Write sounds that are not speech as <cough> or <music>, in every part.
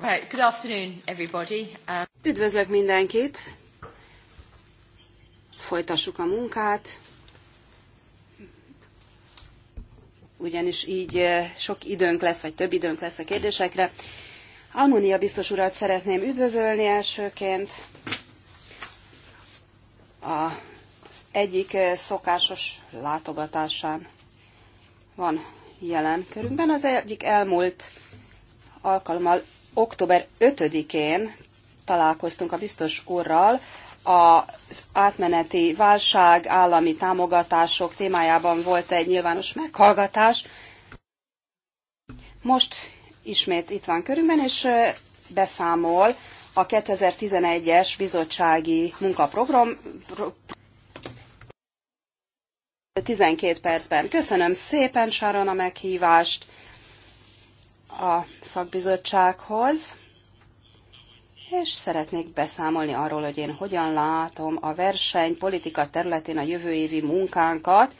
Right, good afternoon, everybody. Um, Üdvözlök mindenkit! Folytassuk a munkát, ugyanis így eh, sok időnk lesz, vagy több időnk lesz a kérdésekre. Almunia biztos urat szeretném üdvözölni elsőként. Az egyik eh, szokásos látogatásán van jelen körünkben. Az egyik elmúlt alkalommal október 5-én találkoztunk a biztos úrral, az átmeneti válság állami támogatások témájában volt egy nyilvános meghallgatás. Most ismét itt van körünkben, és beszámol a 2011-es bizottsági munkaprogram 12 percben. Köszönöm szépen, Sharon, a meghívást a szakbizottsághoz, és szeretnék beszámolni arról, hogy én hogyan látom a verseny politika területén a jövő évi munkánkat.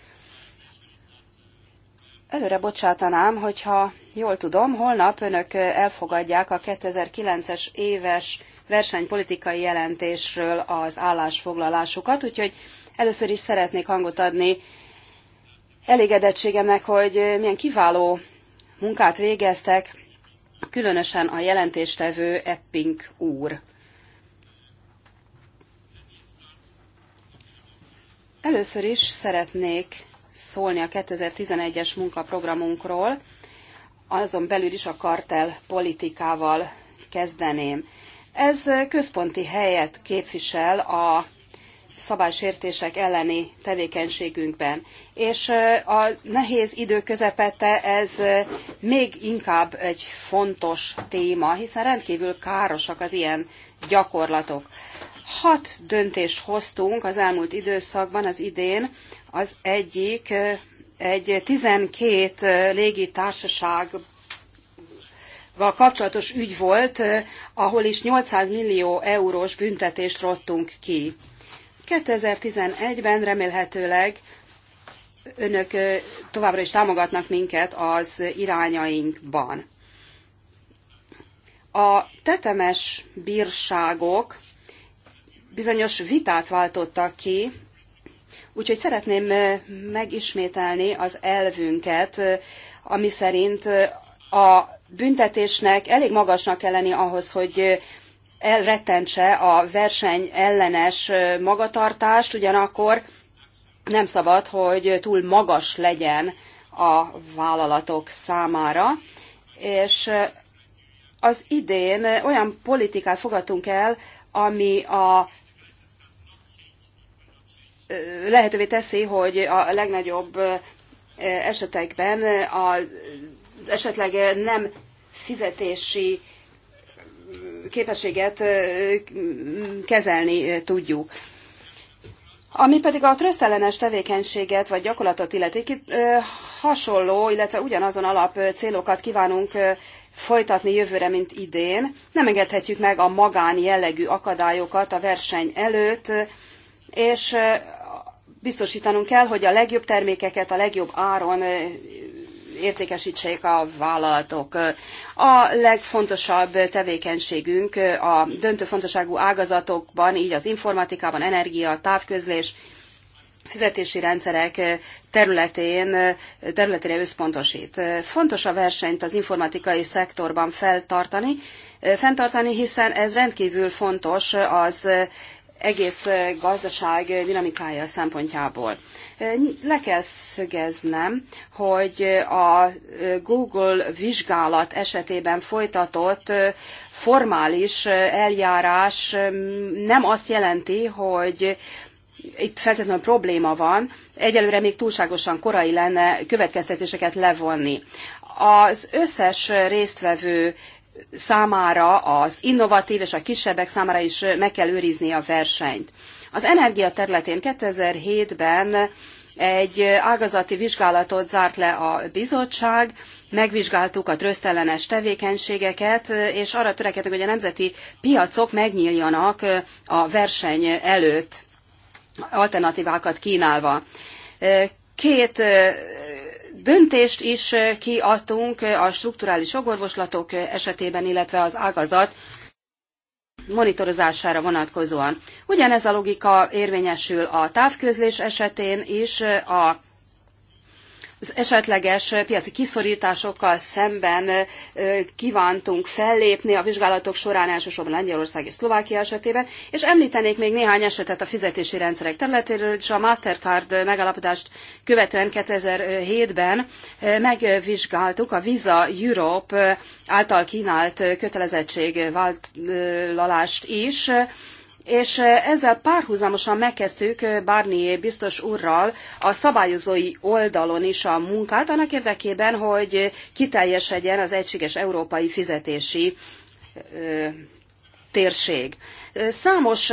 Előre bocsátanám, hogyha jól tudom, holnap önök elfogadják a 2009-es éves versenypolitikai jelentésről az állásfoglalásukat, úgyhogy először is szeretnék hangot adni elégedettségemnek, hogy milyen kiváló munkát végeztek, különösen a jelentéstevő Epping úr. Először is szeretnék szólni a 2011-es munkaprogramunkról, azon belül is a kartel politikával kezdeném. Ez központi helyet képvisel a szabálysértések elleni tevékenységünkben. És a nehéz idő közepette ez még inkább egy fontos téma, hiszen rendkívül károsak az ilyen gyakorlatok. Hat döntést hoztunk az elmúlt időszakban, az idén. Az egyik egy 12 légitársaság kapcsolatos ügy volt, ahol is 800 millió eurós büntetést rottunk ki. 2011-ben remélhetőleg önök továbbra is támogatnak minket az irányainkban. A tetemes bírságok bizonyos vitát váltottak ki, úgyhogy szeretném megismételni az elvünket, ami szerint a büntetésnek elég magasnak kell lenni ahhoz, hogy elrettentse a verseny ellenes magatartást, ugyanakkor nem szabad, hogy túl magas legyen a vállalatok számára, és az idén olyan politikát fogadtunk el, ami a lehetővé teszi, hogy a legnagyobb esetekben az esetleg nem fizetési képességet kezelni tudjuk. Ami pedig a trösztellenes tevékenységet vagy gyakorlatot illetik, itt hasonló, illetve ugyanazon alap célokat kívánunk folytatni jövőre, mint idén. Nem engedhetjük meg a magán jellegű akadályokat a verseny előtt, és biztosítanunk kell, hogy a legjobb termékeket a legjobb áron értékesítsék a vállalatok. A legfontosabb tevékenységünk a döntő fontosságú ágazatokban, így az informatikában, energia, távközlés, fizetési rendszerek területén, területére összpontosít. Fontos a versenyt az informatikai szektorban feltartani, fenntartani, hiszen ez rendkívül fontos az egész eh, gazdaság eh, dinamikája szempontjából. Eh, le kell szögeznem, hogy a Google vizsgálat esetében folytatott formális eljárás nem azt jelenti, hogy itt feltétlenül probléma van, egyelőre még túlságosan korai lenne következtetéseket levonni. Az összes résztvevő számára, az innovatív és a kisebbek számára is meg kell őrizni a versenyt. Az energia területén 2007-ben egy ágazati vizsgálatot zárt le a bizottság, megvizsgáltuk a trösztellenes tevékenységeket, és arra törekedtünk, hogy a nemzeti piacok megnyíljanak a verseny előtt, alternatívákat kínálva. Két döntést is eh, kiadtunk eh, a strukturális jogorvoslatok eh, esetében, illetve az ágazat monitorozására vonatkozóan. Ugyanez a logika érvényesül a távközlés esetén is, a az esetleges piaci kiszorításokkal szemben kívántunk fellépni a vizsgálatok során elsősorban Lengyelország és Szlovákia esetében, és említenék még néhány esetet a fizetési rendszerek területéről, és a Mastercard megállapodást követően 2007-ben megvizsgáltuk a Visa Europe által kínált kötelezettségvállalást is, és ezzel párhuzamosan megkezdtük Barnier biztos úrral a szabályozói oldalon is a munkát, annak érdekében, hogy kiteljesedjen az egységes európai fizetési térség. Számos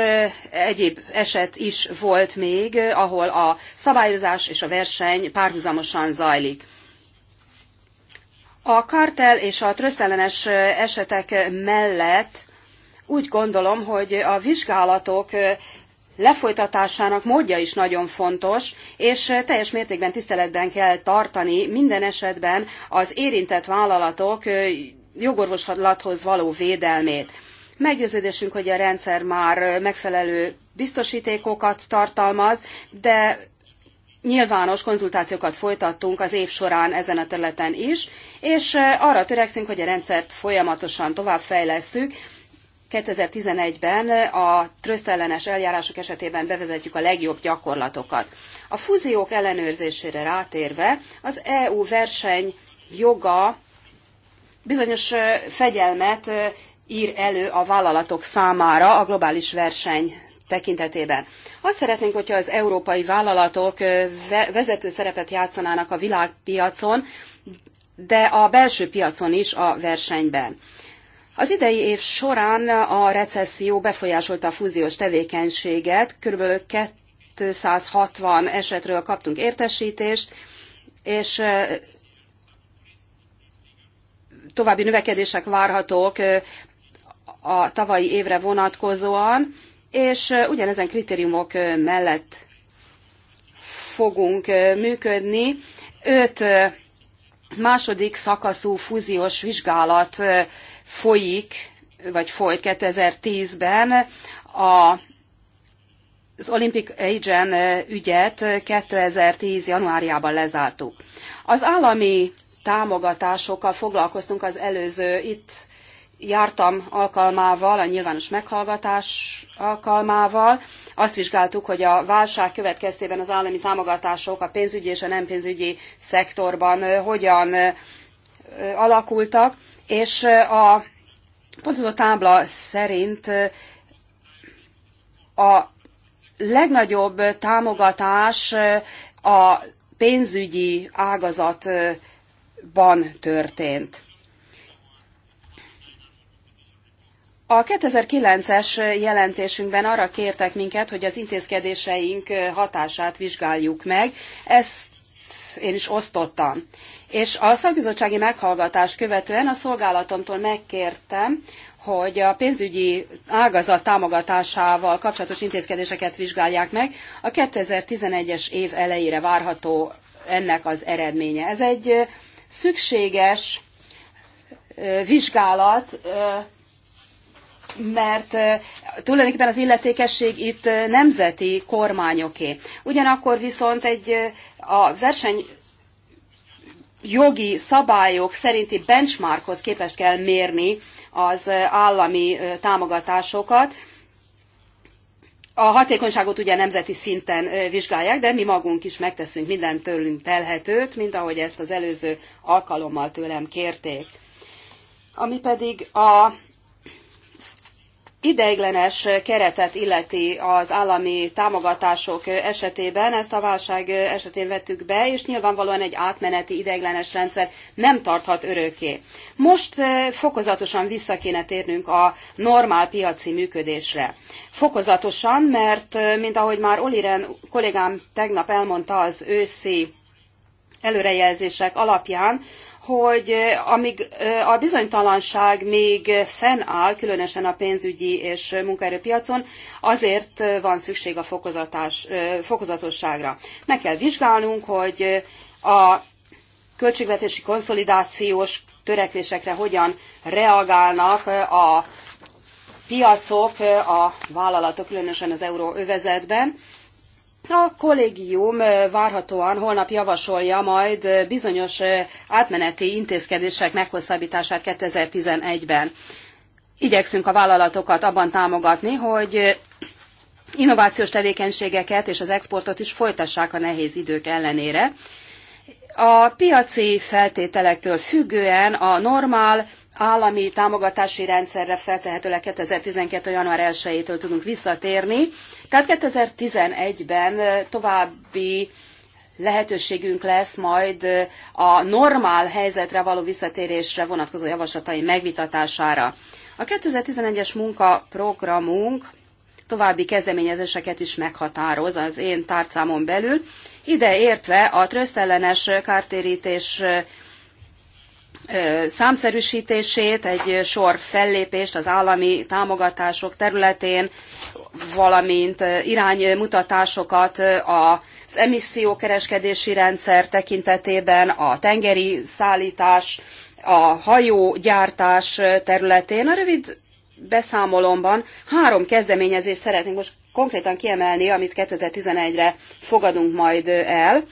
egyéb eset is volt még, ahol a szabályozás és a verseny párhuzamosan zajlik. A kartel és a trösztellenes esetek mellett úgy gondolom, hogy a vizsgálatok lefolytatásának módja is nagyon fontos, és teljes mértékben tiszteletben kell tartani minden esetben az érintett vállalatok jogorvoslathoz való védelmét. Meggyőződésünk, hogy a rendszer már megfelelő biztosítékokat tartalmaz, de nyilvános konzultációkat folytattunk az év során ezen a területen is, és arra törekszünk, hogy a rendszert folyamatosan továbbfejlesszük, 2011-ben a trösztellenes eljárások esetében bevezetjük a legjobb gyakorlatokat. A fúziók ellenőrzésére rátérve az EU verseny joga bizonyos fegyelmet ír elő a vállalatok számára a globális verseny tekintetében. Azt szeretnénk, hogyha az európai vállalatok vezető szerepet játszanának a világpiacon, de a belső piacon is a versenyben. Az idei év során a recesszió befolyásolta a fúziós tevékenységet, kb. 260 esetről kaptunk értesítést, és további növekedések várhatók a tavalyi évre vonatkozóan, és ugyanezen kritériumok mellett fogunk működni. Öt második szakaszú fúziós vizsgálat folyik, vagy folyt 2010-ben a az Olympic Agent ügyet 2010. januárjában lezártuk. Az állami támogatásokkal foglalkoztunk az előző itt jártam alkalmával, a nyilvános meghallgatás alkalmával. Azt vizsgáltuk, hogy a válság következtében az állami támogatások a pénzügyi és a nem pénzügyi szektorban hogyan alakultak és a pontozó tábla szerint a legnagyobb támogatás a pénzügyi ágazatban történt. A 2009-es jelentésünkben arra kértek minket, hogy az intézkedéseink hatását vizsgáljuk meg. Ezt én is osztottam. És a szakbizottsági meghallgatás követően a szolgálatomtól megkértem, hogy a pénzügyi ágazat támogatásával kapcsolatos intézkedéseket vizsgálják meg. A 2011-es év elejére várható ennek az eredménye. Ez egy szükséges vizsgálat, mert tulajdonképpen az illetékesség itt nemzeti kormányoké. Ugyanakkor viszont egy a verseny jogi szabályok szerinti benchmarkhoz képest kell mérni az állami támogatásokat. A hatékonyságot ugye nemzeti szinten vizsgálják, de mi magunk is megteszünk minden tőlünk telhetőt, mint ahogy ezt az előző alkalommal tőlem kérték. Ami pedig a ideiglenes keretet illeti az állami támogatások esetében, ezt a válság esetén vettük be, és nyilvánvalóan egy átmeneti ideiglenes rendszer nem tarthat örökké. Most eh, fokozatosan vissza kéne térnünk a normál piaci működésre. Fokozatosan, mert eh, mint ahogy már Oliren kollégám tegnap elmondta az őszi előrejelzések alapján, hogy eh, amíg eh, a bizonytalanság még fennáll, különösen a pénzügyi és munkaerőpiacon, azért eh, van szükség a fokozatosságra. Meg kell vizsgálnunk, hogy a költségvetési konszolidációs törekvésekre hogyan reagálnak a piacok, a vállalatok, különösen az euróövezetben, a kollégium várhatóan holnap javasolja majd bizonyos átmeneti intézkedések meghosszabbítását 2011-ben. Igyekszünk a vállalatokat abban támogatni, hogy innovációs tevékenységeket és az exportot is folytassák a nehéz idők ellenére. A piaci feltételektől függően a normál állami támogatási rendszerre feltehetőleg 2012. január 1-től tudunk visszatérni. Tehát 2011-ben további lehetőségünk lesz majd a normál helyzetre való visszatérésre vonatkozó javaslatai megvitatására. A 2011-es munkaprogramunk további kezdeményezéseket is meghatároz az én tárcámon belül, ide értve a trösztellenes kártérítés számszerűsítését, egy sor fellépést az állami támogatások területén, valamint iránymutatásokat az emissziókereskedési rendszer tekintetében, a tengeri szállítás, a hajógyártás területén. A rövid beszámolomban három kezdeményezést szeretnénk most konkrétan kiemelni, amit 2011-re fogadunk majd el.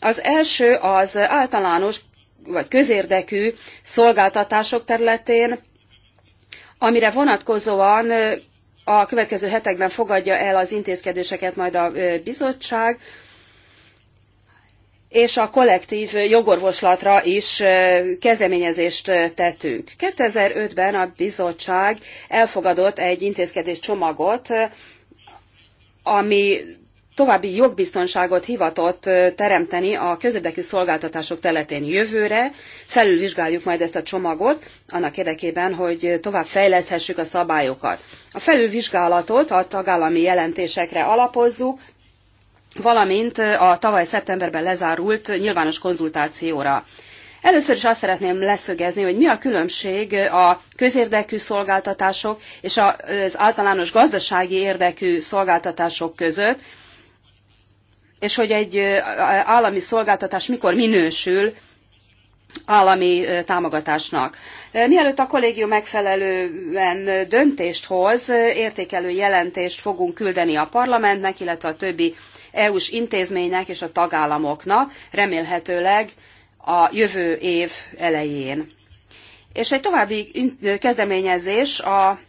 Az első az általános vagy közérdekű szolgáltatások területén, amire vonatkozóan a következő hetekben fogadja el az intézkedéseket majd a bizottság, és a kollektív jogorvoslatra is kezdeményezést tettünk. 2005-ben a bizottság elfogadott egy intézkedés csomagot, ami további jogbiztonságot hivatott teremteni a közérdekű szolgáltatások területén jövőre. Felülvizsgáljuk majd ezt a csomagot, annak érdekében, hogy tovább fejleszthessük a szabályokat. A felülvizsgálatot a tagállami jelentésekre alapozzuk, valamint a tavaly szeptemberben lezárult nyilvános konzultációra. Először is azt szeretném leszögezni, hogy mi a különbség a közérdekű szolgáltatások és az általános gazdasági érdekű szolgáltatások között, és hogy egy állami szolgáltatás mikor minősül állami támogatásnak. Mielőtt a kollégium megfelelően döntést hoz, értékelő jelentést fogunk küldeni a parlamentnek, illetve a többi EU-s intézménynek és a tagállamoknak, remélhetőleg a jövő év elején. És egy további kezdeményezés a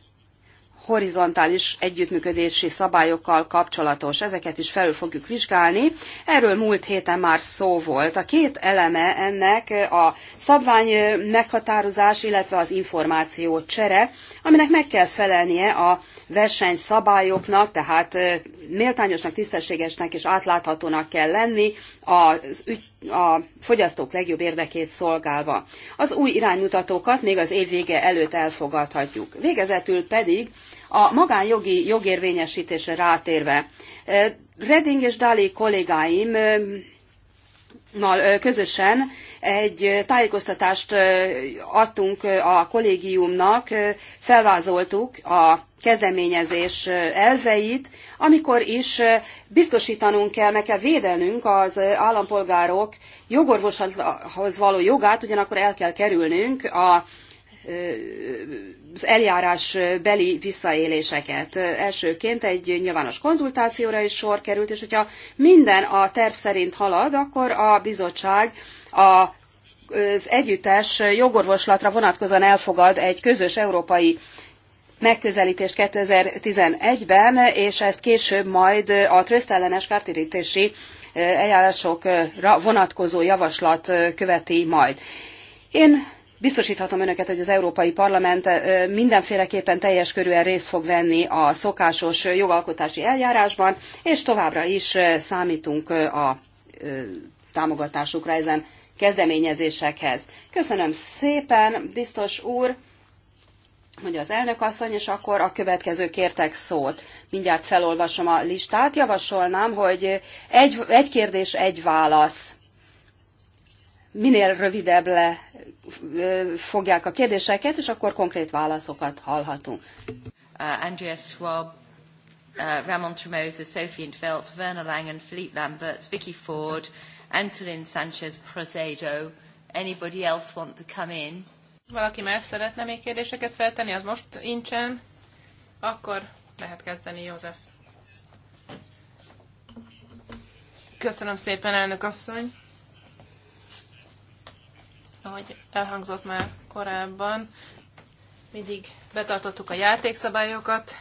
horizontális együttműködési szabályokkal kapcsolatos. Ezeket is felül fogjuk vizsgálni. Erről múlt héten már szó volt. A két eleme ennek a szabvány meghatározás, illetve az információ csere, aminek meg kell felelnie a versenyszabályoknak, tehát méltányosnak, tisztességesnek és átláthatónak kell lenni az ügy a fogyasztók legjobb érdekét szolgálva. Az új iránymutatókat még az év vége előtt elfogadhatjuk. Végezetül pedig a magánjogi jogérvényesítésre rátérve, Reding és Dali kollégáim közösen egy tájékoztatást adtunk a kollégiumnak, felvázoltuk a kezdeményezés elveit, amikor is biztosítanunk kell, meg kell védenünk az állampolgárok jogorvoshoz való jogát, ugyanakkor el kell kerülnünk a az eljárás beli visszaéléseket. Elsőként egy nyilvános konzultációra is sor került, és hogyha minden a terv szerint halad, akkor a bizottság a az együttes jogorvoslatra vonatkozóan elfogad egy közös európai megközelítést 2011-ben, és ezt később majd a trösztellenes kártérítési eljárásokra vonatkozó javaslat követi majd. Én biztosíthatom önöket, hogy az Európai Parlament mindenféleképpen teljes körűen részt fog venni a szokásos jogalkotási eljárásban, és továbbra is számítunk a támogatásukra ezen kezdeményezésekhez. Köszönöm szépen, biztos úr! mondja az elnök asszony, és akkor a következő kértek szót. Mindjárt felolvasom a listát. Javasolnám, hogy egy, egy kérdés, egy válasz. Minél rövidebb le fogják a kérdéseket, és akkor konkrét válaszokat hallhatunk. Uh, Andreas Schwab, uh, Ramon Tremosa, Sophie Intveld, Werner Langen, Philippe Lambert, Vicky Ford, Antolin Sanchez, Prozedo. Anybody else want to come in? Valaki más szeretne még kérdéseket feltenni, az most incsen, akkor lehet kezdeni, József. Köszönöm szépen, elnök asszony. Ahogy elhangzott már korábban, mindig betartottuk a játékszabályokat.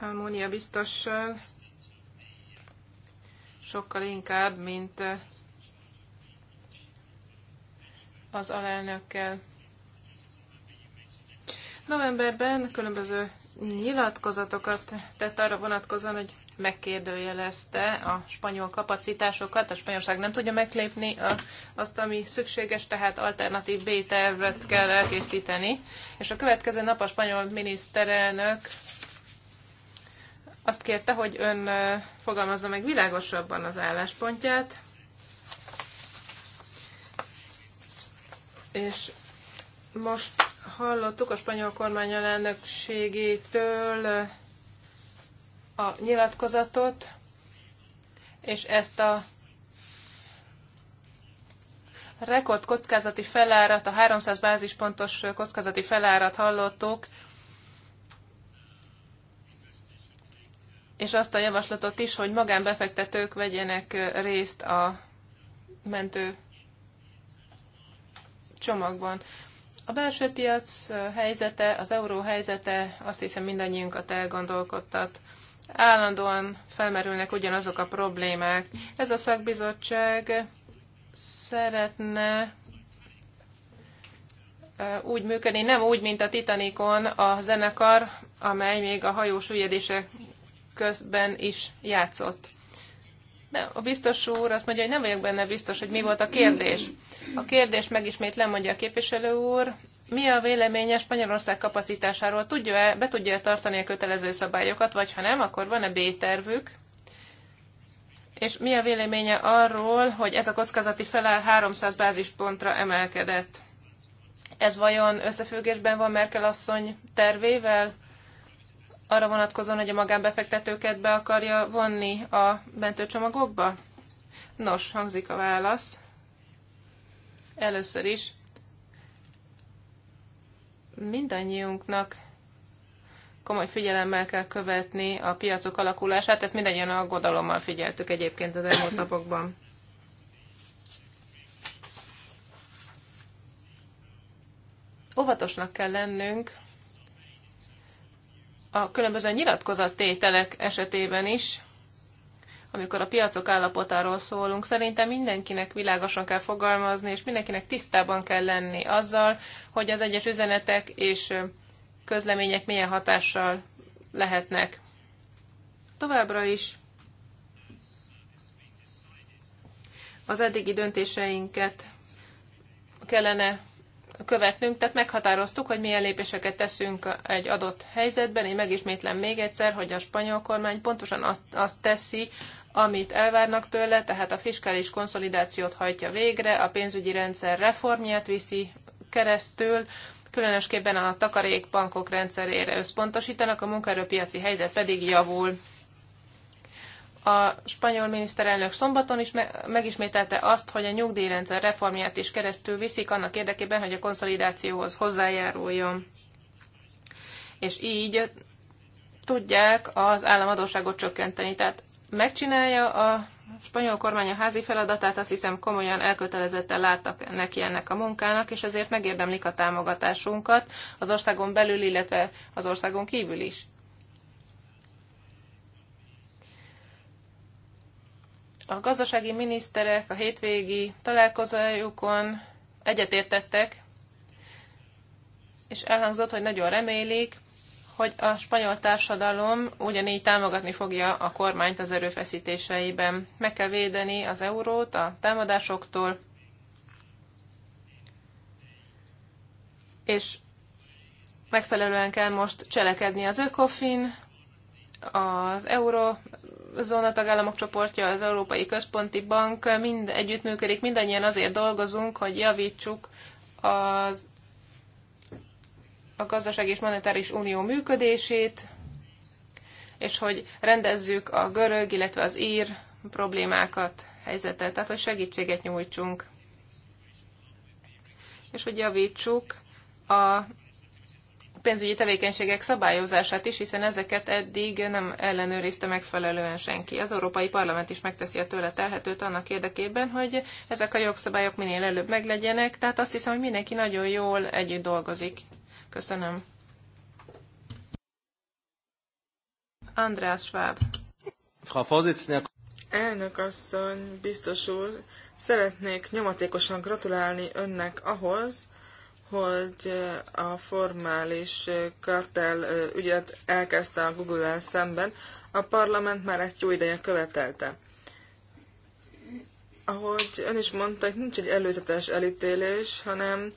Almónia biztossal sokkal inkább, mint az alelnökkel. Novemberben különböző nyilatkozatokat tett arra vonatkozóan, hogy megkérdőjelezte a spanyol kapacitásokat. A Spanyolország nem tudja meglépni azt, ami szükséges, tehát alternatív B-tervet kell elkészíteni. És a következő nap a spanyol miniszterelnök azt kérte, hogy ön fogalmazza meg világosabban az álláspontját, és most hallottuk a spanyol kormány elnökségétől eh, a nyilatkozatot, és ezt a rekord kockázati felárat, a 300 bázispontos kockázati felárat hallottuk, és azt a javaslatot is, hogy magánbefektetők vegyenek eh, részt a mentő csomagban. A belső piac helyzete, az euró helyzete azt hiszem mindannyiunkat elgondolkodtat. Állandóan felmerülnek ugyanazok a problémák. Ez a szakbizottság szeretne úgy működni, nem úgy, mint a Titanicon a zenekar, amely még a hajós ügyedése közben is játszott. Nem, a biztos úr azt mondja, hogy nem vagyok benne biztos, hogy mi volt a kérdés. A kérdést megismétlem, mondja a képviselő úr. Mi a véleménye Spanyolország kapacitásáról? Tudja-e, be tudja-e tartani a kötelező szabályokat, vagy ha nem, akkor van-e B-tervük? És mi a véleménye arról, hogy ez a kockázati felel 300 bázispontra emelkedett? Ez vajon összefüggésben van Merkel asszony tervével? arra vonatkozóan, hogy a magánbefektetőket be akarja vonni a mentőcsomagokba? Nos, hangzik a válasz. Először is mindannyiunknak komoly figyelemmel kell követni a piacok alakulását, ezt mindannyian aggodalommal figyeltük egyébként az elmúlt napokban. Óvatosnak kell lennünk, a különböző nyilatkozattételek esetében is, amikor a piacok állapotáról szólunk, szerintem mindenkinek világosan kell fogalmazni, és mindenkinek tisztában kell lenni azzal, hogy az egyes üzenetek és közlemények milyen hatással lehetnek. Továbbra is az eddigi döntéseinket kellene követnünk, tehát meghatároztuk, hogy milyen lépéseket teszünk egy adott helyzetben. Én megismétlem még egyszer, hogy a spanyol kormány pontosan azt, azt teszi, amit elvárnak tőle, tehát a fiskális konszolidációt hajtja végre, a pénzügyi rendszer reformját viszi keresztül, különösképpen a takarékbankok rendszerére összpontosítanak, a munkaerőpiaci helyzet pedig javul. A spanyol miniszterelnök szombaton is megismételte azt, hogy a nyugdíjrendszer reformját is keresztül viszik annak érdekében, hogy a konszolidációhoz hozzájáruljon. És így tudják az államadóságot csökkenteni. Tehát megcsinálja a spanyol kormány a házi feladatát, azt hiszem komolyan elkötelezetten láttak neki ennek a munkának, és ezért megérdemlik a támogatásunkat az országon belül, illetve az országon kívül is. A gazdasági miniszterek a hétvégi találkozójukon egyetértettek, és elhangzott, hogy nagyon remélik, hogy a spanyol társadalom ugyanígy támogatni fogja a kormányt az erőfeszítéseiben. Meg kell védeni az eurót a támadásoktól, és megfelelően kell most cselekedni az ÖKOFIN, az euró eurozóna tagállamok csoportja, az Európai Központi Bank mind együttműködik, mindannyian azért dolgozunk, hogy javítsuk az, a gazdaság és monetáris unió működését, és hogy rendezzük a görög, illetve az ír problémákat, helyzetet, tehát hogy segítséget nyújtsunk, és hogy javítsuk a pénzügyi tevékenységek szabályozását is, hiszen ezeket eddig nem ellenőrizte megfelelően senki. Az Európai Parlament is megteszi a tőle telhetőt annak érdekében, hogy ezek a jogszabályok minél előbb meglegyenek, tehát azt hiszem, hogy mindenki nagyon jól együtt dolgozik. Köszönöm. András Schwab. Frau Vorsitzende. Elnök asszony, biztos úr, szeretnék nyomatékosan gratulálni önnek ahhoz, hogy eh, a formális eh, kartel eh, ügyet elkezdte a Google-el szemben. A parlament már ezt jó ideje követelte. Ahogy ön is mondta, itt nincs egy előzetes elítélés, hanem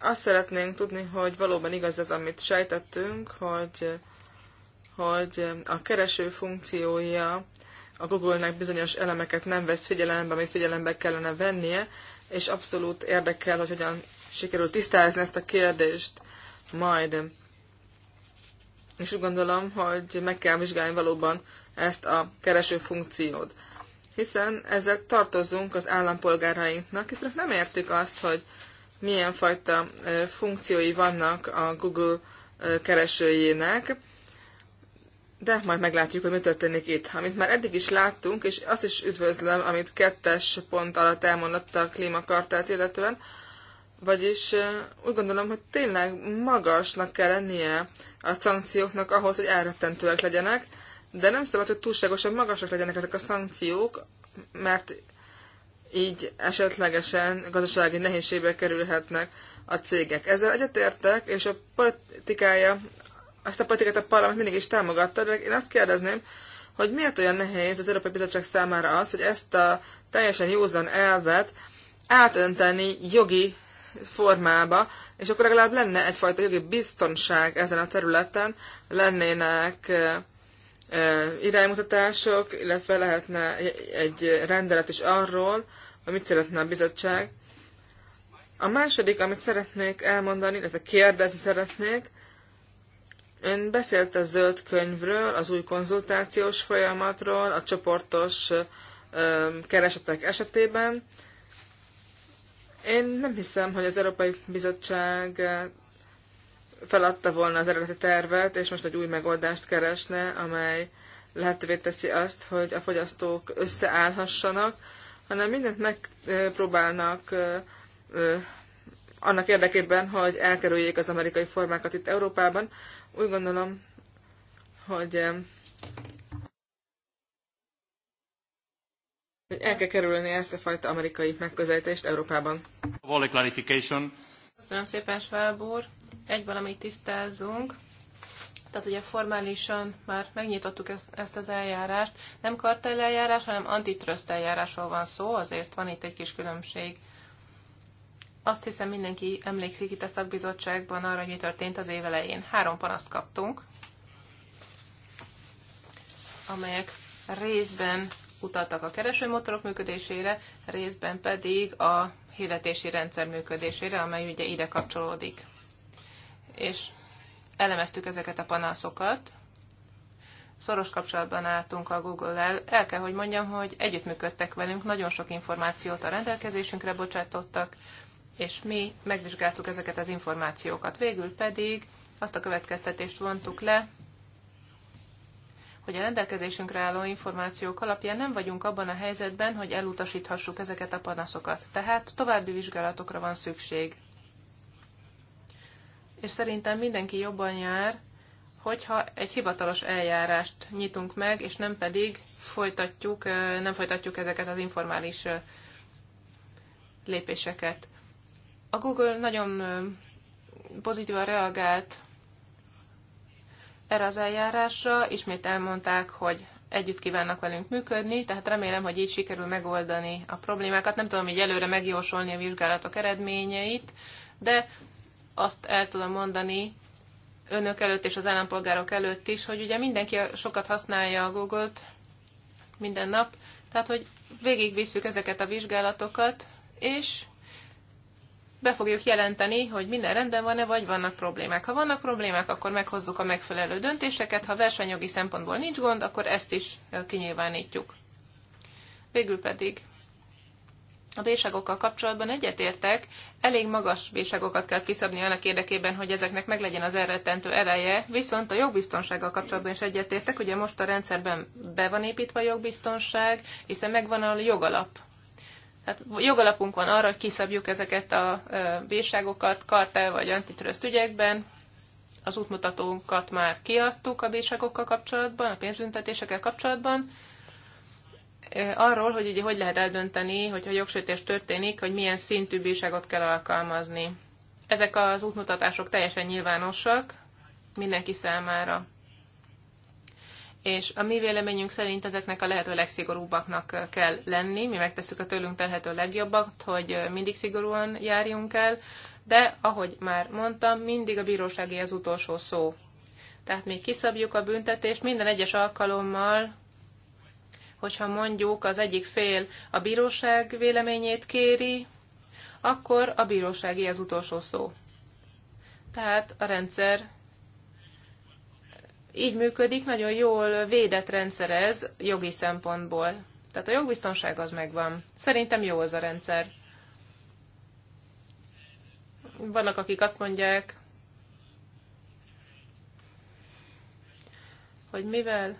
azt szeretnénk tudni, hogy valóban igaz ez, amit sejtettünk, hogy, hogy a kereső funkciója a Google-nek bizonyos elemeket nem vesz figyelembe, amit figyelembe kellene vennie, és abszolút érdekel, hogy hogyan sikerül tisztázni ezt a kérdést majd. És úgy gondolom, hogy meg kell vizsgálni valóban ezt a kereső funkciót. Hiszen ezzel tartozunk az állampolgárainknak, hiszen nem értik azt, hogy milyen fajta funkciói vannak a Google keresőjének, de majd meglátjuk, hogy mi történik itt. Amit már eddig is láttunk, és azt is üdvözlöm, amit kettes pont alatt elmondott a klímakartát illetően, vagyis úgy gondolom, hogy tényleg magasnak kell lennie a szankcióknak ahhoz, hogy elrettentőek legyenek, de nem szabad, hogy túlságosan magasak legyenek ezek a szankciók, mert így esetlegesen gazdasági nehézségbe kerülhetnek a cégek. Ezzel egyetértek, és a politikája, ezt a politikát a parlament mindig is támogatta, de én azt kérdezném, hogy miért olyan nehéz az Európai Bizottság számára az, hogy ezt a teljesen józan elvet átönteni jogi formába, és akkor legalább lenne egyfajta jogi biztonság ezen a területen, lennének iránymutatások, illetve lehetne egy rendelet is arról, hogy mit szeretne a bizottság. A második, amit szeretnék elmondani, illetve kérdezni szeretnék, Ön beszélt a zöld könyvről, az új konzultációs folyamatról, a csoportos keresetek esetében. Én nem hiszem, hogy az Európai Bizottság feladta volna az eredeti tervet, és most egy új megoldást keresne, amely lehetővé teszi azt, hogy a fogyasztók összeállhassanak, hanem mindent megpróbálnak annak érdekében, hogy elkerüljék az amerikai formákat itt Európában. Úgy gondolom, hogy hogy el kell kerülni ezt a fajta amerikai megközelítést Európában. clarification. Köszönöm szépen, Schwab úr. Egy valamit tisztázzunk. Tehát ugye formálisan már megnyitottuk ezt, ezt az eljárást. Nem kartel eljárás, hanem antitrust eljárásról van szó, azért van itt egy kis különbség. Azt hiszem mindenki emlékszik itt a szakbizottságban arra, hogy mi történt az év elején. Három panaszt kaptunk, amelyek részben utaltak a keresőmotorok működésére, részben pedig a hirdetési rendszer működésére, amely ugye ide kapcsolódik. És elemeztük ezeket a panaszokat, szoros kapcsolatban álltunk a Google-el. El kell, hogy mondjam, hogy együttműködtek velünk, nagyon sok információt a rendelkezésünkre bocsátottak, és mi megvizsgáltuk ezeket az információkat. Végül pedig azt a következtetést vontuk le, hogy a rendelkezésünkre álló információk alapján nem vagyunk abban a helyzetben, hogy elutasíthassuk ezeket a panaszokat. Tehát további vizsgálatokra van szükség. És szerintem mindenki jobban jár, hogyha egy hivatalos eljárást nyitunk meg, és nem pedig folytatjuk, nem folytatjuk ezeket az informális lépéseket. A Google nagyon pozitívan reagált erre az eljárásra. Ismét elmondták, hogy együtt kívánnak velünk működni, tehát remélem, hogy így sikerül megoldani a problémákat. Nem tudom így előre megjósolni a vizsgálatok eredményeit, de azt el tudom mondani önök előtt és az állampolgárok előtt is, hogy ugye mindenki sokat használja a Google-t minden nap, tehát hogy végigvisszük ezeket a vizsgálatokat, és be fogjuk jelenteni, hogy minden rendben van-e, vagy vannak problémák. Ha vannak problémák, akkor meghozzuk a megfelelő döntéseket, ha versenyjogi szempontból nincs gond, akkor ezt is kinyilvánítjuk. Végül pedig a bírságokkal kapcsolatban egyetértek, elég magas bírságokat kell kiszabni annak érdekében, hogy ezeknek meglegyen az elrettentő ereje, viszont a jogbiztonsággal kapcsolatban is egyetértek, ugye most a rendszerben be van építve a jogbiztonság, hiszen megvan a jogalap tehát jogalapunk van arra, hogy kiszabjuk ezeket a bírságokat kartel vagy antitröszt ügyekben. Az útmutatónkat már kiadtuk a bírságokkal kapcsolatban, a pénzbüntetésekkel kapcsolatban. Arról, hogy ugye hogy lehet eldönteni, hogyha jogsértés történik, hogy milyen szintű bírságot kell alkalmazni. Ezek az útmutatások teljesen nyilvánosak mindenki számára és a mi véleményünk szerint ezeknek a lehető legszigorúbbaknak kell lenni. Mi megtesszük a tőlünk telhető legjobbat, hogy mindig szigorúan járjunk el, de ahogy már mondtam, mindig a bírósági az utolsó szó. Tehát mi kiszabjuk a büntetést minden egyes alkalommal, hogyha mondjuk az egyik fél a bíróság véleményét kéri, akkor a bírósági az utolsó szó. Tehát a rendszer így működik, nagyon jól védett rendszer ez jogi szempontból. Tehát a jogbiztonság az megvan. Szerintem jó az a rendszer. Vannak, akik azt mondják, hogy mivel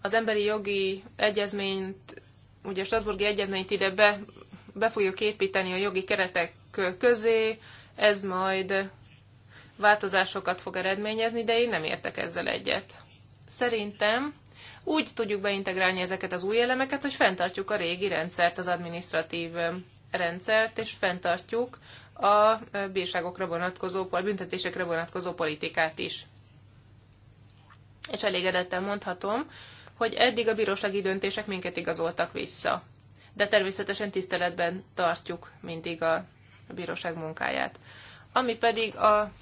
az emberi jogi egyezményt, ugye a Strasburgi Egyezményt ide be, be fogjuk építeni a jogi keretek közé, ez majd változásokat fog eredményezni, de én nem értek ezzel egyet. Szerintem úgy tudjuk beintegrálni ezeket az új elemeket, hogy fenntartjuk a régi rendszert, az administratív rendszert, és fenntartjuk a bírságokra vonatkozó, a büntetésekre vonatkozó politikát is. És elégedetten mondhatom, hogy eddig a bírósági döntések minket igazoltak vissza. De természetesen tiszteletben tartjuk mindig a bíróság munkáját. Ami pedig a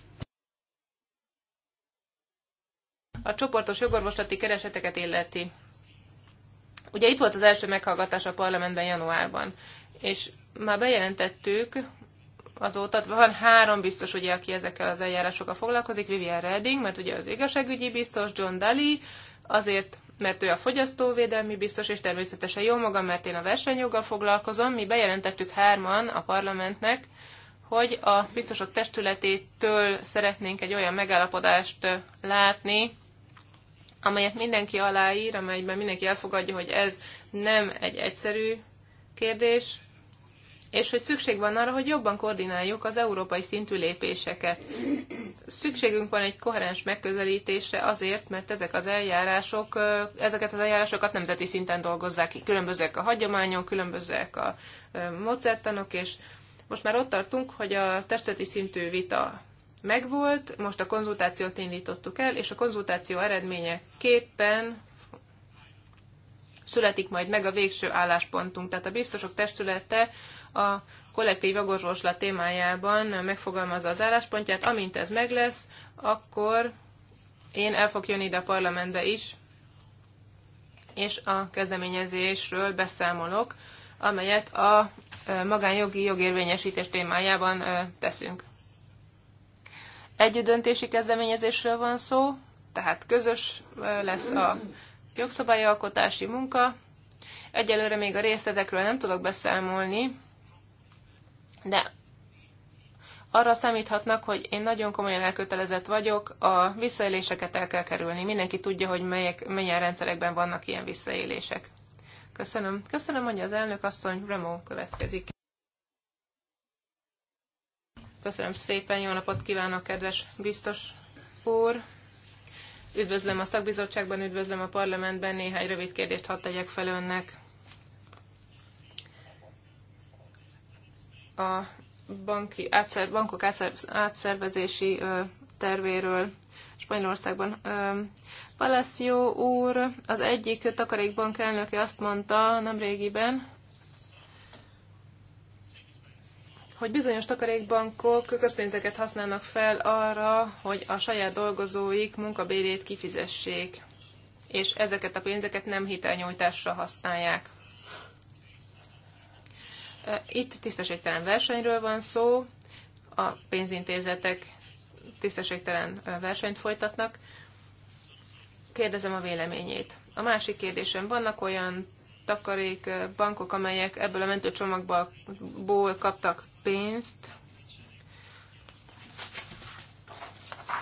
a csoportos jogorvoslati kereseteket illeti. Ugye itt volt az első meghallgatás a parlamentben januárban, és már bejelentettük azóta, van három biztos, ugye, aki ezekkel az eljárásokkal foglalkozik, Vivian Redding, mert ugye az igazságügyi biztos, John Daly, azért, mert ő a fogyasztóvédelmi biztos, és természetesen jó magam, mert én a versenyjoggal foglalkozom. Mi bejelentettük hárman a parlamentnek, hogy a biztosok testületétől szeretnénk egy olyan megállapodást látni, amelyet mindenki aláír, amelyben mindenki elfogadja, hogy ez nem egy egyszerű kérdés, és hogy szükség van arra, hogy jobban koordináljuk az európai szintű lépéseket. Szükségünk van egy koherens megközelítésre azért, mert ezek az eljárások, ezeket az eljárásokat nemzeti szinten dolgozzák ki. Különbözőek a hagyományok, különbözőek a módszertanok, és most már ott tartunk, hogy a testeti szintű vita megvolt, most a konzultációt indítottuk el, és a konzultáció képpen születik majd meg a végső álláspontunk. Tehát a biztosok testülete a kollektív jogorvoslat témájában megfogalmazza az álláspontját. Amint ez meg lesz, akkor én el fog jönni ide a parlamentbe is, és a kezdeményezésről beszámolok, amelyet a magánjogi jogérvényesítés témájában teszünk. Együttdöntési kezdeményezésről van szó, tehát közös lesz a jogszabályalkotási munka. Egyelőre még a részletekről nem tudok beszámolni, de arra számíthatnak, hogy én nagyon komolyan elkötelezett vagyok, a visszaéléseket el kell kerülni. Mindenki tudja, hogy melyek, milyen rendszerekben vannak ilyen visszaélések. Köszönöm. Köszönöm, mondja az elnök asszony, Remó következik. Köszönöm szépen, jó napot kívánok, kedves biztos úr! Üdvözlöm a szakbizottságban, üdvözlöm a parlamentben, néhány rövid kérdést hadd tegyek fel önnek. A banki, átszer, bankok átszer, átszervezési ö, tervéről Spanyolországban. Ö, Palacio úr, az egyik takarékbank elnöke azt mondta nemrégiben, hogy bizonyos takarékbankok közpénzeket használnak fel arra, hogy a saját dolgozóik munkabérét kifizessék, és ezeket a pénzeket nem hitelnyújtásra használják. Itt tisztességtelen versenyről van szó, a pénzintézetek tisztességtelen versenyt folytatnak. Kérdezem a véleményét. A másik kérdésem, vannak olyan takarék bankok, amelyek ebből a mentőcsomagból kaptak pénzt.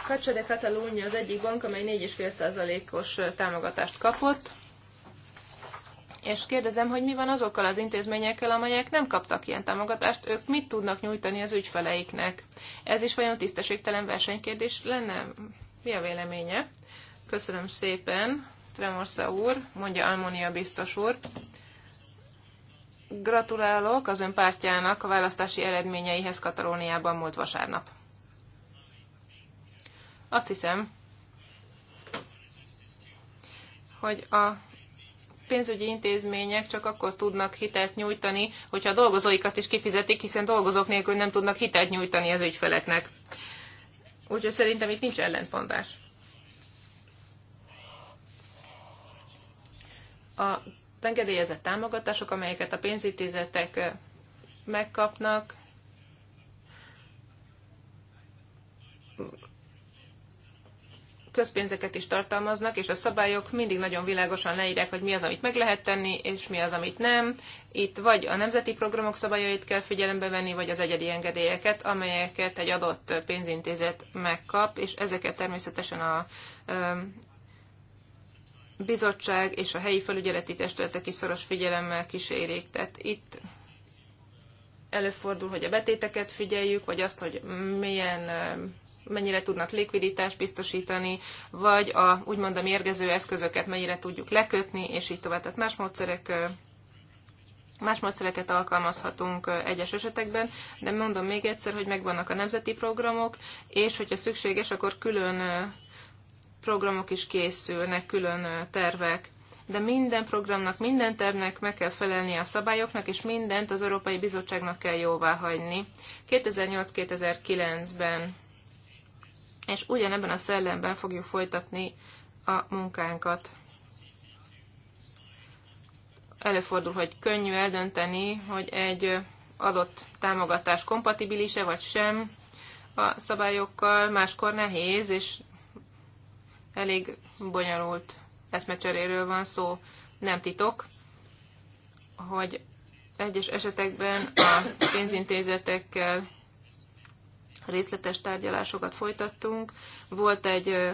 Kacsa de Catalunya az egyik bank, amely 4,5%-os támogatást kapott, és kérdezem, hogy mi van azokkal az intézményekkel, amelyek nem kaptak ilyen támogatást, ők mit tudnak nyújtani az ügyfeleiknek? Ez is vajon tisztességtelen versenykérdés lenne? Mi a véleménye? Köszönöm szépen, Tremorsa úr, mondja Almonia biztos úr. Gratulálok az ön pártjának a választási eredményeihez Katalóniában múlt vasárnap. Azt hiszem, hogy a pénzügyi intézmények csak akkor tudnak hitelt nyújtani, hogyha a dolgozóikat is kifizetik, hiszen dolgozók nélkül nem tudnak hitelt nyújtani az ügyfeleknek. Úgyhogy szerintem itt nincs ellentmondás. A engedélyezett támogatások, amelyeket a pénzintézetek megkapnak, közpénzeket is tartalmaznak, és a szabályok mindig nagyon világosan leírják, hogy mi az, amit meg lehet tenni, és mi az, amit nem. Itt vagy a nemzeti programok szabályait kell figyelembe venni, vagy az egyedi engedélyeket, amelyeket egy adott pénzintézet megkap, és ezeket természetesen a bizottság és a helyi felügyeleti testületek is szoros figyelemmel kísérik. Tehát itt előfordul, hogy a betéteket figyeljük, vagy azt, hogy milyen mennyire tudnak likviditást biztosítani, vagy a úgymond a mérgező eszközöket mennyire tudjuk lekötni, és így tovább. Tehát más módszerek Más módszereket alkalmazhatunk egyes esetekben, de mondom még egyszer, hogy megvannak a nemzeti programok, és hogyha szükséges, akkor külön programok is készülnek, külön tervek. De minden programnak, minden tervnek meg kell felelni a szabályoknak, és mindent az Európai Bizottságnak kell jóvá hagyni. 2008-2009-ben. És ugyanebben a szellemben fogjuk folytatni a munkánkat előfordul, hogy könnyű eldönteni, hogy egy adott támogatás kompatibilise vagy sem a szabályokkal, máskor nehéz, és elég bonyolult eszmecseréről van szó, nem titok, hogy egyes esetekben a pénzintézetekkel részletes tárgyalásokat folytattunk. Volt egy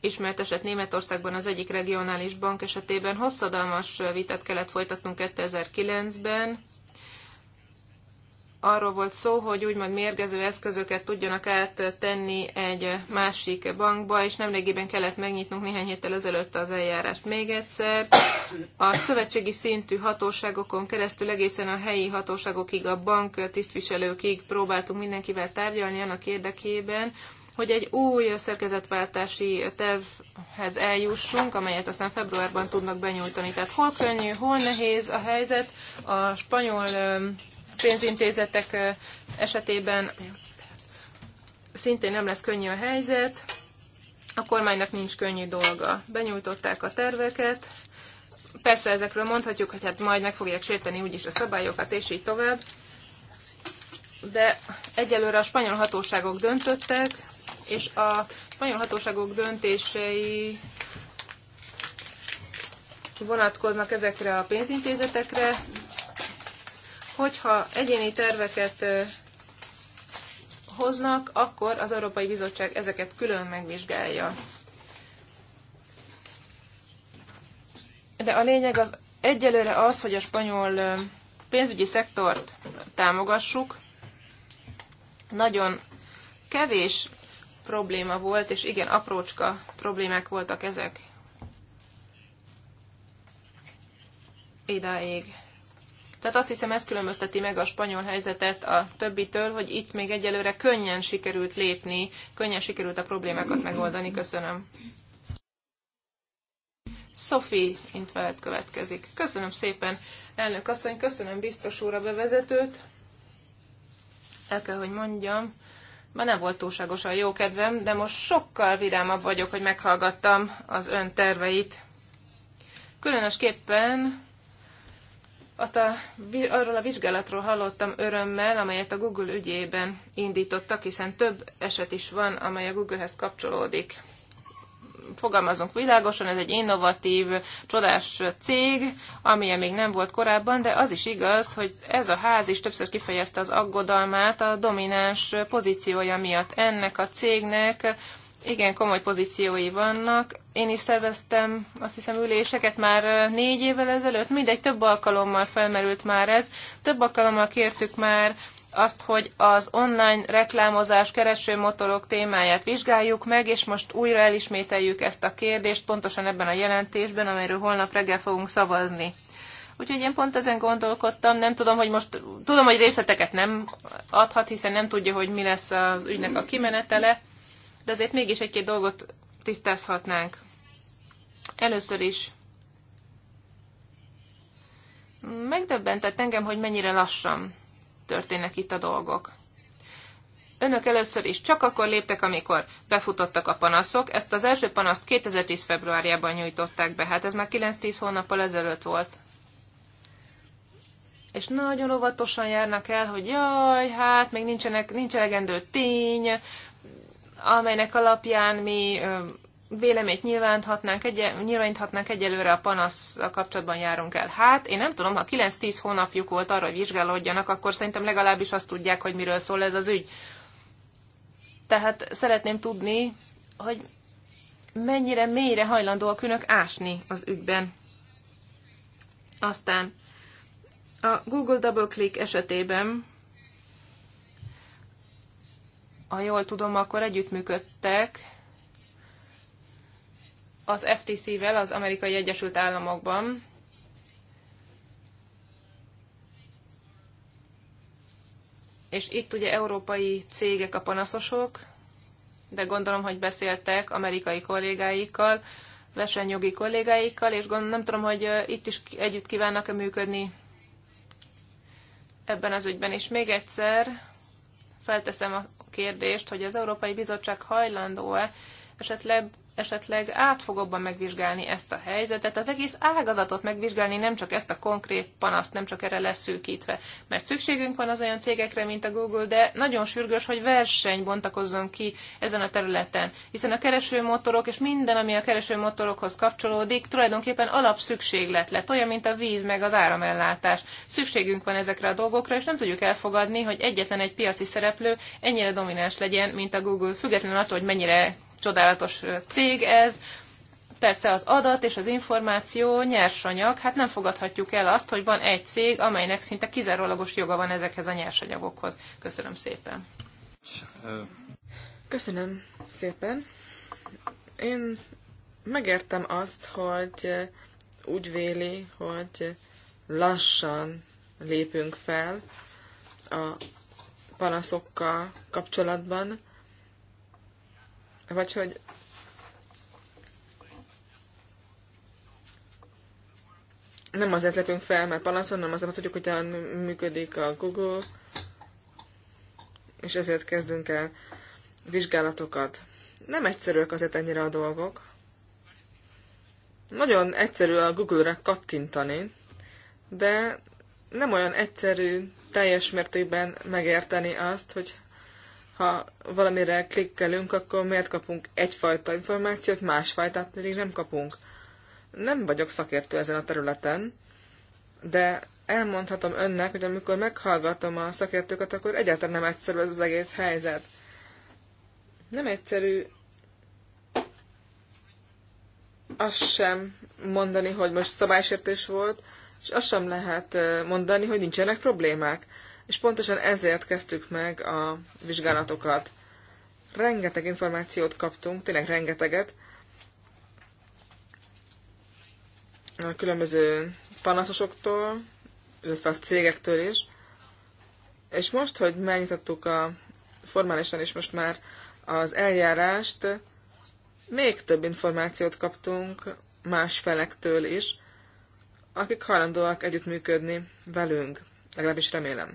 ismert eset Németországban az egyik regionális bank esetében hosszadalmas vitát kellett folytatnunk 2009-ben, arról volt szó, hogy úgymond mérgező eszközöket tudjanak áttenni egy másik bankba, és nemrégiben kellett megnyitnunk néhány héttel ezelőtt az eljárást még egyszer. A szövetségi szintű hatóságokon keresztül egészen a helyi hatóságokig, a bank tisztviselőkig próbáltunk mindenkivel tárgyalni annak érdekében, hogy egy új szerkezetváltási tervhez eljussunk, amelyet aztán februárban tudnak benyújtani. Tehát hol könnyű, hol nehéz a helyzet. A spanyol pénzintézetek esetében szintén nem lesz könnyű a helyzet, a kormánynak nincs könnyű dolga. Benyújtották a terveket, persze ezekről mondhatjuk, hogy hát majd meg fogják sérteni úgyis a szabályokat, és így tovább, de egyelőre a spanyol hatóságok döntöttek, és a spanyol hatóságok döntései vonatkoznak ezekre a pénzintézetekre, Hogyha egyéni terveket hoznak, akkor az Európai Bizottság ezeket külön megvizsgálja. De a lényeg az egyelőre az, hogy a spanyol pénzügyi szektort támogassuk. Nagyon kevés probléma volt, és igen, aprócska problémák voltak ezek. Idáig. Tehát azt hiszem, ez különbözteti meg a spanyol helyzetet a többitől, hogy itt még egyelőre könnyen sikerült lépni, könnyen sikerült a problémákat megoldani. Köszönöm. Sophie Intvelet következik. Köszönöm szépen, elnök asszony, köszönöm biztos úr a bevezetőt. El kell, hogy mondjam, ma nem volt túlságosan jó kedvem, de most sokkal vidámabb vagyok, hogy meghallgattam az ön terveit. Különösképpen azt a, arról a vizsgálatról hallottam örömmel, amelyet a Google ügyében indítottak, hiszen több eset is van, amely a Googlehez kapcsolódik. Fogalmazunk világosan, ez egy innovatív, csodás cég, amilyen még nem volt korábban, de az is igaz, hogy ez a ház is többször kifejezte az aggodalmát a domináns pozíciója miatt. Ennek a cégnek igen komoly pozíciói vannak. Én is szerveztem azt hiszem üléseket már négy évvel ezelőtt, mindegy, több alkalommal felmerült már ez. Több alkalommal kértük már azt, hogy az online reklámozás keresőmotorok témáját vizsgáljuk meg, és most újra elismételjük ezt a kérdést pontosan ebben a jelentésben, amelyről holnap reggel fogunk szavazni. Úgyhogy én pont ezen gondolkodtam, nem tudom, hogy most, tudom, hogy részleteket nem adhat, hiszen nem tudja, hogy mi lesz az ügynek a kimenetele, de azért mégis egy-két dolgot tisztázhatnánk. Először is megdöbbentett engem, hogy mennyire lassan történnek itt a dolgok. Önök először is csak akkor léptek, amikor befutottak a panaszok. Ezt az első panaszt 2010. februárjában nyújtották be, hát ez már 9-10 hónappal ezelőtt volt. És nagyon óvatosan járnak el, hogy jaj, hát még nincsenek, nincs elegendő tény, amelynek alapján mi véleményt nyilváníthatnánk, egy, nyilváníthatnánk egyelőre a panasz kapcsolatban járunk el. Hát, én nem tudom, ha 9-10 hónapjuk volt arra, hogy vizsgálódjanak, akkor szerintem legalábbis azt tudják, hogy miről szól ez az ügy. Tehát szeretném tudni, hogy mennyire mélyre a künök ásni az ügyben. Aztán a Google Double Click esetében ha jól tudom, akkor együttműködtek az FTC-vel az Amerikai Egyesült Államokban. És itt ugye európai cégek a panaszosok, de gondolom, hogy beszéltek amerikai kollégáikkal, versenyjogi kollégáikkal, és gondolom, nem tudom, hogy itt is együtt kívánnak-e működni ebben az ügyben. És még egyszer felteszem a kérdést, hogy az Európai Bizottság hajlandó-e esetleg esetleg átfogóbban megvizsgálni ezt a helyzetet, az egész ágazatot megvizsgálni, nem csak ezt a konkrét panaszt, nem csak erre lesz szűkítve. Mert szükségünk van az olyan cégekre, mint a Google, de nagyon sürgős, hogy verseny bontakozzon ki ezen a területen. Hiszen a keresőmotorok és minden, ami a keresőmotorokhoz kapcsolódik, tulajdonképpen alapszükséglet lett, olyan, mint a víz meg az áramellátás. Szükségünk van ezekre a dolgokra, és nem tudjuk elfogadni, hogy egyetlen egy piaci szereplő ennyire domináns legyen, mint a Google, függetlenül attól, hogy mennyire csodálatos cég ez, persze az adat és az információ nyersanyag, hát nem fogadhatjuk el azt, hogy van egy cég, amelynek szinte kizárólagos joga van ezekhez a nyersanyagokhoz. Köszönöm szépen. Köszönöm szépen. Én megértem azt, hogy úgy véli, hogy lassan lépünk fel a panaszokkal kapcsolatban, vagy hogy nem azért lepünk fel, mert panaszon, nem azért, tudjuk, hogyan működik a Google, és ezért kezdünk el vizsgálatokat. Nem egyszerűek azért ennyire a dolgok. Nagyon egyszerű a Google-re kattintani, de nem olyan egyszerű teljes mértékben megérteni azt, hogy ha valamire klikkelünk, akkor miért kapunk egyfajta információt, másfajtát pedig nem kapunk. Nem vagyok szakértő ezen a területen, de elmondhatom önnek, hogy amikor meghallgatom a szakértőket, akkor egyáltalán nem egyszerű ez az egész helyzet. Nem egyszerű azt sem mondani, hogy most szabálysértés volt, és azt sem lehet eh, mondani, hogy nincsenek problémák és pontosan ezért kezdtük meg a vizsgálatokat. Rengeteg információt kaptunk, tényleg rengeteget, a különböző panaszosoktól, illetve a cégektől is. És most, hogy megnyitottuk a formálisan is most már az eljárást, még több információt kaptunk más felektől is, akik hajlandóak együttműködni velünk, legalábbis remélem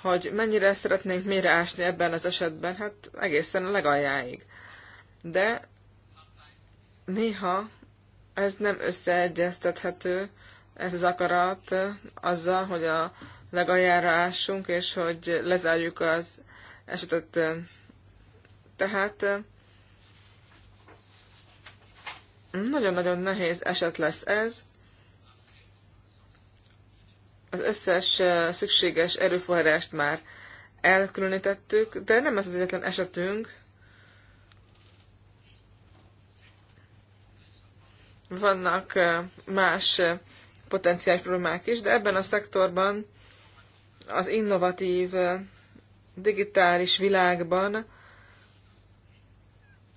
hogy mennyire szeretnénk mélyre ásni ebben az esetben, hát egészen a legaljáig. De néha ez nem összeegyeztethető, ez az akarat azzal, hogy a legaljára ássunk, és hogy lezárjuk az esetet. Tehát mm, nagyon-nagyon nehéz eset lesz ez, az összes szükséges erőforrást már elkülönítettük, de nem ez az egyetlen esetünk. Vannak más potenciális problémák is, de ebben a szektorban az innovatív digitális világban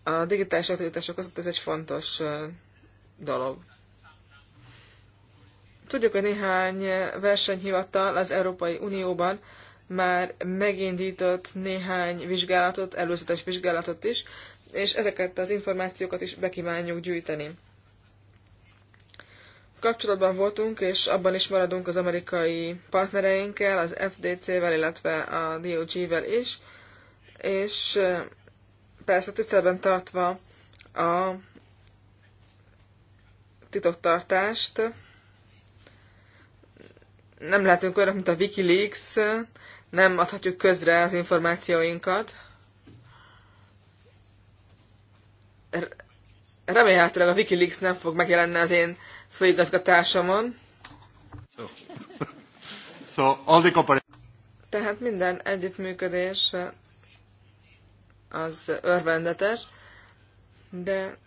a digitális aktivitások között ez egy fontos dolog. Tudjuk, hogy néhány versenyhivatal az Európai Unióban már megindított néhány vizsgálatot, előzetes vizsgálatot is, és ezeket az információkat is bekívánjuk gyűjteni. Kapcsolatban voltunk, és abban is maradunk az amerikai partnereinkkel, az FDC-vel, illetve a DOG-vel is, és persze tisztelben tartva a titoktartást, nem lehetünk olyanok, mint a Wikileaks, nem adhatjuk közre az információinkat. Remélhetőleg a Wikileaks nem fog megjelenni az én főigazgatásomon. So. <laughs> so all the Tehát minden együttműködés az örvendetes, de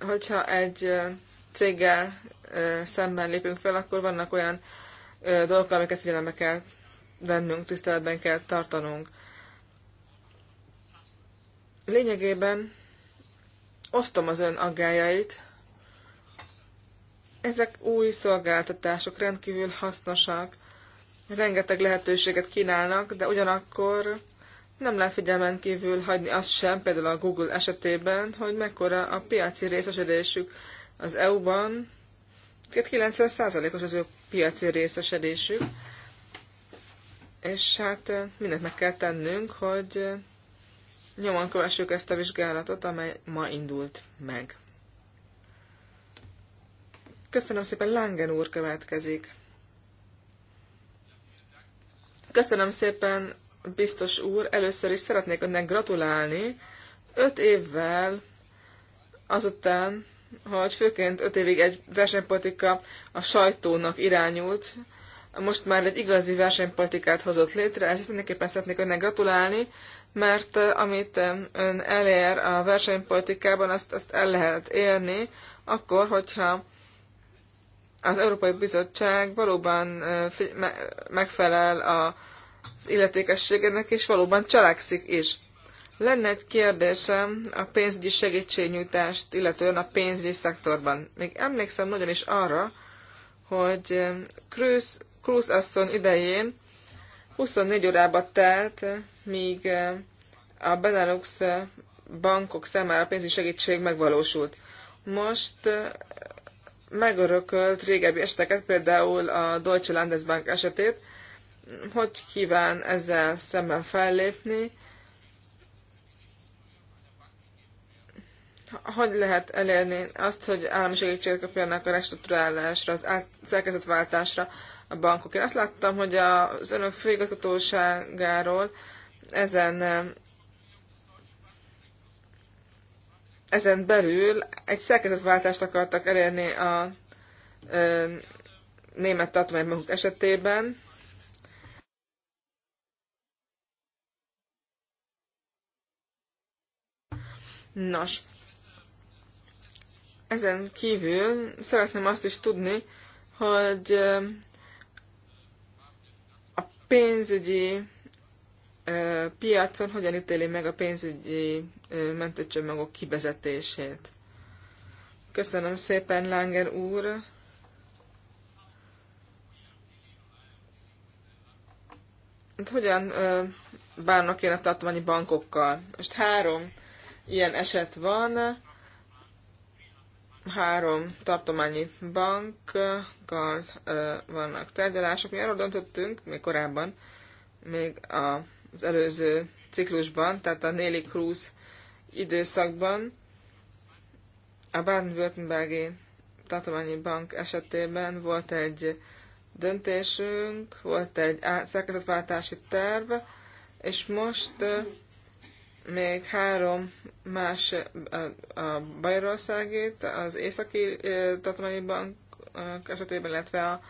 hogyha egy céggel szemben lépünk fel, akkor vannak olyan dolgok, amiket figyelembe kell vennünk, tiszteletben kell tartanunk. Lényegében osztom az ön aggájait. Ezek új szolgáltatások rendkívül hasznosak, rengeteg lehetőséget kínálnak, de ugyanakkor nem lehet figyelmen kívül hagyni azt sem, például a Google esetében, hogy mekkora a piaci részesedésük az EU-ban 90%-os az ő piaci részesedésük, és hát mindent meg kell tennünk, hogy nyomon kövessük ezt a vizsgálatot, amely ma indult meg. Köszönöm szépen, Langen úr következik. Köszönöm szépen, biztos úr, először is szeretnék önnek gratulálni. Öt évvel azután, hogy főként öt évig egy versenypolitika a sajtónak irányult, most már egy igazi versenypolitikát hozott létre, ezért mindenképpen szeretnék önnek gratulálni, mert eh, amit eh, ön elér a versenypolitikában, azt, azt el lehet érni, akkor, hogyha az Európai Bizottság valóban eh, megfelel az illetékességednek, és valóban cselekszik is. Lenne egy kérdésem a pénzügyi segítségnyújtást, illetően a pénzügyi szektorban. Még emlékszem nagyon is arra, hogy Cruz, eh, Cruz asszony idején 24 órába telt, míg eh, a Benelux eh, bankok számára pénzügyi segítség megvalósult. Most megörökölt régebbi eseteket, például a Deutsche Landesbank esetét, hogy kíván ezzel szemben fellépni, hogy lehet elérni azt, hogy állami segítséget kapjanak a restruktúrálásra, az szerkezetváltásra a bankok? Én azt láttam, hogy az önök főigazgatóságáról ezen ezen belül egy szerkezetváltást akartak elérni a ö, német tartománybakok esetében. Nos, ezen kívül szeretném azt is tudni, hogy eh, a pénzügyi eh, piacon hogyan ítéli meg a pénzügyi eh, mentőcsomagok kivezetését. Köszönöm szépen, Langer úr! Hát hogyan bánnak én a tartományi bankokkal? Most három ilyen eset van három tartományi bankkal vannak tárgyalások. Mi arról döntöttünk, még korábban, még az előző ciklusban, tehát a Néli Cruz időszakban, a Baden-Württembergi tartományi bank esetében volt egy döntésünk, volt egy szerkezetváltási terv, és most még három más a Bajorországét, az Északi Tatományi Bank esetében, illetve a,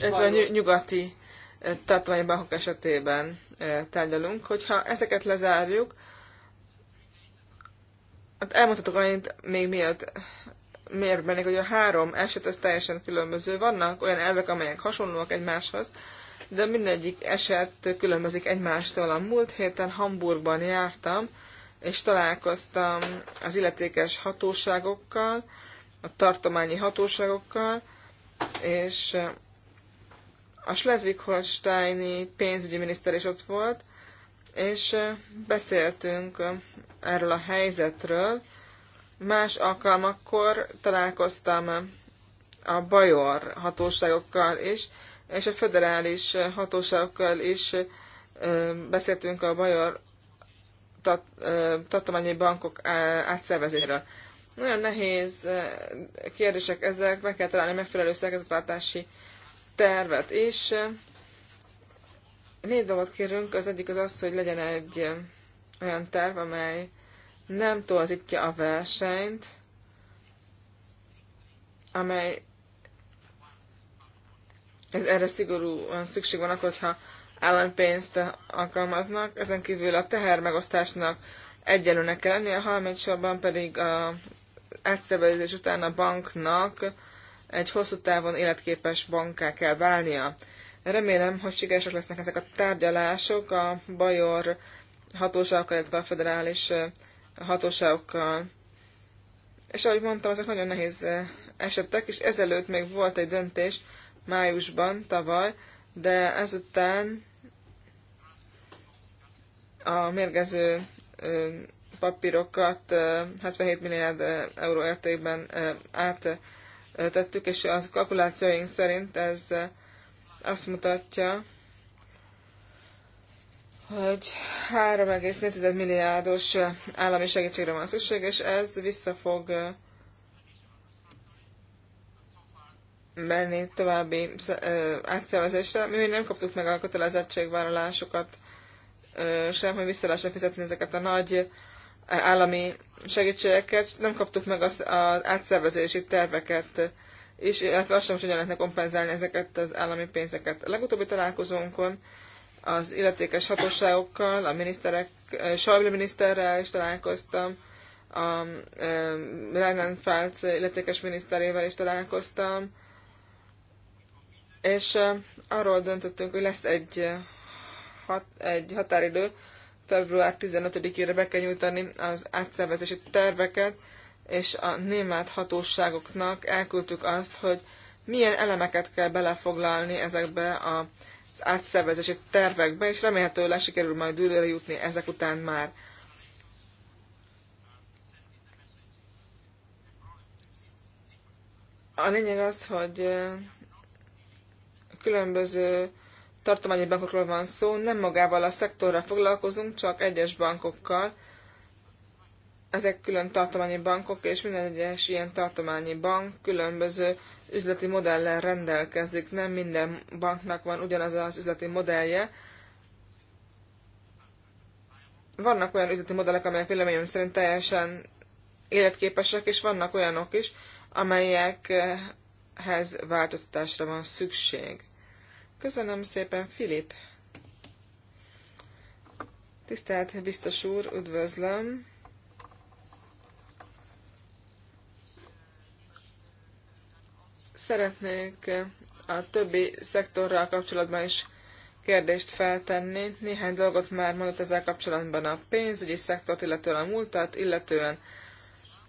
illetve a nyugati tartományi bankok esetében tárgyalunk. Hogyha ezeket lezárjuk, hát elmondhatok annyit még miért miért bennék, hogy a három eset ez teljesen különböző. Vannak olyan elvek, amelyek hasonlóak egymáshoz, de mindegyik eset különbözik egymástól. A múlt héten Hamburgban jártam, és találkoztam az illetékes hatóságokkal, a tartományi hatóságokkal, és a Schleswig-Holsteini pénzügyi miniszter is ott volt, és beszéltünk erről a helyzetről. Más alkalmakkor találkoztam a bajor hatóságokkal is, és a föderális eh, hatóságokkal is eh, beszéltünk a Bajor eh, tartományi bankok átszervezéséről. Nagyon nehéz kérdések ezek, meg kell találni megfelelő szerkezetváltási tervet, és négy dolgot kérünk, az egyik az az, hogy legyen egy olyan terv, amely nem torzítja a versenyt, amely ez erre szigorúan szükség van, akkor, hogyha állampénzt alkalmaznak, ezen kívül a teher megosztásnak egyenlőnek kell lennie, a harmadsorban pedig a átszervezés után a banknak egy hosszú távon életképes banká kell válnia. Remélem, hogy sikeresek lesznek ezek a tárgyalások a bajor hatóságokkal, illetve a federális hatóságokkal. És ahogy mondtam, ezek nagyon nehéz esetek, és ezelőtt még volt egy döntés, májusban tavaly, de ezután a mérgező papírokat 77 milliárd euró értékben áttettük, és az kalkulációink szerint ez azt mutatja, hogy 3,4 milliárdos állami segítségre van szükség, és ez vissza fog menni további átszervezésre. Mi még nem kaptuk meg a kötelezettségvállalásokat sem, hogy vissza lehessen fizetni ezeket a nagy állami segítségeket. Nem kaptuk meg az, az átszervezési terveket és illetve azt sem, hogy lehetne kompenzálni ezeket az állami pénzeket. A legutóbbi találkozónkon az illetékes hatóságokkal, a miniszterek, Sajbli miniszterrel is találkoztam, a Rheinland-Pfalz illetékes miniszterével is találkoztam, és arról döntöttünk, hogy lesz egy, hat, egy határidő, február 15-ére be kell nyújtani az átszervezési terveket, és a német hatóságoknak elküldtük azt, hogy milyen elemeket kell belefoglalni ezekbe az átszervezési tervekbe, és remélhetőleg sikerül majd dűlőre jutni ezek után már. A lényeg az, hogy különböző tartományi bankokról van szó, nem magával a szektorral foglalkozunk, csak egyes bankokkal. Ezek külön tartományi bankok, és minden egyes ilyen tartományi bank különböző üzleti modellel rendelkezik. Nem minden banknak van ugyanaz az üzleti modellje. Vannak olyan üzleti modellek, amelyek véleményem szerint teljesen életképesek, és vannak olyanok is, amelyekhez változtatásra van szükség. Köszönöm szépen, Filip! Tisztelt biztos úr, üdvözlöm! Szeretnék a többi szektorral kapcsolatban is kérdést feltenni. Néhány dolgot már mondott ezzel kapcsolatban a pénzügyi szektort, illetően a múltat, illetően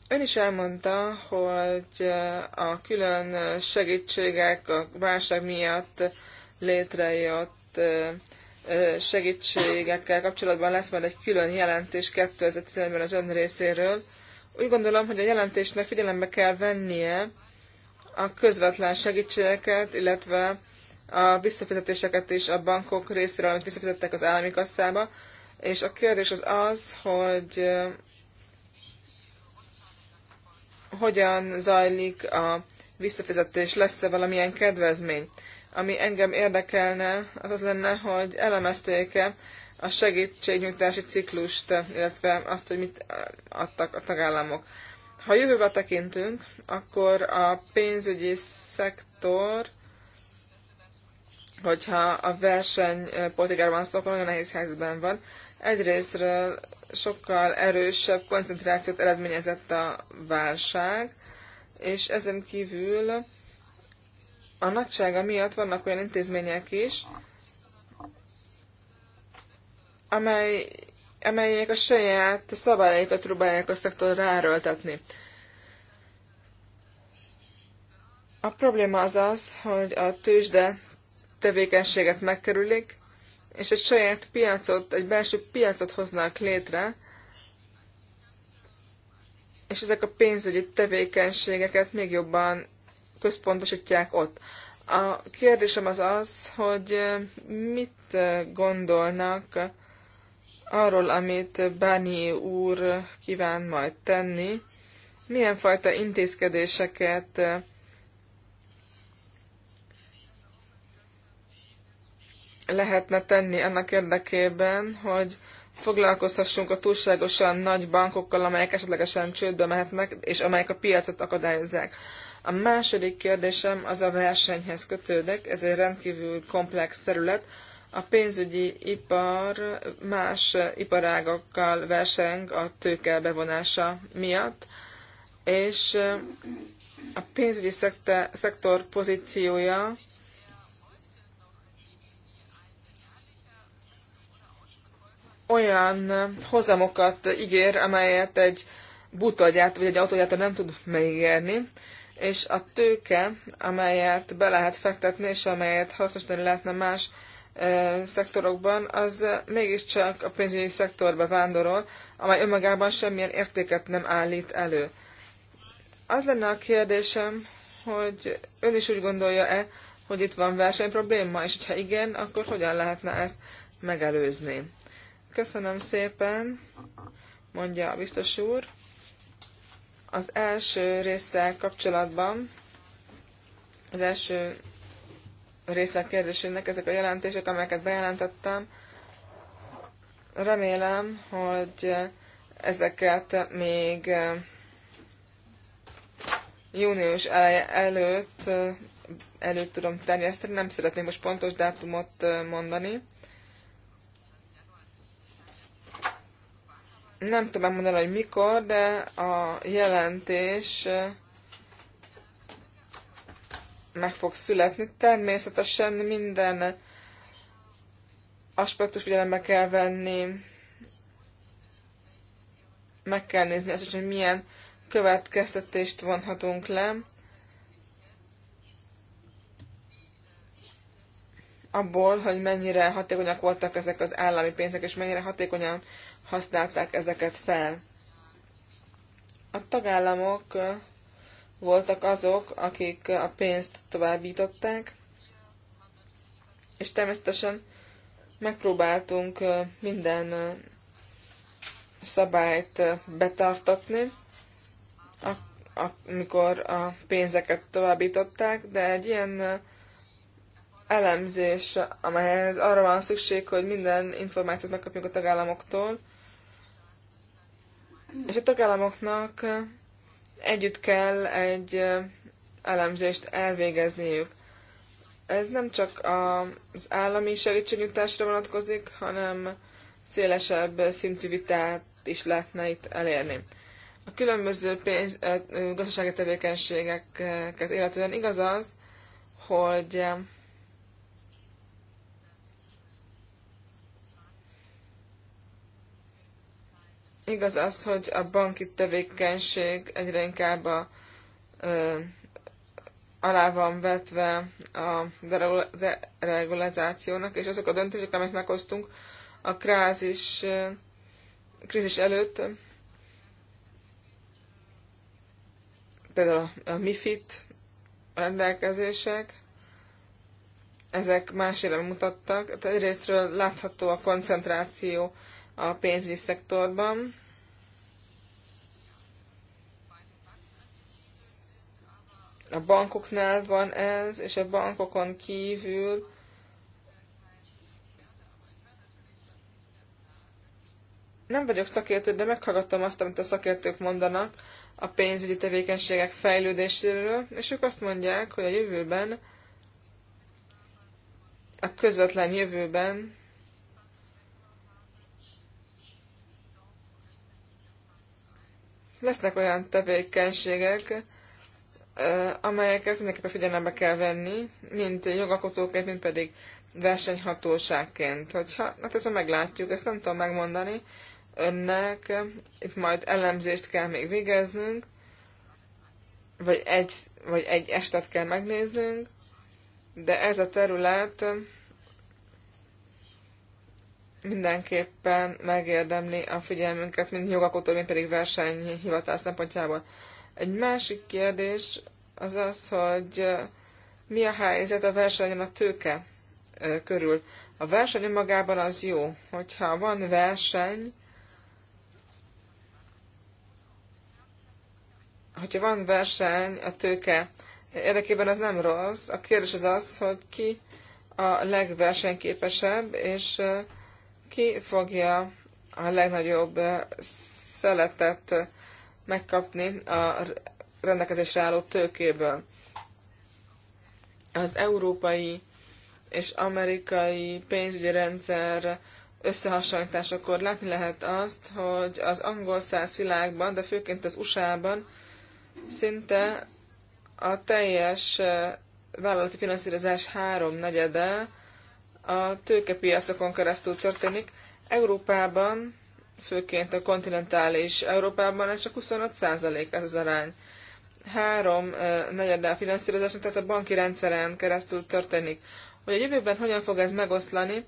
Ön is elmondta, hogy a külön segítségek a válság miatt létrejött segítségekkel kapcsolatban lesz majd egy külön jelentés 2011-ben az ön részéről. Úgy gondolom, hogy a jelentésnek figyelembe kell vennie a közvetlen segítségeket, illetve a visszafizetéseket is a bankok részéről, amit visszafizettek az állami kasszába. És a kérdés az az, hogy hogyan zajlik a visszafizetés, lesz-e valamilyen kedvezmény. Ami engem érdekelne, az az lenne, hogy elemezték-e a segítségnyújtási ciklust, illetve azt, hogy mit adtak a tagállamok. Ha jövőbe tekintünk, akkor a pénzügyi szektor, hogyha a verseny van szó, akkor nagyon nehéz helyzetben van. Egyrésztről sokkal erősebb koncentrációt eredményezett a válság, és ezen kívül a nagysága miatt vannak olyan intézmények is, amely, amelyek a saját szabályaikat próbálják a szektorra ráerőltetni. A probléma az az, hogy a tőzsde tevékenységet megkerülik, és egy saját piacot, egy belső piacot hoznak létre, és ezek a pénzügyi tevékenységeket még jobban központosítják ott. A kérdésem az az, hogy mit gondolnak arról, amit Bányi úr kíván majd tenni, milyen fajta intézkedéseket lehetne tenni annak érdekében, hogy foglalkozhassunk a túlságosan nagy bankokkal, amelyek esetlegesen csődbe mehetnek, és amelyek a piacot akadályozzák. A második kérdésem az a versenyhez kötődik, ez egy rendkívül komplex terület. A pénzügyi ipar más iparágokkal verseng a tőke bevonása miatt, és a pénzügyi szekte, szektor pozíciója olyan hozamokat ígér, amelyet egy butorgyártó vagy egy autógyártó nem tud megígérni és a tőke, amelyet be lehet fektetni, és amelyet hasznosítani lehetne más szektorokban, az mégiscsak a pénzügyi szektorba vándorol, amely önmagában semmilyen értéket nem állít elő. Az lenne a kérdésem, hogy ön is úgy gondolja-e, hogy itt van versenyprobléma, és ha igen, akkor hogyan lehetne ezt megelőzni? Köszönöm szépen, mondja a biztos úr. Az első résszel kapcsolatban, az első része kérdésének ezek a jelentések, amelyeket bejelentettem, remélem, hogy ezeket még eh, június eleje előtt eh, előtt tudom terjeszteni, nem szeretnék most pontos dátumot eh, mondani. Nem tudom megmondani, hogy mikor, de a jelentés meg fog születni. Természetesen minden aspektus figyelembe kell venni, meg kell nézni azt is, hogy milyen következtetést vonhatunk le. abból, hogy mennyire hatékonyak voltak ezek az állami pénzek, és mennyire hatékonyan használták ezeket fel. A tagállamok voltak azok, akik a pénzt továbbították, és természetesen megpróbáltunk minden szabályt betartatni, amikor a pénzeket továbbították, de egy ilyen elemzés, amelyhez arra van szükség, hogy minden információt megkapjunk a tagállamoktól, és a tagállamoknak eh, együtt kell egy eh, elemzést elvégezniük. Ez nem csak az állami segítségnyújtásra vonatkozik, hanem szélesebb szintű vitát is lehetne itt elérni. A különböző pénz, eh, gazdasági tevékenységeket illetően igaz az, hogy Igaz az, hogy a banki tevékenység egyre inkább a, ö, alá van vetve a deregulizációnak, és azok a döntések, amelyek meghoztunk a krázis, krízis előtt, például a MIFID rendelkezések, ezek más mutattak. Tehát egyrésztről látható a koncentráció a pénzügyi szektorban. A bankoknál van ez, és a bankokon kívül nem vagyok szakértő, de meghallgattam azt, amit a szakértők mondanak a pénzügyi tevékenységek fejlődéséről, és ők azt mondják, hogy a jövőben, a közvetlen jövőben lesznek olyan tevékenységek, amelyeket mindenképpen figyelembe kell venni, mint jogalkotóként, mint pedig versenyhatóságként. Hogyha, hát ezt már meglátjuk, ezt nem tudom megmondani önnek, itt majd elemzést kell még végeznünk, vagy egy, vagy egy estet kell megnéznünk, de ez a terület mindenképpen megérdemli a figyelmünket, mint jogalkotó, mint pedig versenyhivatás szempontjából. Egy másik kérdés az az, hogy mi a helyzet a versenyen a tőke körül. A verseny magában az jó, hogyha van verseny, hogyha van verseny a tőke érdekében, az nem rossz. A kérdés az az, hogy ki a legversenyképesebb, és ki fogja a legnagyobb szeletet megkapni a rendelkezésre álló tőkéből. Az európai és amerikai pénzügyi rendszer összehasonlításakor látni lehet azt, hogy az angol száz világban, de főként az USA-ban szinte a teljes eh, vállalati finanszírozás három negyede a tőkepiacokon keresztül történik. Európában, főként a kontinentális Európában ez csak 25% ez az arány. Három negyedre a finanszírozásnak, tehát a banki rendszeren keresztül történik. Hogy a jövőben hogyan fog ez megoszlani,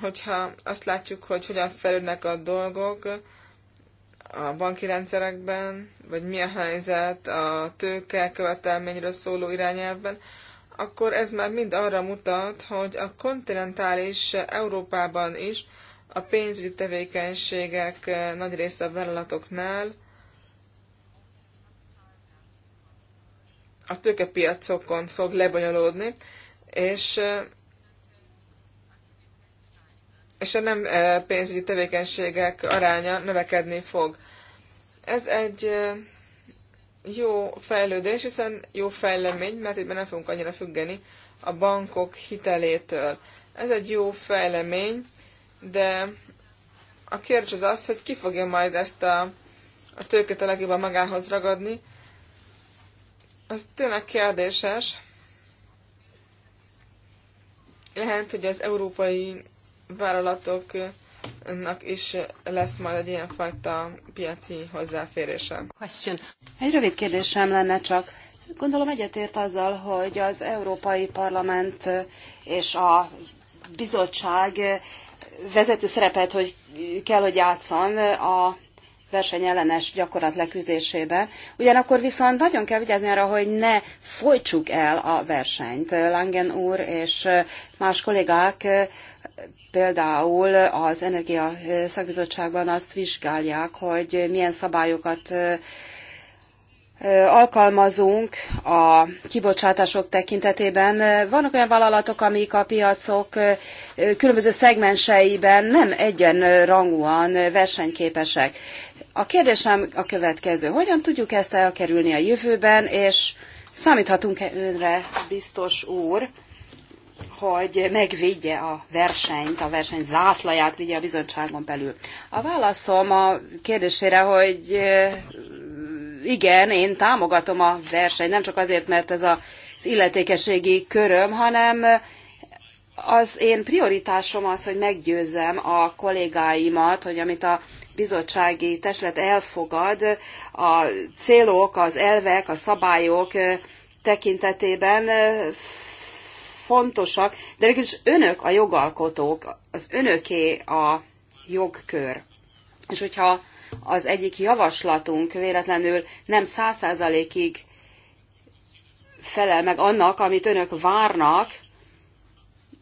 hogyha azt látjuk, hogy hogyan felülnek a dolgok a banki rendszerekben, vagy mi a helyzet a tőke követelményről szóló irányelvben, akkor ez már mind arra mutat, hogy a kontinentális Európában is a pénzügyi tevékenységek eh, nagy része a vállalatoknál a tőkepiacokon fog lebonyolódni, és eh, és a nem eh, pénzügyi tevékenységek aránya növekedni fog. Ez egy jó fejlődés, hiszen jó fejlemény, mert itt nem fogunk annyira függeni a bankok hitelétől. Ez egy jó fejlemény, de a kérdés az az, hogy ki fogja majd ezt a, a tőket a legjobban magához ragadni. Az tényleg kérdéses. Lehet, hogy az európai vállalatok nak is lesz majd egy ilyen fajta piaci hozzáférése. Question. Egy rövid kérdésem lenne csak. Gondolom egyetért azzal, hogy az Európai Parlament és a bizottság vezető szerepet, hogy kell, hogy játszan a versenyellenes gyakorlat leküzdésében. Ugyanakkor viszont nagyon kell vigyázni arra, hogy ne folytsuk el a versenyt. Langen úr és más kollégák Például az Energia Szakbizottságban azt vizsgálják, hogy milyen szabályokat alkalmazunk a kibocsátások tekintetében. Vannak olyan vállalatok, amik a piacok különböző szegmenseiben nem egyenrangúan versenyképesek. A kérdésem a következő. Hogyan tudjuk ezt elkerülni a jövőben, és számíthatunk-e önre, biztos úr, hogy megvédje a versenyt, a verseny zászlaját vigye a bizottságon belül. A válaszom a kérdésére, hogy igen, én támogatom a versenyt, nem csak azért, mert ez az illetékeségi köröm, hanem az én prioritásom az, hogy meggyőzzem a kollégáimat, hogy amit a bizottsági testület elfogad, a célok, az elvek, a szabályok tekintetében fontosak, de végül is önök a jogalkotók, az önöké a jogkör. És hogyha az egyik javaslatunk véletlenül nem száz százalékig felel meg annak, amit önök várnak,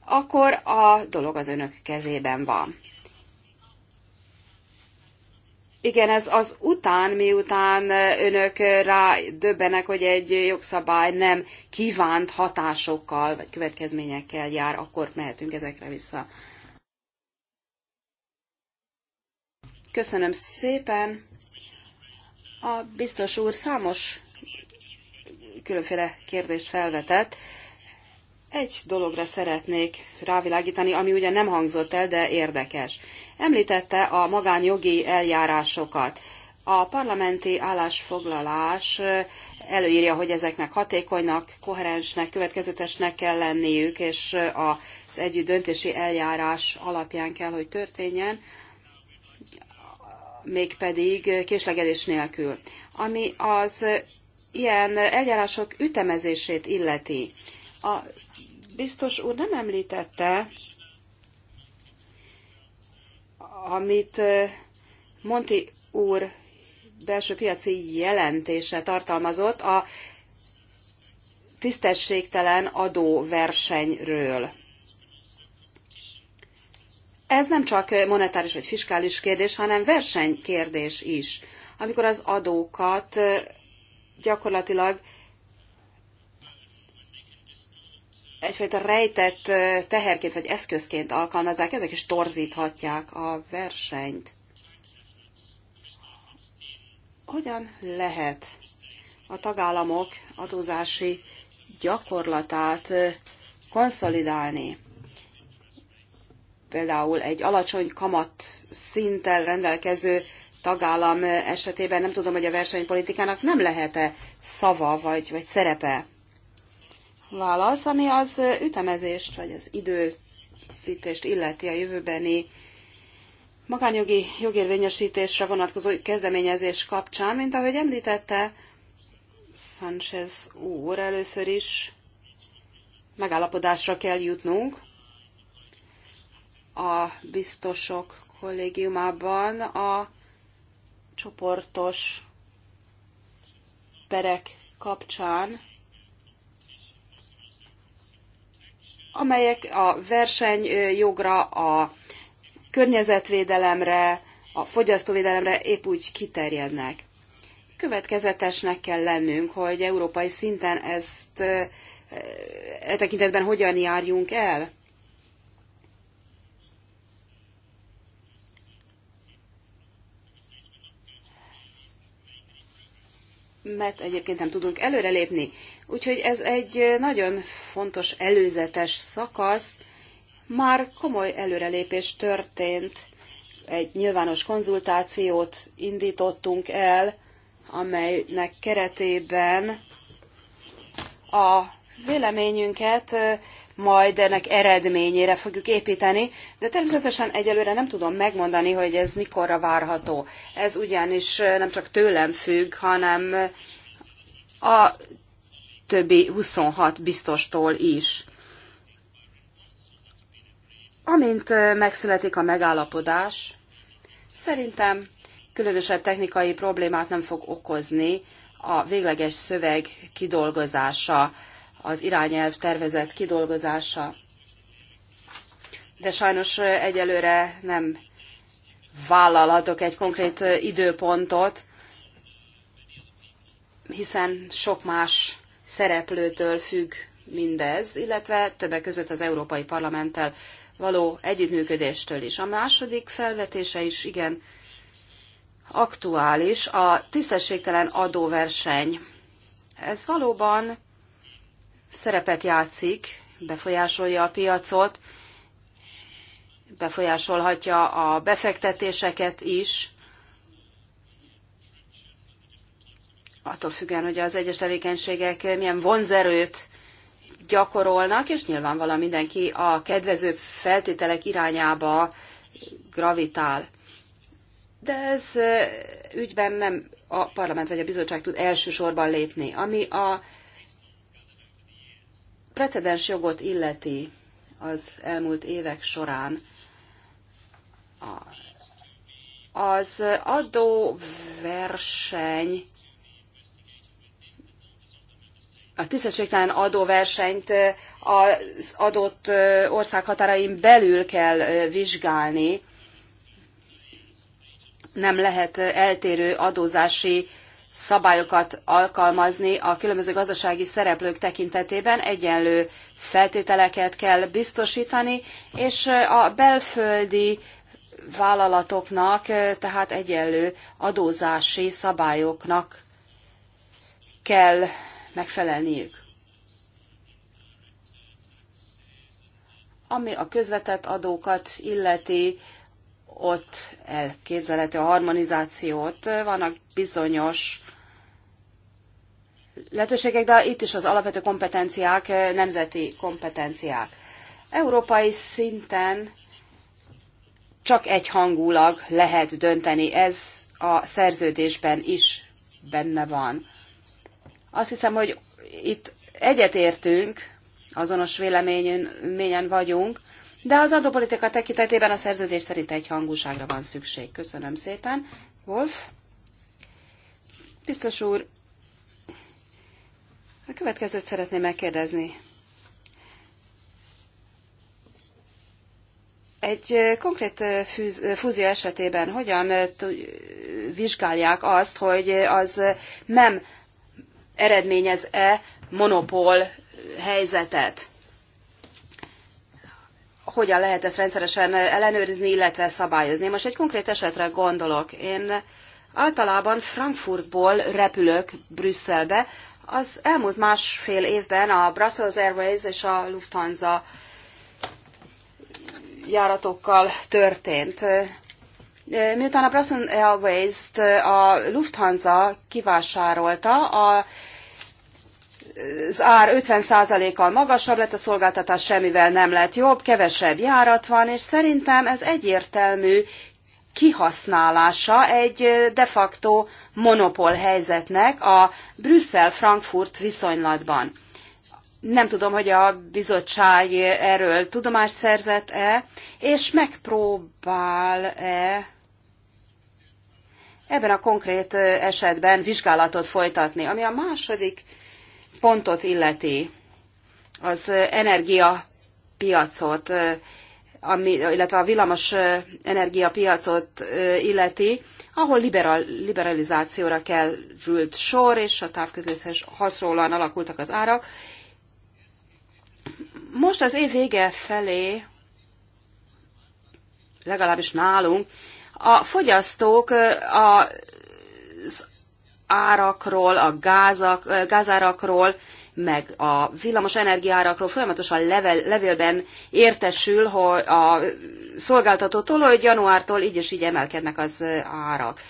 akkor a dolog az önök kezében van. Igen, ez az után, miután önök rá döbbenek, hogy egy jogszabály nem kívánt hatásokkal vagy következményekkel jár, akkor mehetünk ezekre vissza. Köszönöm szépen. A biztos úr számos különféle kérdést felvetett. Egy dologra szeretnék rávilágítani, ami ugye nem hangzott el, de érdekes. Említette a magánjogi eljárásokat. A parlamenti állásfoglalás előírja, hogy ezeknek hatékonynak, koherensnek, következetesnek kell lenniük, és az együtt döntési eljárás alapján kell, hogy történjen, mégpedig késlegedés nélkül. Ami az ilyen eljárások ütemezését illeti, a biztos úr nem említette, amit Monti úr belső piaci jelentése tartalmazott a tisztességtelen adóversenyről. Ez nem csak monetáris vagy fiskális kérdés, hanem versenykérdés is, amikor az adókat gyakorlatilag egyfajta rejtett teherként vagy eszközként alkalmazzák, ezek is torzíthatják a versenyt. Hogyan lehet a tagállamok adózási gyakorlatát konszolidálni? Például egy alacsony kamat szinttel rendelkező tagállam esetében nem tudom, hogy a versenypolitikának nem lehet-e szava vagy, vagy szerepe válasz, ami az ütemezést, vagy az időszítést illeti a jövőbeni magánjogi jogérvényesítésre vonatkozó kezdeményezés kapcsán, mint ahogy említette Sanchez úr, először is megállapodásra kell jutnunk a biztosok kollégiumában a csoportos perek kapcsán, amelyek a versenyjogra, a környezetvédelemre, a fogyasztóvédelemre épp úgy kiterjednek. Következetesnek kell lennünk, hogy európai szinten ezt e tekintetben hogyan járjunk el. mert egyébként nem tudunk előrelépni. Úgyhogy ez egy nagyon fontos előzetes szakasz, már komoly előrelépés történt, egy nyilvános konzultációt indítottunk el, amelynek keretében a véleményünket majd ennek eredményére fogjuk építeni, de természetesen egyelőre nem tudom megmondani, hogy ez mikorra várható. Ez ugyanis nem csak tőlem függ, hanem a többi 26 biztostól is. Amint megszületik a megállapodás, szerintem különösebb technikai problémát nem fog okozni a végleges szöveg kidolgozása az irányelv tervezett kidolgozása. De sajnos egyelőre nem vállalhatok egy konkrét időpontot, hiszen sok más szereplőtől függ mindez, illetve többek között az Európai Parlamenttel való együttműködéstől is. A második felvetése is igen aktuális, a tisztességtelen adóverseny. Ez valóban szerepet játszik, befolyásolja a piacot, befolyásolhatja a befektetéseket is, attól függően, hogy az egyes tevékenységek milyen vonzerőt gyakorolnak, és nyilvánvalóan mindenki a kedvezőbb feltételek irányába gravitál. De ez ügyben nem a parlament vagy a bizottság tud elsősorban lépni. Ami a precedens jogot illeti az elmúlt évek során, az adóverseny, a tisztességtelen adóversenyt az adott ország határain belül kell vizsgálni, nem lehet eltérő adózási szabályokat alkalmazni a különböző gazdasági szereplők tekintetében, egyenlő feltételeket kell biztosítani, és a belföldi vállalatoknak, tehát egyenlő adózási szabályoknak kell megfelelniük. Ami a közvetett adókat illeti, ott elképzelhető a harmonizációt. Vannak bizonyos lehetőségek, de itt is az alapvető kompetenciák, nemzeti kompetenciák. Európai szinten csak egyhangulag lehet dönteni, ez a szerződésben is benne van. Azt hiszem, hogy itt egyetértünk, azonos véleményen vagyunk, de az adópolitika tekintetében a szerződés szerint egy hangúságra van szükség. Köszönöm szépen. Wolf? Biztos úr, a következőt szeretném megkérdezni. Egy konkrét fúzió esetében hogyan vizsgálják azt, hogy az nem eredményez-e monopól helyzetet? hogyan lehet ezt rendszeresen ellenőrizni, illetve szabályozni. Most egy konkrét esetre gondolok. Én általában Frankfurtból repülök Brüsszelbe. Az elmúlt másfél évben a Brussels Airways és a Lufthansa járatokkal történt. Miután a Brussels Airways-t a Lufthansa kivásárolta, a az ár 50%-kal magasabb lett, a szolgáltatás semmivel nem lett jobb, kevesebb járat van, és szerintem ez egyértelmű kihasználása egy de facto monopól helyzetnek a Brüsszel-Frankfurt viszonylatban. Nem tudom, hogy a bizottság erről tudomást szerzett-e, és megpróbál-e ebben a konkrét esetben vizsgálatot folytatni. Ami a második pontot illeti, az energiapiacot, ami, illetve a villamos energiapiacot illeti, ahol liberal, liberalizációra került sor, és a távközléshez hasonlóan alakultak az árak. Most az év vége felé, legalábbis nálunk, a fogyasztók az árakról, a gázak, gázárakról, meg a villamos energiárakról folyamatosan level, levélben értesül hogy a szolgáltatótól, hogy januártól így és így emelkednek az árak.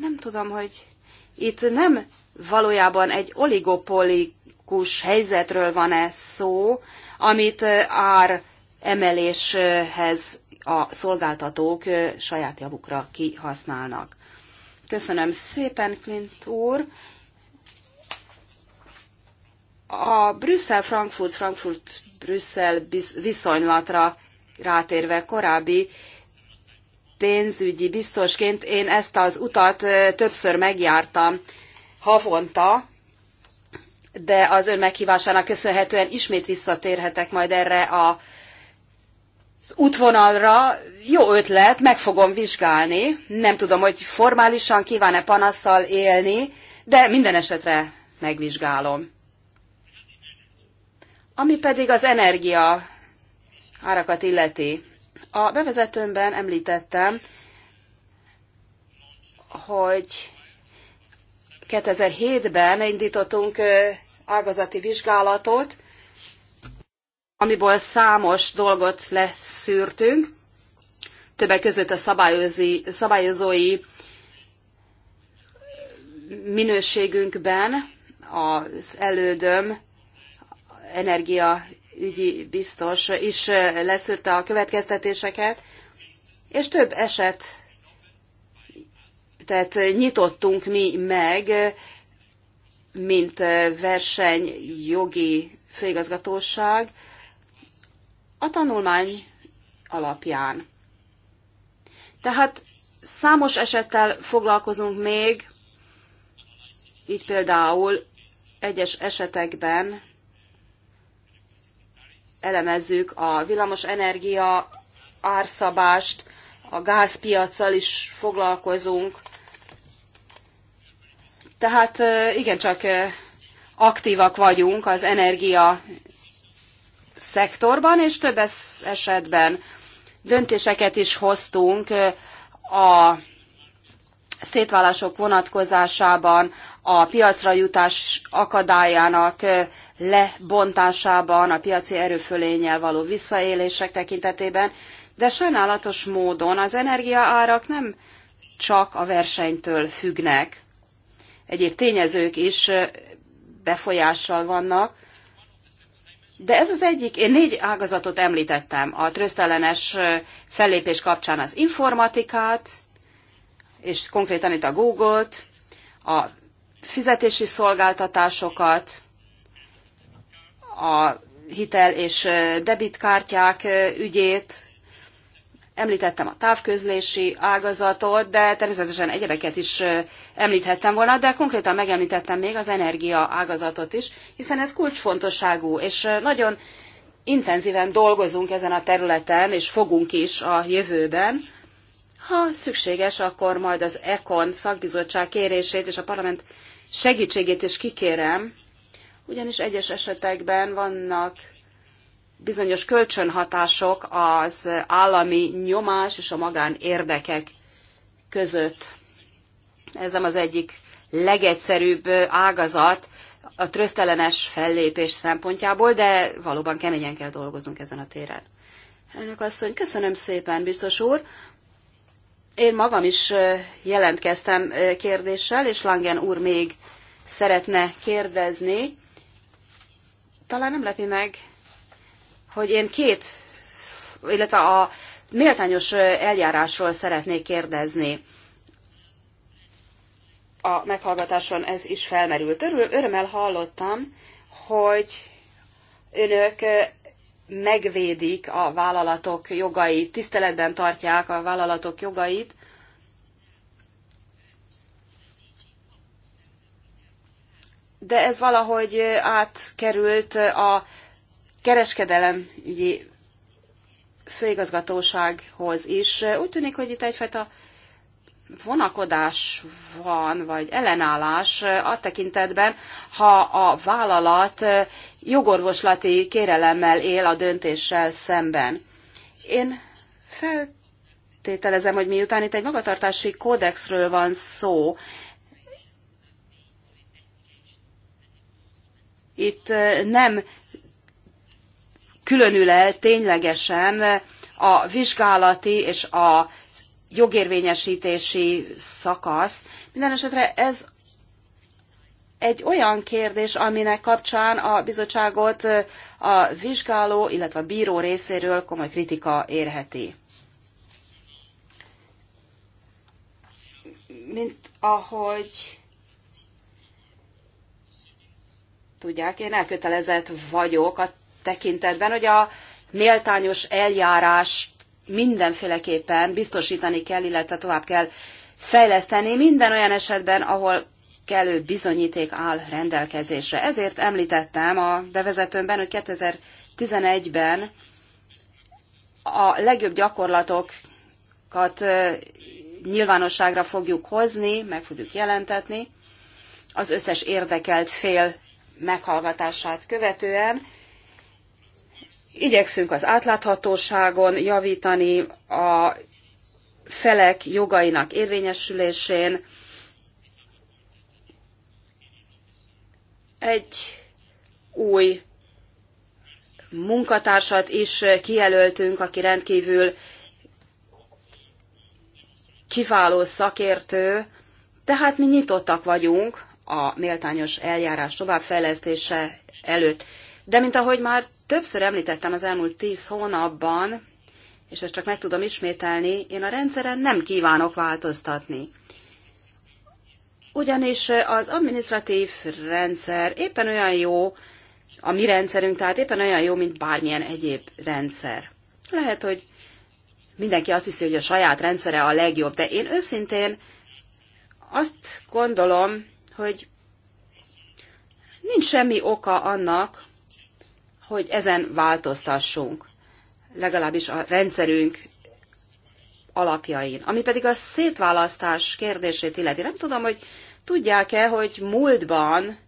Nem tudom, hogy itt nem valójában egy oligopolikus helyzetről van-e szó, amit ár emeléshez a szolgáltatók saját javukra kihasználnak. Köszönöm szépen, Clint úr. A Brüsszel-Frankfurt, Frankfurt-Brüsszel viszonylatra rátérve korábbi pénzügyi biztosként én ezt az utat többször megjártam havonta, de az ön meghívásának köszönhetően ismét visszatérhetek majd erre a az útvonalra jó ötlet, meg fogom vizsgálni. Nem tudom, hogy formálisan kíván-e panaszsal élni, de minden esetre megvizsgálom. Ami pedig az energia árakat illeti. A bevezetőmben említettem, hogy 2007-ben indítottunk ágazati vizsgálatot, amiből számos dolgot leszűrtünk, többek között a szabályozói minőségünkben az elődöm energiaügyi biztos is leszűrte a következtetéseket, és több eset tehát nyitottunk mi meg, mint versenyjogi főigazgatóság, a tanulmány alapján. Tehát számos esettel foglalkozunk még, így például egyes esetekben elemezzük a villamos energia árszabást, a gázpiacsal is foglalkozunk. Tehát igencsak aktívak vagyunk az energia szektorban, és több esetben döntéseket is hoztunk a szétválások vonatkozásában, a piacra jutás akadályának lebontásában, a piaci erőfölénnyel való visszaélések tekintetében, de sajnálatos módon az energiaárak nem csak a versenytől függnek. Egyéb tényezők is befolyással vannak, de ez az egyik, én négy ágazatot említettem, a trösztellenes fellépés kapcsán az informatikát, és konkrétan itt a Google-t, a fizetési szolgáltatásokat, a hitel és debitkártyák ügyét, Említettem a távközlési ágazatot, de természetesen egyebeket is említhettem volna, de konkrétan megemlítettem még az energia ágazatot is, hiszen ez kulcsfontosságú, és nagyon intenzíven dolgozunk ezen a területen, és fogunk is a jövőben. Ha szükséges, akkor majd az ECON szakbizottság kérését és a parlament segítségét is kikérem, ugyanis egyes esetekben vannak bizonyos kölcsönhatások az állami nyomás és a magánérdekek között. Ez nem az egyik legegyszerűbb ágazat a trösztelenes fellépés szempontjából, de valóban keményen kell dolgoznunk ezen a téren. Elnök asszony, köszönöm szépen, biztos úr. Én magam is jelentkeztem kérdéssel, és Langen úr még szeretne kérdezni. Talán nem lepi meg hogy én két, illetve a méltányos eljárásról szeretnék kérdezni. A meghallgatáson ez is felmerült. Örül, örömmel hallottam, hogy önök megvédik a vállalatok jogait, tiszteletben tartják a vállalatok jogait, de ez valahogy átkerült a kereskedelem ügyi főigazgatósághoz is. Úgy tűnik, hogy itt egyfajta vonakodás van, vagy ellenállás a tekintetben, ha a vállalat jogorvoslati kérelemmel él a döntéssel szemben. Én feltételezem, hogy miután itt egy magatartási kódexről van szó, itt nem különül el ténylegesen a vizsgálati és a jogérvényesítési szakasz. Minden esetre ez egy olyan kérdés, aminek kapcsán a bizottságot a vizsgáló, illetve a bíró részéről komoly kritika érheti. Mint ahogy tudják, én elkötelezett vagyok a tekintetben, hogy a méltányos eljárás mindenféleképpen biztosítani kell, illetve tovább kell fejleszteni minden olyan esetben, ahol kellő bizonyíték áll rendelkezésre. Ezért említettem a bevezetőmben, hogy 2011-ben a legjobb gyakorlatokat nyilvánosságra fogjuk hozni, meg fogjuk jelentetni az összes érdekelt fél meghallgatását követően, Igyekszünk az átláthatóságon javítani, a felek jogainak érvényesülésén. Egy új munkatársat is kijelöltünk, aki rendkívül kiváló szakértő, tehát mi nyitottak vagyunk a méltányos eljárás továbbfejlesztése előtt. De mint ahogy már többször említettem az elmúlt tíz hónapban, és ezt csak meg tudom ismételni, én a rendszeren nem kívánok változtatni. Ugyanis az administratív rendszer éppen olyan jó, a mi rendszerünk tehát éppen olyan jó, mint bármilyen egyéb rendszer. Lehet, hogy mindenki azt hiszi, hogy a saját rendszere a legjobb, de én őszintén azt gondolom, hogy nincs semmi oka annak, hogy ezen változtassunk, legalábbis a rendszerünk alapjain. Ami pedig a szétválasztás kérdését illeti, nem tudom, hogy tudják-e, hogy múltban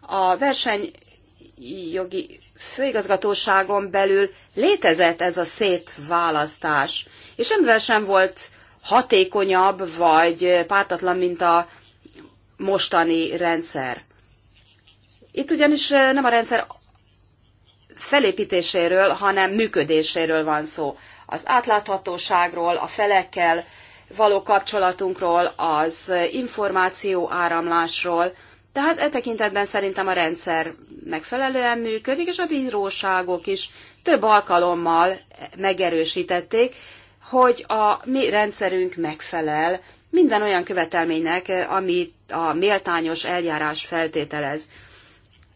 a versenyjogi főigazgatóságon belül létezett ez a szétválasztás, és ember sem volt hatékonyabb vagy pártatlan, mint a mostani rendszer. Itt ugyanis nem a rendszer felépítéséről, hanem működéséről van szó. Az átláthatóságról, a felekkel való kapcsolatunkról, az információ áramlásról, tehát e tekintetben szerintem a rendszer megfelelően működik, és a bíróságok is több alkalommal megerősítették, hogy a mi rendszerünk megfelel minden olyan követelménynek, ami a méltányos eljárás feltételez.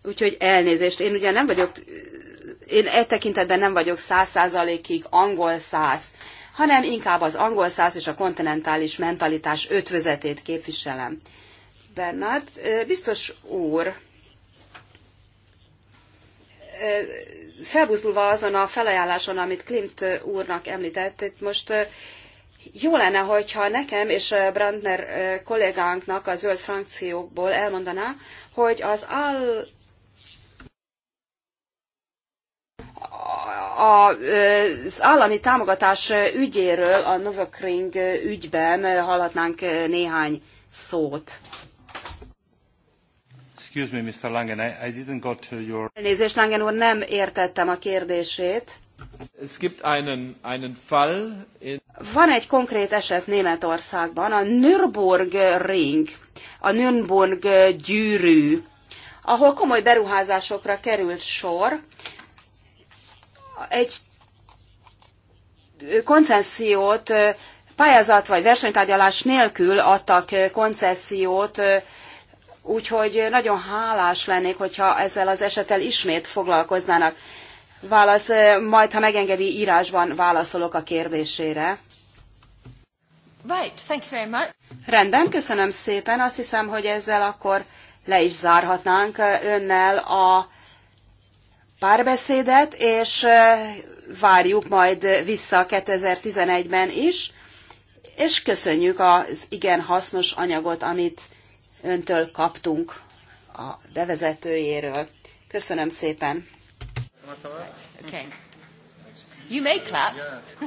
Úgyhogy elnézést, én ugye nem vagyok én e tekintetben nem vagyok száz százalékig angol száz, hanem inkább az angol száz és a kontinentális mentalitás ötvözetét képviselem. Bernard, biztos úr, felbuzdulva azon a felajánláson, amit Klimt úrnak említett, itt most jó lenne, hogyha nekem és Brandner kollégánknak a zöld frankciókból elmondaná, hogy az áll az állami támogatás ügyéről a Novokring ügyben hallhatnánk néhány szót. Excuse me, Mr. Langen, I, I didn't got your... Elnézést, Langen úr, nem értettem a kérdését. Es gibt einen, einen Fall in... Van egy konkrét eset Németországban, a Ring, a Nürnberg gyűrű, ahol komoly beruházásokra került sor, egy koncesziót pályázat vagy versenytárgyalás nélkül adtak koncesziót, úgyhogy nagyon hálás lennék, hogyha ezzel az esettel ismét foglalkoznának. Válasz, majd, ha megengedi, írásban válaszolok a kérdésére. Right, thank you very much. Rendben, köszönöm szépen. Azt hiszem, hogy ezzel akkor le is zárhatnánk önnel a párbeszédet, és várjuk majd vissza 2011-ben is, és köszönjük az igen hasznos anyagot, amit öntől kaptunk a bevezetőjéről. Köszönöm szépen. Okay. You may clap.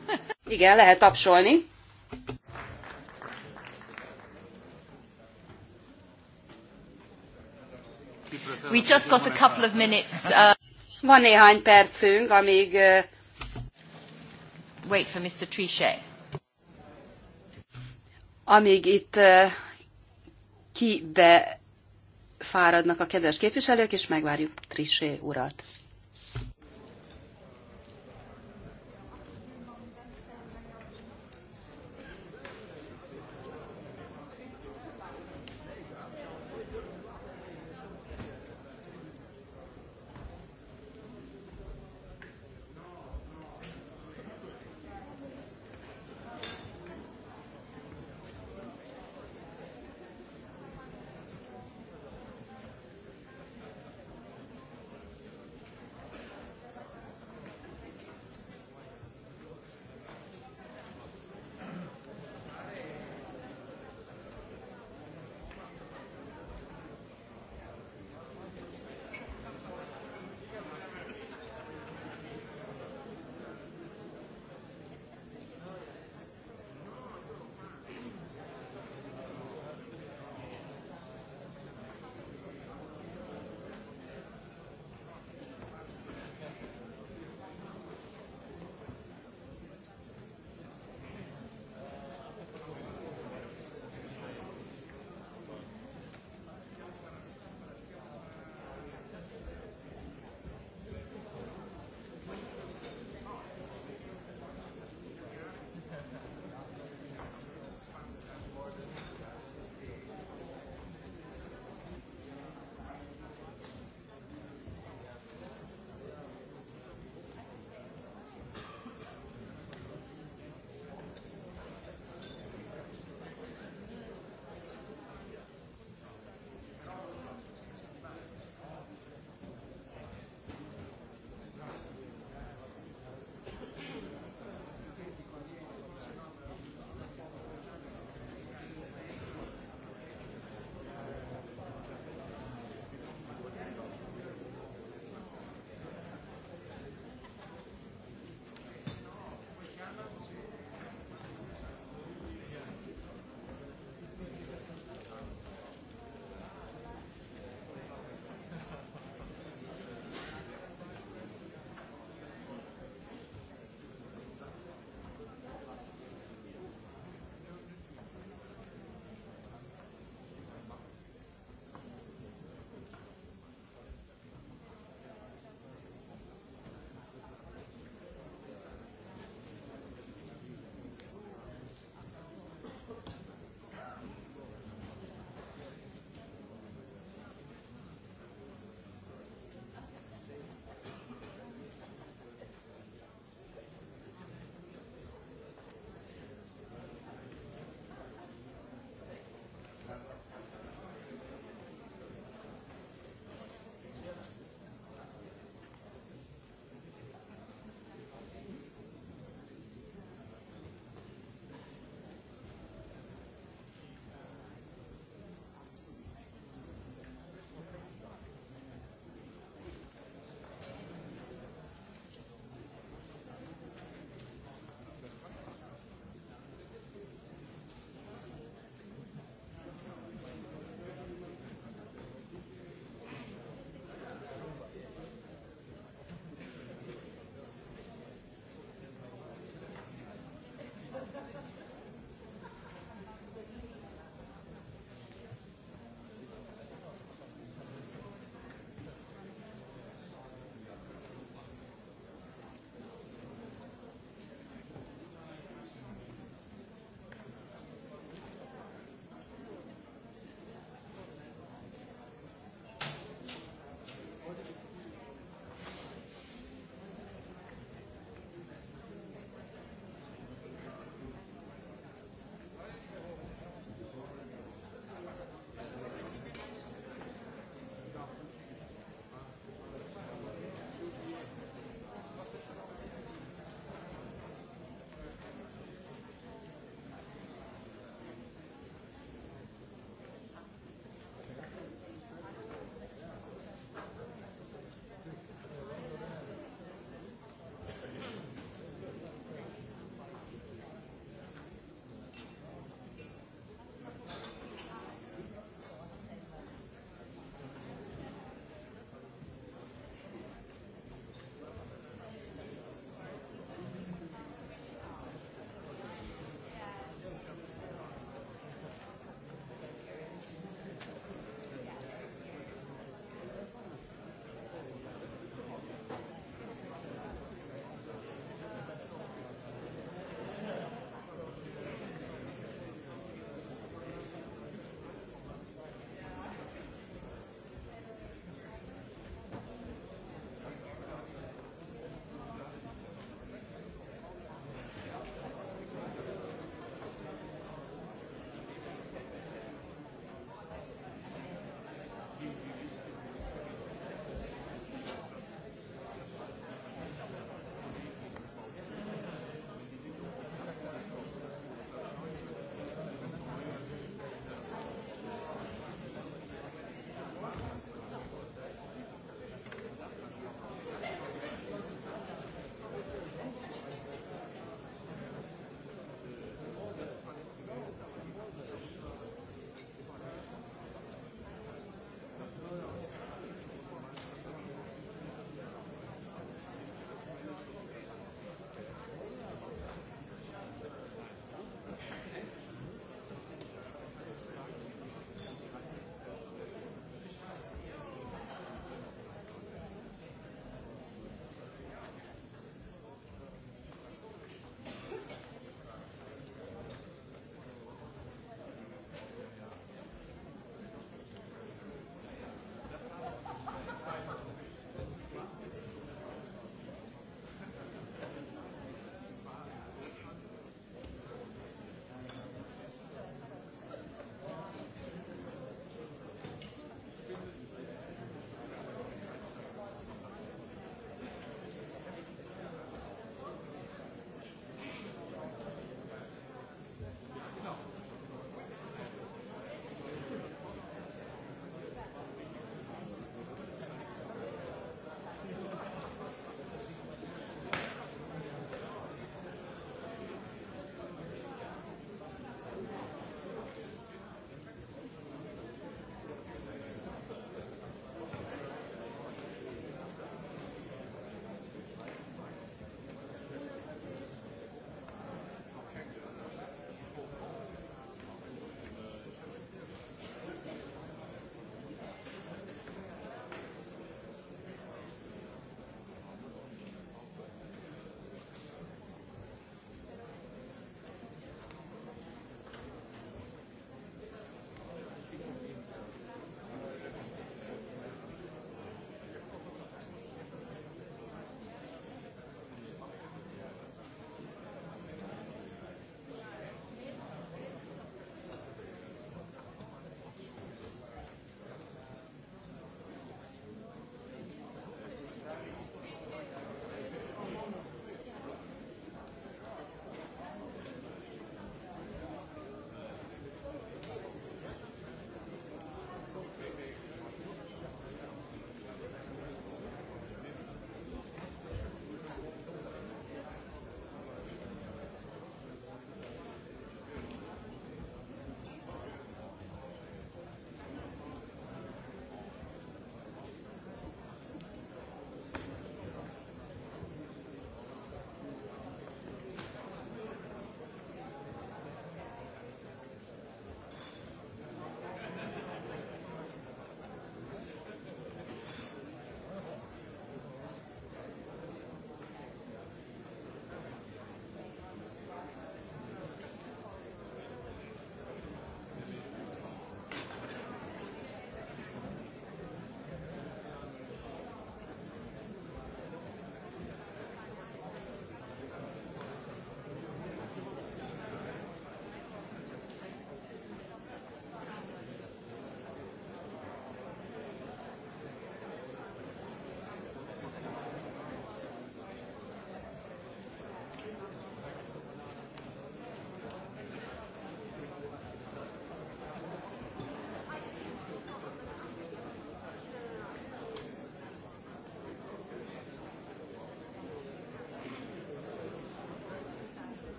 <laughs> Igen, lehet tapsolni. We just got a couple of minutes. Uh... Van néhány percünk, amíg... Wait for Mr. Trichet. Amíg itt kibe fáradnak a kedves képviselők, és megvárjuk Trichet urat.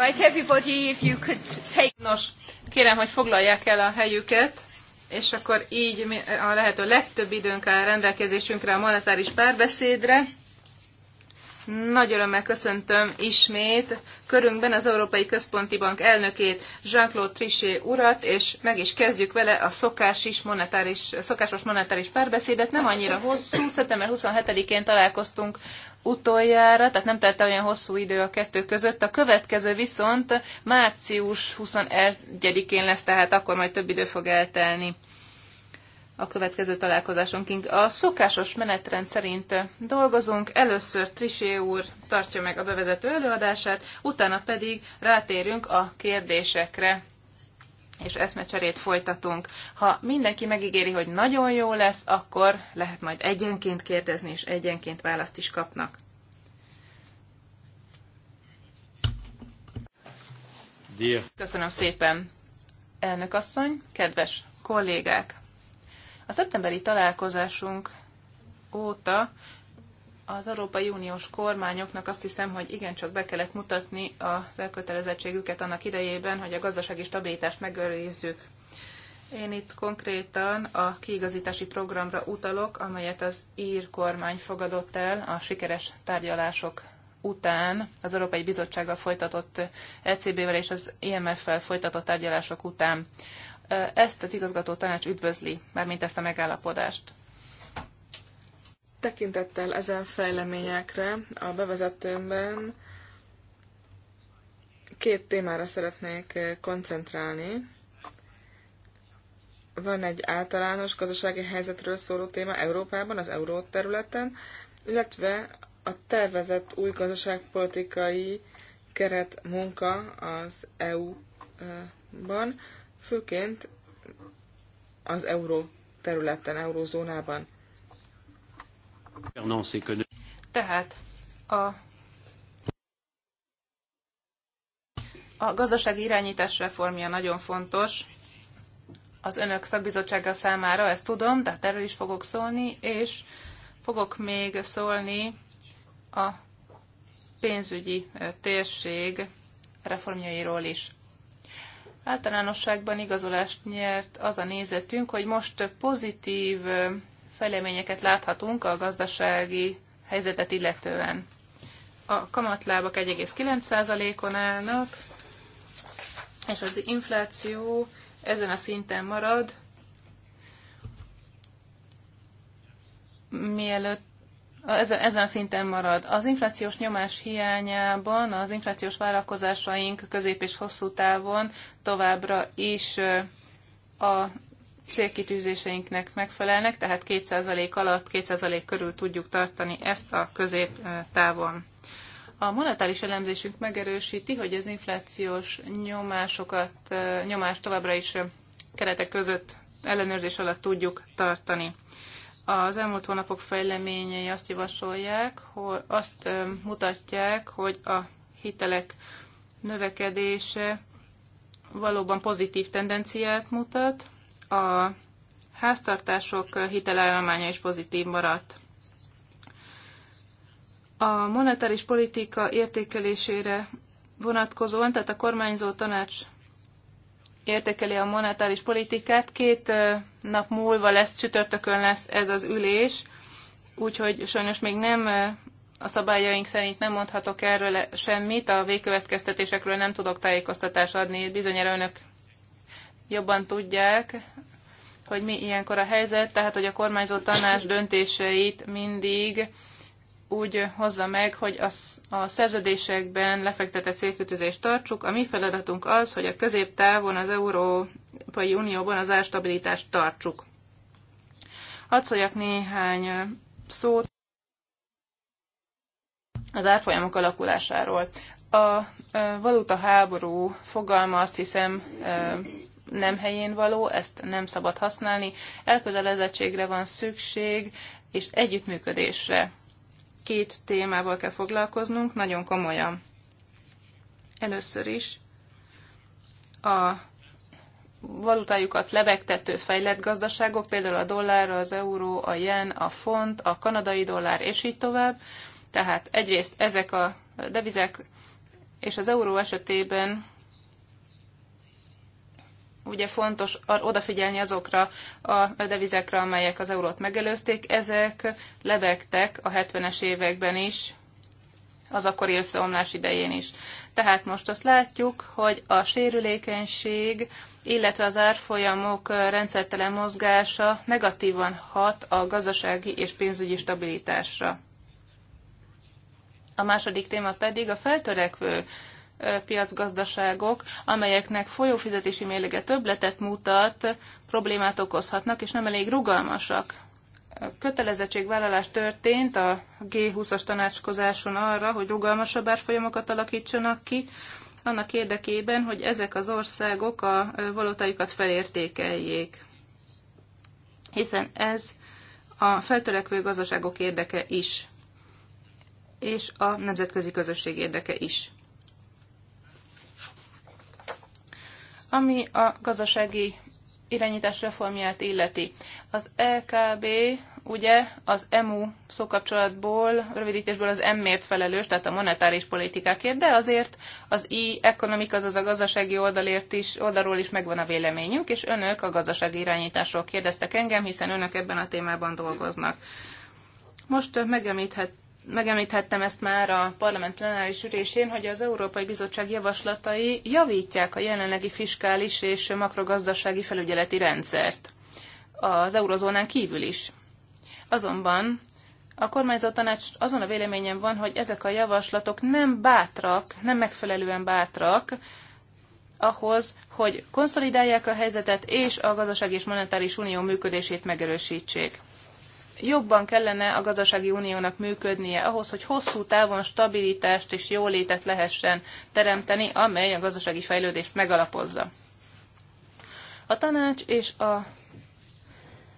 everybody, Nos, kérem, hogy foglalják el a helyüket, és akkor így a lehető legtöbb időnk áll rendelkezésünkre a monetáris párbeszédre. Nagy örömmel köszöntöm ismét körünkben az Európai Központi Bank elnökét, Jean-Claude Trichet urat, és meg is kezdjük vele a szokás is monetáris, szokásos monetáris párbeszédet. Nem annyira hosszú, szeptember 27-én találkoztunk utoljára, tehát nem telt olyan hosszú idő a kettő között. A következő viszont március 21-én lesz, tehát akkor majd több idő fog eltelni a következő találkozásunkig. A szokásos menetrend szerint dolgozunk, először Trisé úr tartja meg a bevezető előadását, utána pedig rátérünk a kérdésekre és eszmecserét folytatunk. Ha mindenki megígéri, hogy nagyon jó lesz, akkor lehet majd egyenként kérdezni, és egyenként választ is kapnak. Dear. Köszönöm szépen, elnök asszony, kedves kollégák! A szeptemberi találkozásunk óta az Európai Uniós kormányoknak azt hiszem, hogy igencsak be kellett mutatni az elkötelezettségüket annak idejében, hogy a gazdasági stabilitást megőrizzük. Én itt konkrétan a kiigazítási programra utalok, amelyet az ír kormány fogadott el a sikeres tárgyalások után, az Európai Bizottsággal folytatott ECB-vel és az imf vel folytatott tárgyalások után. Ezt az igazgató tanács üdvözli, mármint ezt a megállapodást. Tekintettel ezen fejleményekre a bevezetőmben két témára szeretnék eh, koncentrálni. Van egy általános gazdasági helyzetről szóló téma Európában, az euró területen, illetve a tervezett új gazdaságpolitikai keret munka az EU-ban, főként az euró területen, eurózónában. Tehát a A gazdasági irányítás reformja nagyon fontos az önök szakbizottsága számára, ezt tudom, de hát erről is fogok szólni, és fogok még szólni a pénzügyi térség reformjairól is. Általánosságban igazolást nyert az a nézetünk, hogy most pozitív fejleményeket láthatunk a gazdasági helyzetet illetően. A kamatlábak 1,9%-on állnak, és az infláció ezen a szinten marad, mielőtt ezen, a szinten marad. Az inflációs nyomás hiányában az inflációs várakozásaink közép és hosszú távon továbbra is a célkitűzéseinknek megfelelnek, tehát 2% alatt, 2% körül tudjuk tartani ezt a középtávon. A monetáris elemzésünk megerősíti, hogy az inflációs nyomásokat, nyomást továbbra is keretek között ellenőrzés alatt tudjuk tartani. Az elmúlt hónapok fejleményei azt javasolják, hogy azt mutatják, hogy a hitelek növekedése valóban pozitív tendenciát mutat, a háztartások hitelállománya is pozitív maradt. A monetáris politika értékelésére vonatkozóan, tehát a kormányzó tanács értékeli a monetáris politikát. Két nap múlva lesz, csütörtökön lesz ez az ülés, úgyhogy sajnos még nem a szabályaink szerint nem mondhatok erről semmit, a végkövetkeztetésekről nem tudok tájékoztatást adni, bizonyára önök jobban tudják, hogy mi ilyenkor a helyzet, tehát hogy a kormányzó tanács döntéseit mindig úgy hozza meg, hogy a, a szerződésekben lefektetett célkötözést tartsuk. A mi feladatunk az, hogy a középtávon az Európai Unióban az árstabilitást tartsuk. Hadd szóljak néhány szót az árfolyamok alakulásáról. A valuta háború fogalma azt hiszem nem helyén való, ezt nem szabad használni. Elkötelezettségre van szükség, és együttműködésre. Két témával kell foglalkoznunk, nagyon komolyan. Először is a valutájukat lebegtető fejlett gazdaságok, például a dollár, az euró, a jen, a font, a kanadai dollár, és így tovább. Tehát egyrészt ezek a devizek, és az euró esetében ugye fontos odafigyelni azokra a devizekre, amelyek az eurót megelőzték. Ezek lebegtek a 70-es években is, az akkori összeomlás idején is. Tehát most azt látjuk, hogy a sérülékenység, illetve az árfolyamok rendszertelen mozgása negatívan hat a gazdasági és pénzügyi stabilitásra. A második téma pedig a feltörekvő piacgazdaságok, amelyeknek folyófizetési mérlege többletet mutat, problémát okozhatnak, és nem elég rugalmasak. Kötelezettségvállalás történt a G20-as tanácskozáson arra, hogy rugalmasabb árfolyamokat alakítsanak ki, annak érdekében, hogy ezek az országok a valótájukat felértékeljék. Hiszen ez a feltörekvő gazdaságok érdeke is, és a nemzetközi közösség érdeke is. Ami a gazdasági irányítás reformját illeti. Az LKB ugye az EMU szókapcsolatból, rövidítésből az M-ért felelős, tehát a monetáris politikákért, de azért az I economic, azaz a gazdasági oldalért is, oldalról is megvan a véleményünk, és önök a gazdasági irányításról kérdeztek engem, hiszen önök ebben a témában dolgoznak. Most megemlíthet, megemlíthettem ezt már a parlament plenáris ülésén, hogy az Európai Bizottság javaslatai javítják a jelenlegi fiskális és makrogazdasági felügyeleti rendszert az eurozónán kívül is. Azonban a kormányzó tanács azon a véleményen van, hogy ezek a javaslatok nem bátrak, nem megfelelően bátrak ahhoz, hogy konszolidálják a helyzetet és a gazdaság és monetáris unió működését megerősítsék jobban kellene a gazdasági uniónak működnie ahhoz, hogy hosszú távon stabilitást és jólétet lehessen teremteni, amely a gazdasági fejlődést megalapozza. A tanács és a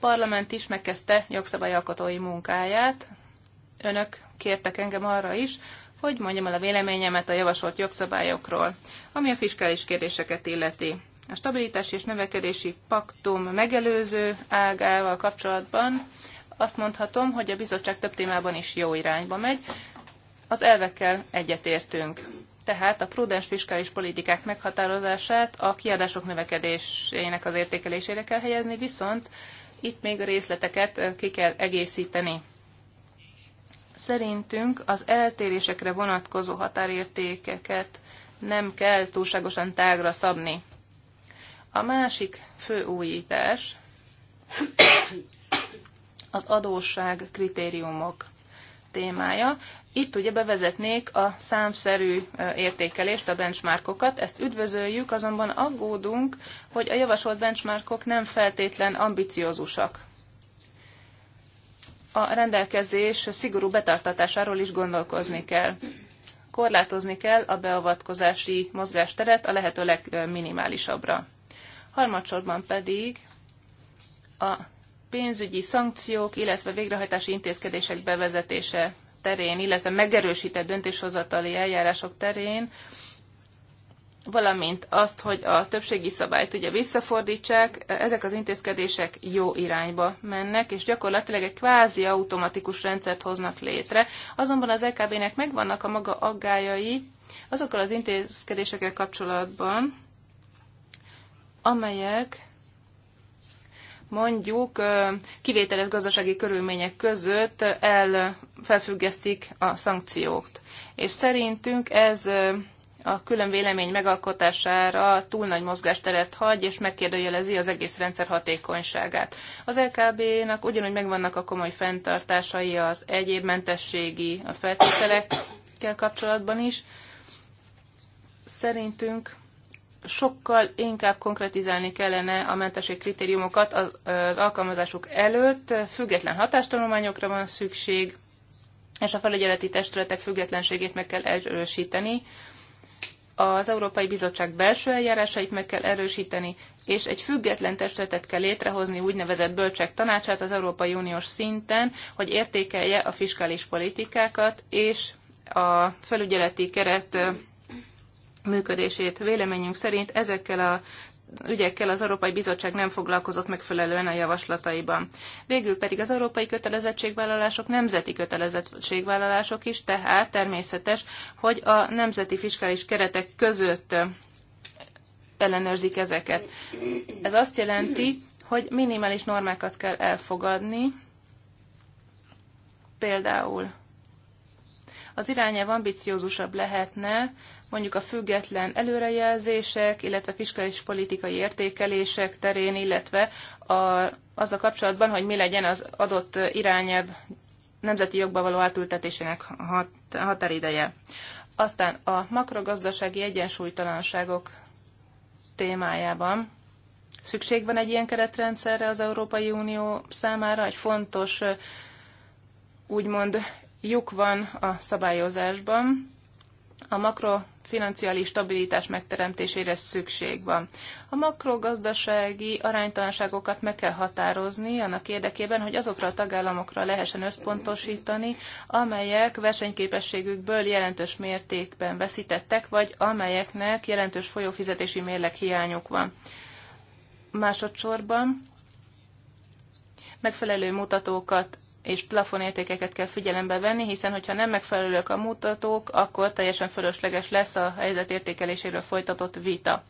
parlament is megkezdte jogszabályalkotói munkáját. Önök kértek engem arra is, hogy mondjam el a véleményemet a javasolt jogszabályokról, ami a fiskális kérdéseket illeti. A stabilitási és növekedési paktum megelőző ágával kapcsolatban azt mondhatom, hogy a bizottság több témában is jó irányba megy. Az elvekkel egyetértünk. Tehát a prudens fiskális politikák meghatározását a kiadások növekedésének az értékelésére kell helyezni, viszont itt még a részleteket ki kell egészíteni. Szerintünk az eltérésekre vonatkozó határértékeket nem kell túlságosan tágra szabni. A másik fő újítás az adósság kritériumok témája. Itt ugye bevezetnék a számszerű értékelést, a benchmarkokat, ezt üdvözöljük, azonban aggódunk, hogy a javasolt benchmarkok nem feltétlen ambiciózusak. A rendelkezés szigorú betartatásáról is gondolkozni kell. Korlátozni kell a beavatkozási mozgásteret a lehető legminimálisabbra. Harmadsorban pedig a pénzügyi szankciók, illetve végrehajtási intézkedések bevezetése terén, illetve megerősített döntéshozatali eljárások terén, valamint azt, hogy a többségi szabályt ugye visszafordítsák, ezek az intézkedések jó irányba mennek, és gyakorlatilag egy kvázi automatikus rendszert hoznak létre. Azonban az LKB-nek megvannak a maga aggájai azokkal az intézkedésekkel kapcsolatban, amelyek mondjuk kivételes gazdasági körülmények között el felfüggesztik a szankciót. És szerintünk ez a külön vélemény megalkotására túl nagy mozgásteret hagy, és megkérdőjelezi az egész rendszer hatékonyságát. Az LKB-nak ugyanúgy megvannak a komoly fenntartásai az egyéb mentességi feltételekkel kapcsolatban is. Szerintünk sokkal inkább konkretizálni kellene a mentesség kritériumokat az, alkalmazásuk előtt, független hatástanulmányokra van szükség, és a felügyeleti testületek függetlenségét meg kell erősíteni, az Európai Bizottság belső eljárásait meg kell erősíteni, és egy független testületet kell létrehozni, úgynevezett bölcsek tanácsát az Európai Uniós szinten, hogy értékelje a fiskális politikákat és a felügyeleti keret működését. Véleményünk szerint ezekkel a ügyekkel az Európai Bizottság nem foglalkozott megfelelően a javaslataiban. Végül pedig az európai kötelezettségvállalások nemzeti kötelezettségvállalások is, tehát természetes, hogy a nemzeti fiskális keretek között ellenőrzik ezeket. Ez azt jelenti, hogy minimális normákat kell elfogadni, például az irányelv ambiciózusabb lehetne, mondjuk a független előrejelzések, illetve fiskális politikai értékelések terén, illetve a, az a kapcsolatban, hogy mi legyen az adott irányebb nemzeti jogba való átültetésének hat, határideje. Aztán a makrogazdasági egyensúlytalanságok témájában szükség van egy ilyen keretrendszerre az Európai Unió számára, egy fontos úgymond lyuk van a szabályozásban, a makrofinanciális stabilitás megteremtésére szükség van. A makrogazdasági aránytalanságokat meg kell határozni annak érdekében, hogy azokra a tagállamokra lehessen összpontosítani, amelyek versenyképességükből jelentős mértékben veszítettek, vagy amelyeknek jelentős folyófizetési mérleg hiányuk van. Másodszorban megfelelő mutatókat és plafonértékeket kell figyelembe venni, hiszen hogyha nem megfelelőek a mutatók, akkor teljesen fölösleges lesz a helyzet értékeléséről folytatott vita.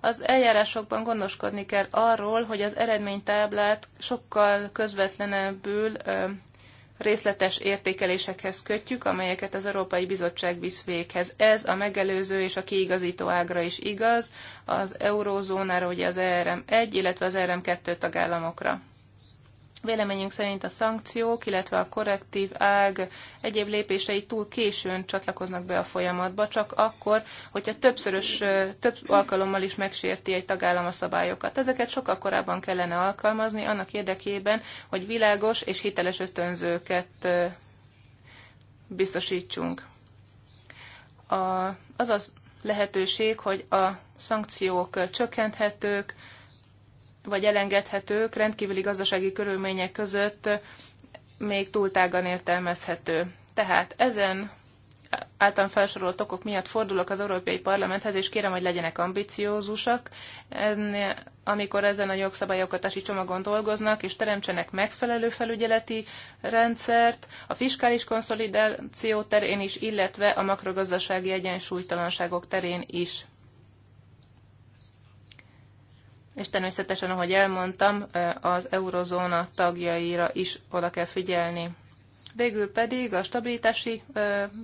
Az eljárásokban gondoskodni kell arról, hogy az eredménytáblát sokkal közvetlenebbül részletes értékelésekhez kötjük, amelyeket az Európai Bizottság visz véghez. Ez a megelőző és a kiigazító ágra is igaz, az eurózónára, ugye az ERM1, illetve az ERM2 tagállamokra. Véleményünk szerint a szankciók, illetve a korrektív ág egyéb lépései túl későn csatlakoznak be a folyamatba, csak akkor, hogyha többszörös, több alkalommal is megsérti egy tagállam a szabályokat. Ezeket sokkal korábban kellene alkalmazni, annak érdekében, hogy világos és hiteles ösztönzőket biztosítsunk. A, az a lehetőség, hogy a szankciók csökkenthetők, vagy elengedhetők, rendkívüli gazdasági körülmények között még túltágan értelmezhető. Tehát ezen általán felsorolt okok miatt fordulok az Európai Parlamenthez, és kérem, hogy legyenek ambiciózusak, amikor ezen a jogszabályokatási csomagon dolgoznak, és teremtsenek megfelelő felügyeleti rendszert a fiskális konszolidáció terén is, illetve a makrogazdasági egyensúlytalanságok terén is és természetesen, ahogy elmondtam, az eurozóna tagjaira is oda kell figyelni. Végül pedig a stabilitási,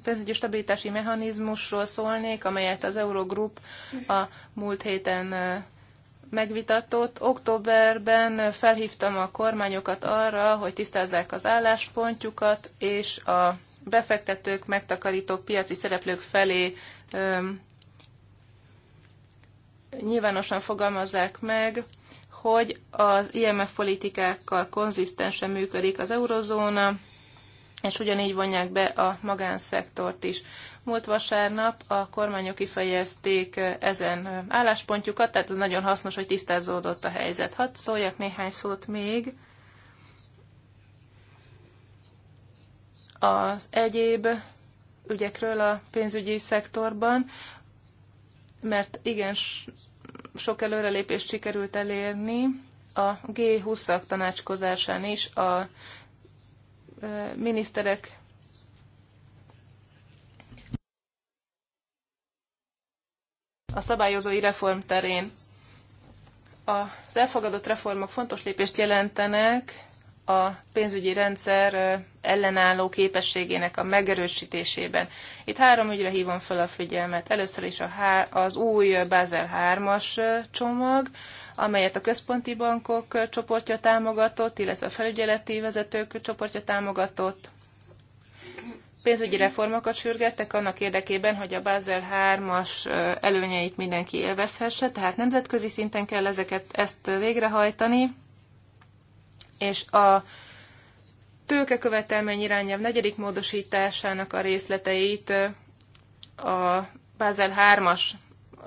pénzügyi stabilitási mechanizmusról szólnék, amelyet az Eurogroup a múlt héten megvitatott. Októberben felhívtam a kormányokat arra, hogy tisztázzák az álláspontjukat, és a befektetők, megtakarítók, piaci szereplők felé nyilvánosan fogalmazzák meg, hogy az IMF politikákkal konzisztensen működik az eurozóna, és ugyanígy vonják be a magánszektort is. Múlt vasárnap a kormányok kifejezték ezen álláspontjukat, tehát ez nagyon hasznos, hogy tisztázódott a helyzet. Hadd szóljak néhány szót még az egyéb ügyekről a pénzügyi szektorban mert igen, sok előrelépést sikerült elérni a G20-ak tanácskozásán is a miniszterek a szabályozói reform terén. Az elfogadott reformok fontos lépést jelentenek, a pénzügyi rendszer ellenálló képességének a megerősítésében. Itt három ügyre hívom fel a figyelmet. Először is a há- az új Basel 3-as csomag, amelyet a központi bankok csoportja támogatott, illetve a felügyeleti vezetők csoportja támogatott. Pénzügyi reformokat sürgettek annak érdekében, hogy a Basel 3-as előnyeit mindenki élvezhesse, tehát nemzetközi szinten kell ezeket ezt végrehajtani és a tőkekövetelmény irányelv negyedik módosításának a részleteit a Basel 3-as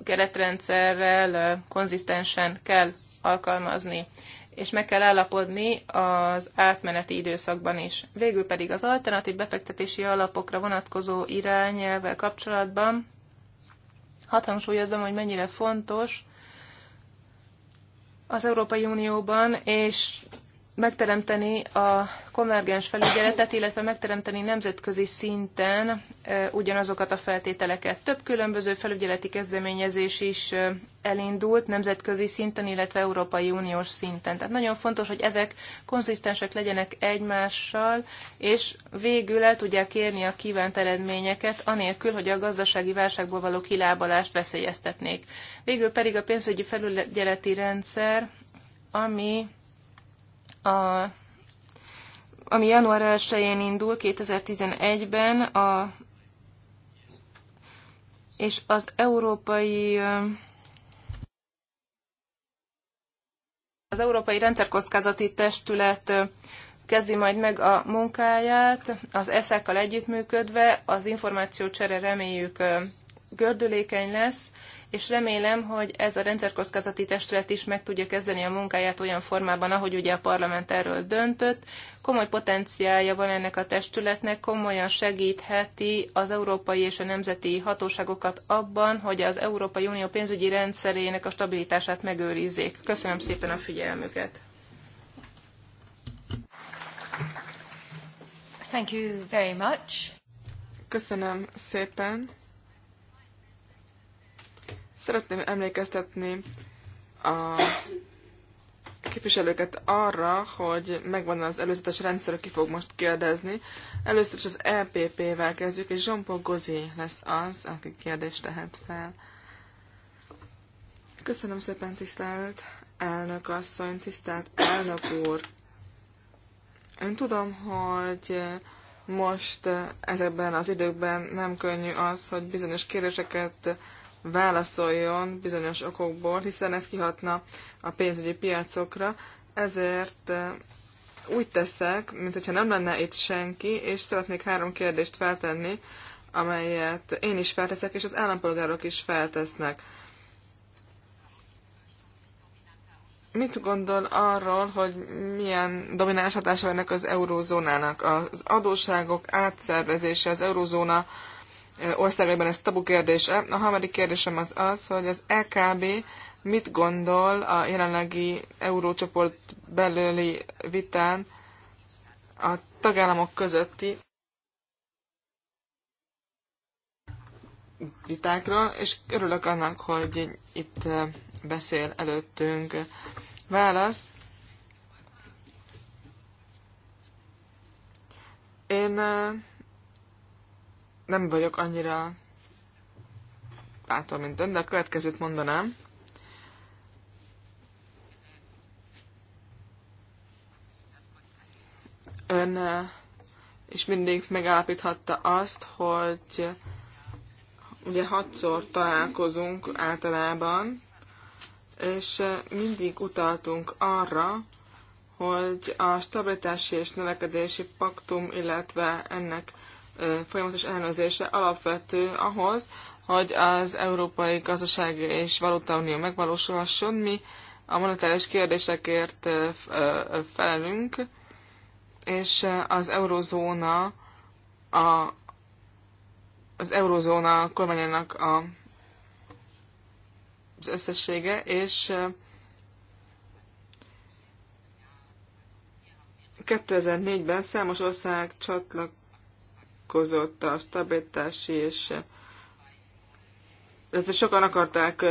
keretrendszerrel konzisztensen kell alkalmazni, és meg kell állapodni az átmeneti időszakban is. Végül pedig az alternatív befektetési alapokra vonatkozó irányelvvel kapcsolatban hat hangsúlyozom, hogy mennyire fontos az Európai Unióban, és megteremteni a konvergens felügyeletet, illetve megteremteni nemzetközi szinten ugyanazokat a feltételeket. Több különböző felügyeleti kezdeményezés is elindult nemzetközi szinten, illetve Európai Uniós szinten. Tehát nagyon fontos, hogy ezek konzisztensek legyenek egymással, és végül el tudják érni a kívánt eredményeket, anélkül, hogy a gazdasági válságból való kilábalást veszélyeztetnék. Végül pedig a pénzügyi felügyeleti rendszer, ami a, ami január 1-én indul 2011-ben, a, és az európai az Európai Rendszerkockázati Testület kezdi majd meg a munkáját, az ESZÁK-kal együttműködve az információcsere reméljük gördülékeny lesz, és remélem, hogy ez a rendszerkockázati testület is meg tudja kezdeni a munkáját olyan formában, ahogy ugye a parlament erről döntött. Komoly potenciálja van ennek a testületnek, komolyan segítheti az európai és a nemzeti hatóságokat abban, hogy az Európai Unió pénzügyi rendszerének a stabilitását megőrizzék. Köszönöm szépen a figyelmüket! Thank you very much. Köszönöm szépen. Szeretném emlékeztetni a képviselőket arra, hogy megvan az előzetes rendszer, aki fog most kérdezni. Először is az EPP-vel kezdjük, és jean Gozi lesz az, aki kérdést tehet fel. Köszönöm szépen, tisztelt elnök asszony, tisztelt elnök úr. Én tudom, hogy most ezekben az időkben nem könnyű az, hogy bizonyos kérdéseket válaszoljon bizonyos okokból, hiszen ez kihatna a pénzügyi piacokra, ezért eh, úgy teszek, mint hogyha nem lenne itt senki, és szeretnék három kérdést feltenni, amelyet én is felteszek, és az állampolgárok is feltesznek. Mit gondol arról, hogy milyen domináns hatása ennek az eurózónának? Az adósságok átszervezése az eurózóna országokban ez tabu kérdése. A harmadik kérdésem az az, hogy az LKB e mit gondol a jelenlegi eurócsoport belőli vitán a tagállamok közötti vitákról, és örülök annak, hogy itt beszél előttünk. Válasz. Én nem vagyok annyira bátor, mint ön, de a következőt mondanám. Ön és mindig megállapíthatta azt, hogy ugye hatszor találkozunk általában, és mindig utaltunk arra, hogy a stabilitási és növekedési paktum, illetve ennek folyamatos ellenőrzése alapvető ahhoz, hogy az Európai Gazdaság és Valutaunió megvalósulhasson. Mi a monetáris kérdésekért felelünk, és az eurozóna a, az eurozóna kormányának a, az összessége, és 2004-ben számos ország csatlak, nyilatkozott a stabilitási és illetve sokan akarták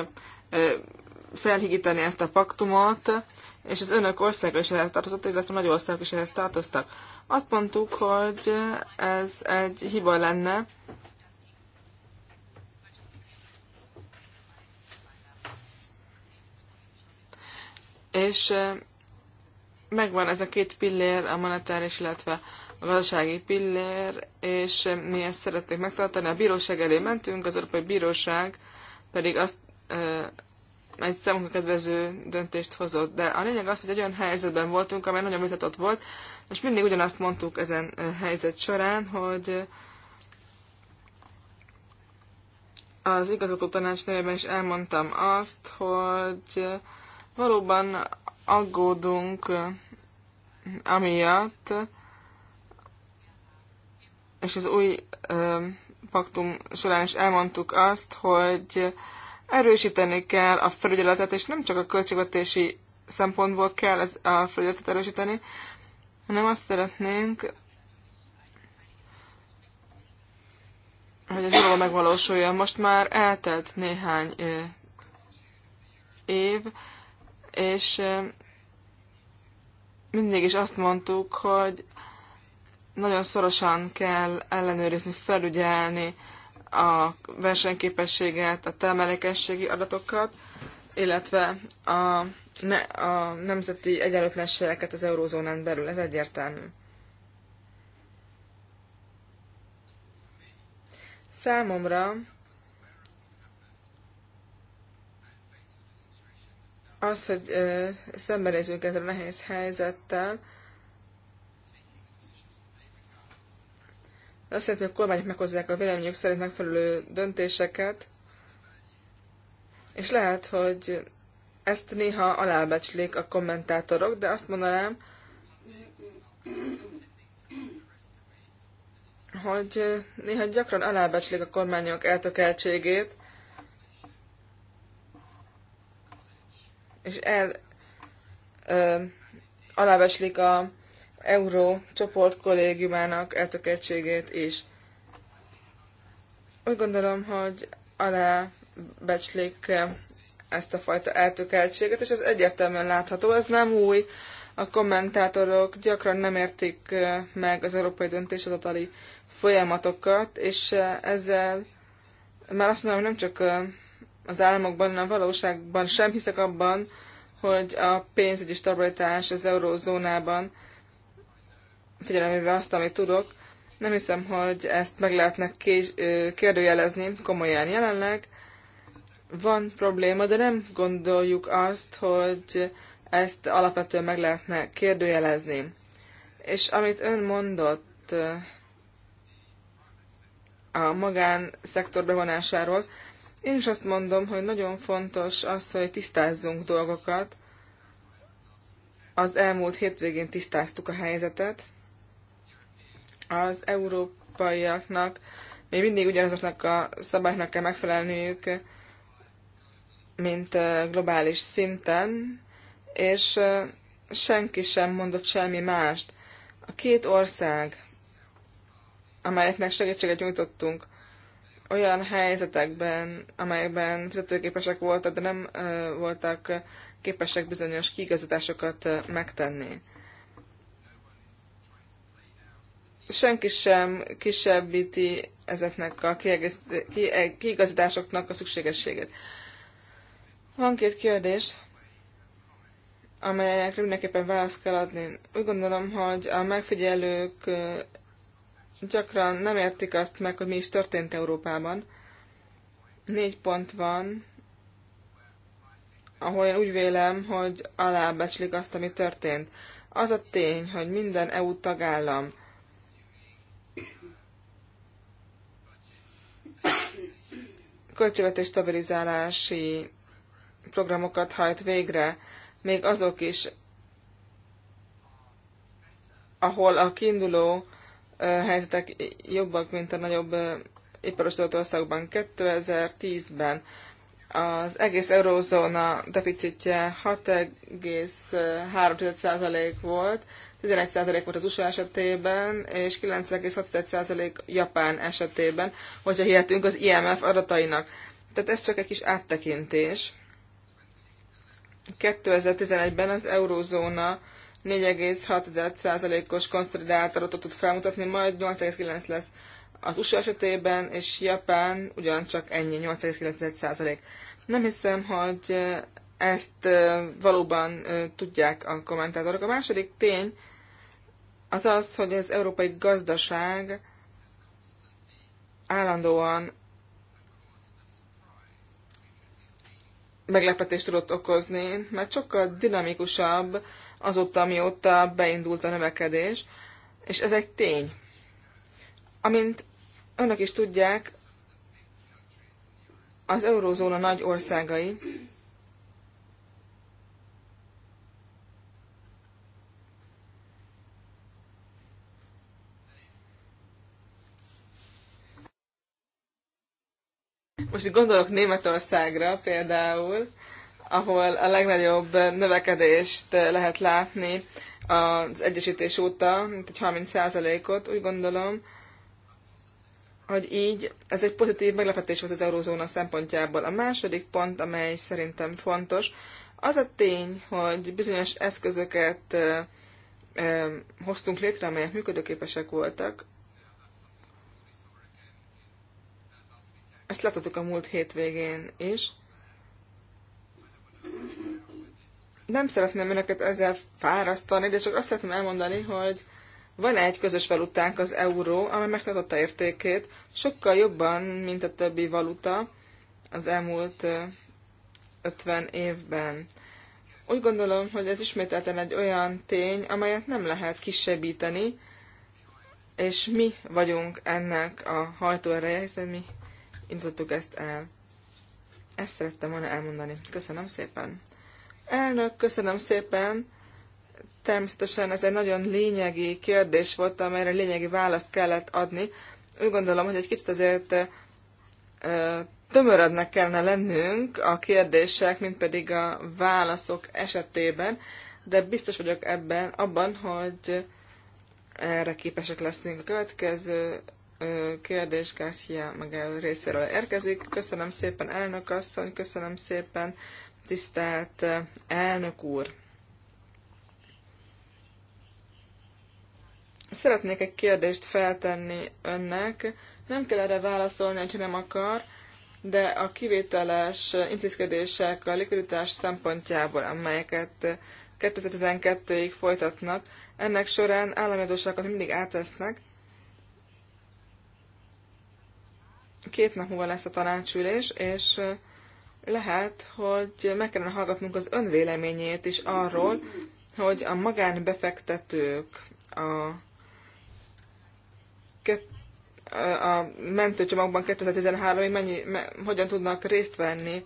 felhigítani ezt a paktumot, és az önök országa is ehhez tartozott, illetve nagy országok is ehhez tartoztak. Azt mondtuk, hogy ez egy hiba lenne, és megvan ez a két pillér, a monetáris, illetve a gazdasági pillér, és mi ezt szeretnék megtartani. A bíróság elé mentünk, az Európai Bíróság pedig azt egy számunkra kedvező döntést hozott. De a lényeg az, hogy egy olyan helyzetben voltunk, amely nagyon vitatott volt, és mindig ugyanazt mondtuk ezen helyzet során, hogy az igazgató tanács nevében is elmondtam azt, hogy valóban aggódunk amiatt, és az új ö, paktum során is elmondtuk azt, hogy erősíteni kell a felügyeletet, és nem csak a költségvetési szempontból kell ez a felügyeletet erősíteni, hanem azt szeretnénk, hogy ez jól megvalósuljon. Most már eltelt néhány év, és mindig is azt mondtuk, hogy nagyon szorosan kell ellenőrizni, felügyelni a versenyképességet, a termelékenységi adatokat, illetve a, ne, a nemzeti egyenlőtlenségeket az eurózónán belül. Ez egyértelmű. Számomra az, hogy szembenézünk ezzel a nehéz helyzettel, azt jelenti, hogy a kormányok meghozzák a véleményük szerint megfelelő döntéseket, és lehet, hogy ezt néha alábecslik a kommentátorok, de azt mondanám, hogy néha gyakran alábecslik a kormányok eltökeltségét, és el ö, alábecslik a euró csoport kollégiumának eltökettségét is. Úgy gondolom, hogy alá becslik ezt a fajta eltökeltséget, és ez egyértelműen látható, ez nem új. A kommentátorok gyakran nem értik eh, meg az európai döntéshozatali folyamatokat, és eh, ezzel már azt mondom, hogy nem csak eh, az államokban, hanem a valóságban sem hiszek abban, hogy a pénzügyi stabilitás az eurózónában figyelembe azt, amit tudok. Nem hiszem, hogy ezt meg lehetne kérdőjelezni komolyan jelenleg. Van probléma, de nem gondoljuk azt, hogy ezt alapvetően meg lehetne kérdőjelezni. És amit ön mondott a magánszektor bevonásáról, én is azt mondom, hogy nagyon fontos az, hogy tisztázzunk dolgokat. Az elmúlt hétvégén tisztáztuk a helyzetet az európaiaknak még mindig ugyanazoknak a szabályoknak kell megfelelniük, mint globális szinten, és senki sem mondott semmi mást. A két ország, amelyeknek segítséget nyújtottunk, olyan helyzetekben, amelyekben fizetőképesek voltak, de nem voltak képesek bizonyos kiigazításokat megtenni senki sem kisebbíti ezeknek a kiigazításoknak a szükségességét. Van két kérdés, amelyekre mindenképpen választ kell adni. Úgy gondolom, hogy a megfigyelők gyakran nem értik azt meg, hogy mi is történt Európában. Négy pont van, ahol én úgy vélem, hogy alábecslik azt, ami történt. Az a tény, hogy minden EU tagállam költségvetés stabilizálási programokat hajt végre, még azok is, ahol a kiinduló helyzetek jobbak, mint a nagyobb iparosodott országban 2010-ben. Az egész eurózóna deficitje 6,3% volt, 11% volt az USA esetében, és 9,6% Japán esetében, hogyha hihetünk az IMF adatainak. Tehát ez csak egy kis áttekintés. 2011-ben az eurózóna 4,6%-os konszolidált adatot tud felmutatni, majd 8,9 lesz az USA esetében, és Japán ugyancsak ennyi, 8,9%. Nem hiszem, hogy eh, ezt eh, valóban eh, tudják a kommentátorok. A második tény, az az, hogy az európai gazdaság állandóan meglepetést tudott okozni, mert sokkal dinamikusabb azóta, mióta beindult a növekedés, és ez egy tény. Amint önök is tudják, az eurózóna nagy országai Most itt gondolok Németországra például, ahol a legnagyobb növekedést lehet látni az egyesítés óta, mint egy 30%-ot, úgy gondolom, hogy így ez egy pozitív meglepetés volt az eurózóna szempontjából. A második pont, amely szerintem fontos, az a tény, hogy bizonyos eszközöket hoztunk létre, amelyek működőképesek voltak, Ezt láthattuk a múlt hétvégén is. Nem szeretném önöket ezzel fárasztani, de csak azt szeretném elmondani, hogy van egy közös valutánk, az euró, amely megtartotta értékét, sokkal jobban, mint a többi valuta az elmúlt 50 évben. Úgy gondolom, hogy ez ismételten egy olyan tény, amelyet nem lehet kisebbíteni, és mi vagyunk ennek a hajtóereje, hiszen mi indítottuk ezt el. Ezt szerettem volna elmondani. Köszönöm szépen. Elnök, köszönöm szépen. Természetesen ez egy nagyon lényegi kérdés volt, amelyre lényegi választ kellett adni. Úgy gondolom, hogy egy kicsit azért tömörödnek kellene lennünk a kérdések, mint pedig a válaszok esetében, de biztos vagyok ebben, abban, hogy erre képesek leszünk. A következő kérdés Gászia meg részéről érkezik. Köszönöm szépen, elnök asszony, köszönöm szépen, tisztelt elnök úr. Szeretnék egy kérdést feltenni önnek. Nem kell erre válaszolni, ha nem akar, de a kivételes intézkedések a likviditás szempontjából, amelyeket 2012-ig folytatnak, ennek során államadóságokat mindig átvesznek, Két nap múlva lesz a tanácsülés, és lehet, hogy meg kellene hallgatnunk az önvéleményét is arról, hogy a magánbefektetők a, a mentőcsomagban 2013-ig mennyi, me, hogyan tudnak részt venni.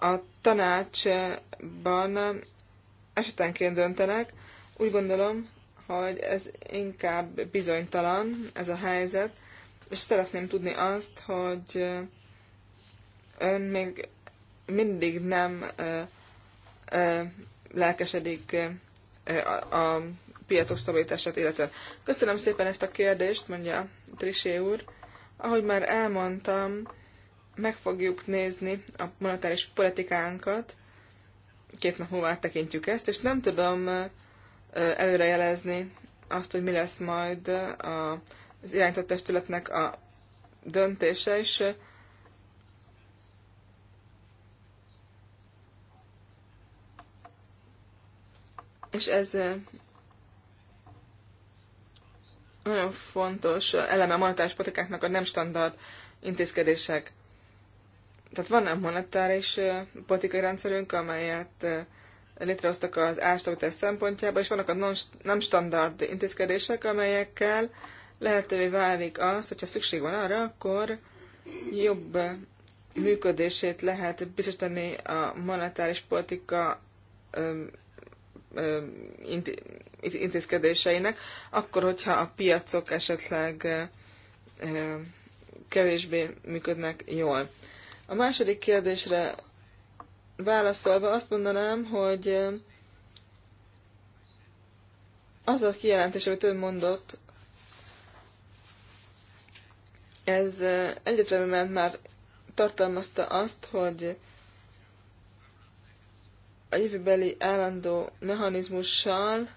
A tanácsban esetenként döntenek. Úgy gondolom, hogy ez inkább bizonytalan, ez a helyzet, és szeretném tudni azt, hogy ön még mindig nem lelkesedik a piacok stabilitását illetően. Köszönöm szépen ezt a kérdést, mondja Trisé úr. Ahogy már elmondtam, meg fogjuk nézni a monetáris politikánkat, két nap múlva tekintjük ezt, és nem tudom előrejelezni azt, hogy mi lesz majd a az irányított testületnek a döntése, és és ez nagyon fontos eleme a monetáris politikáknak a nem standard intézkedések. Tehát van egy monetáris politikai rendszerünk, amelyet létrehoztak az ástabilitás szempontjából, és vannak a non, nem standard intézkedések, amelyekkel lehetővé válik az, hogyha szükség van arra, akkor jobb működését lehet biztosítani a monetáris politika intézkedéseinek, akkor, hogyha a piacok esetleg kevésbé működnek jól. A második kérdésre válaszolva azt mondanám, hogy az a kijelentés, amit ön mondott, ez egyetemben már tartalmazta azt, hogy a jövőbeli állandó mechanizmussal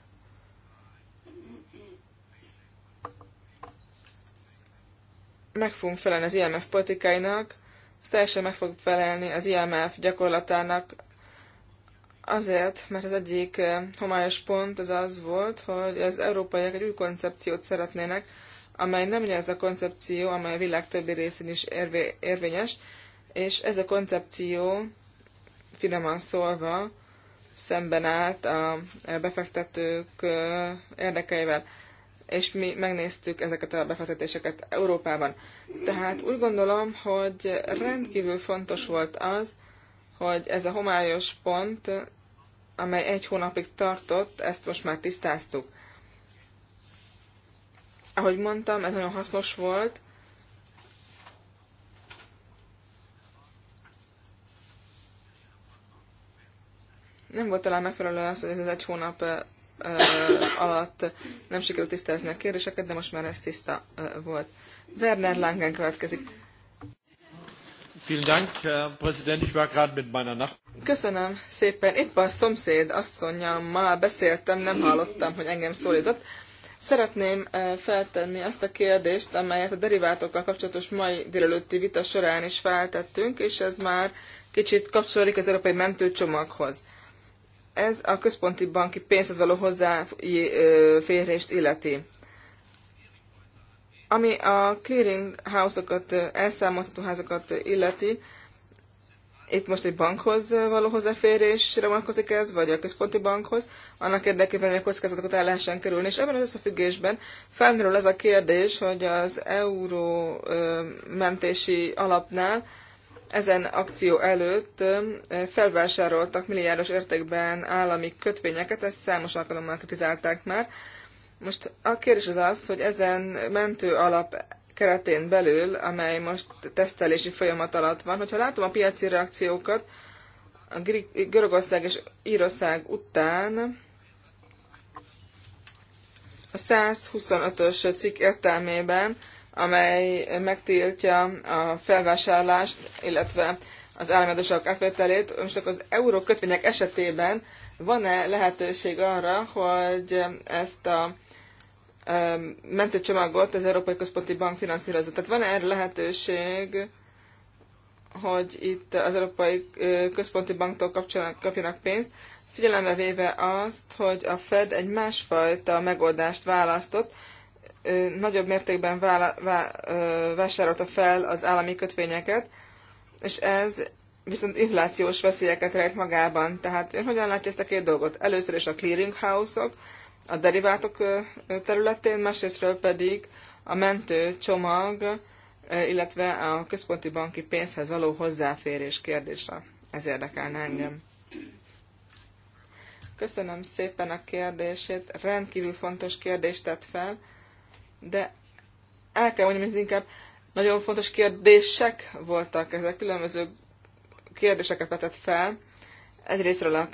meg fogunk felelni az IMF politikáinak, ez teljesen meg fog felelni az IMF gyakorlatának, azért, mert az egyik homályos pont az az volt, hogy az európaiak egy új koncepciót szeretnének, amely nem ugyanaz a koncepció, amely a világ többi részén is érvé, érvényes, és ez a koncepció finoman szólva szemben állt a befektetők érdekeivel, és mi megnéztük ezeket a befektetéseket Európában. Tehát úgy gondolom, hogy rendkívül fontos volt az, hogy ez a homályos pont, amely egy hónapig tartott, ezt most már tisztáztuk. Ahogy mondtam, ez nagyon hasznos volt. Nem volt talán megfelelő az, hogy ez egy hónap alatt nem sikerült tisztázni a kérdéseket, de most már ez tiszta volt. Werner Langen következik. Köszönöm szépen. Épp a szomszéd asszonyammal beszéltem, nem hallottam, hogy engem szólított. Szeretném feltenni azt a kérdést, amelyet a derivátokkal kapcsolatos mai délelőtti vita során is feltettünk, és ez már kicsit kapcsolódik az európai mentőcsomaghoz. Ez a központi banki pénzhez való hozzáférést illeti. Ami a clearing house-okat, elszámoltató házakat illeti, itt most egy bankhoz való hozzáférésre vonatkozik ez, vagy a központi bankhoz, annak érdekében, hogy a kockázatokat el lehessen kerülni. És ebben az összefüggésben felmerül ez a kérdés, hogy az euró mentési alapnál ezen akció előtt felvásároltak milliárdos értékben állami kötvényeket, ezt számos alkalommal kritizálták már. Most a kérdés az az, hogy ezen mentő alap keretén belül, amely most tesztelési folyamat alatt van. Hogyha látom a piaci reakciókat, a Görögország és Írország után a 125-ös cikk értelmében, amely megtiltja a felvásárlást, illetve az államadósok átvételét. Most akkor az euró kötvények esetében van-e lehetőség arra, hogy ezt a Um, mentőcsomagot az Európai Központi Bank finanszírozott. Tehát van -e erre lehetőség, hogy itt az Európai Központi Banktól kapjanak pénzt, figyelembe véve azt, hogy a Fed egy másfajta megoldást választott, nagyobb mértékben vála, vá, vásárolta fel az állami kötvényeket, és ez viszont inflációs veszélyeket rejt magában. Tehát ön hogyan látja ezt a két dolgot? Először is a clearinghouse-ok, -ok, a derivátok területén, másrésztről pedig a mentő csomag, illetve a központi banki pénzhez való hozzáférés kérdése. Ez érdekelne engem. Köszönöm szépen a kérdését. Rendkívül fontos kérdést tett fel, de el kell mondjam, hogy inkább nagyon fontos kérdések voltak ezek. Különböző kérdéseket vetett fel. Egyrésztről a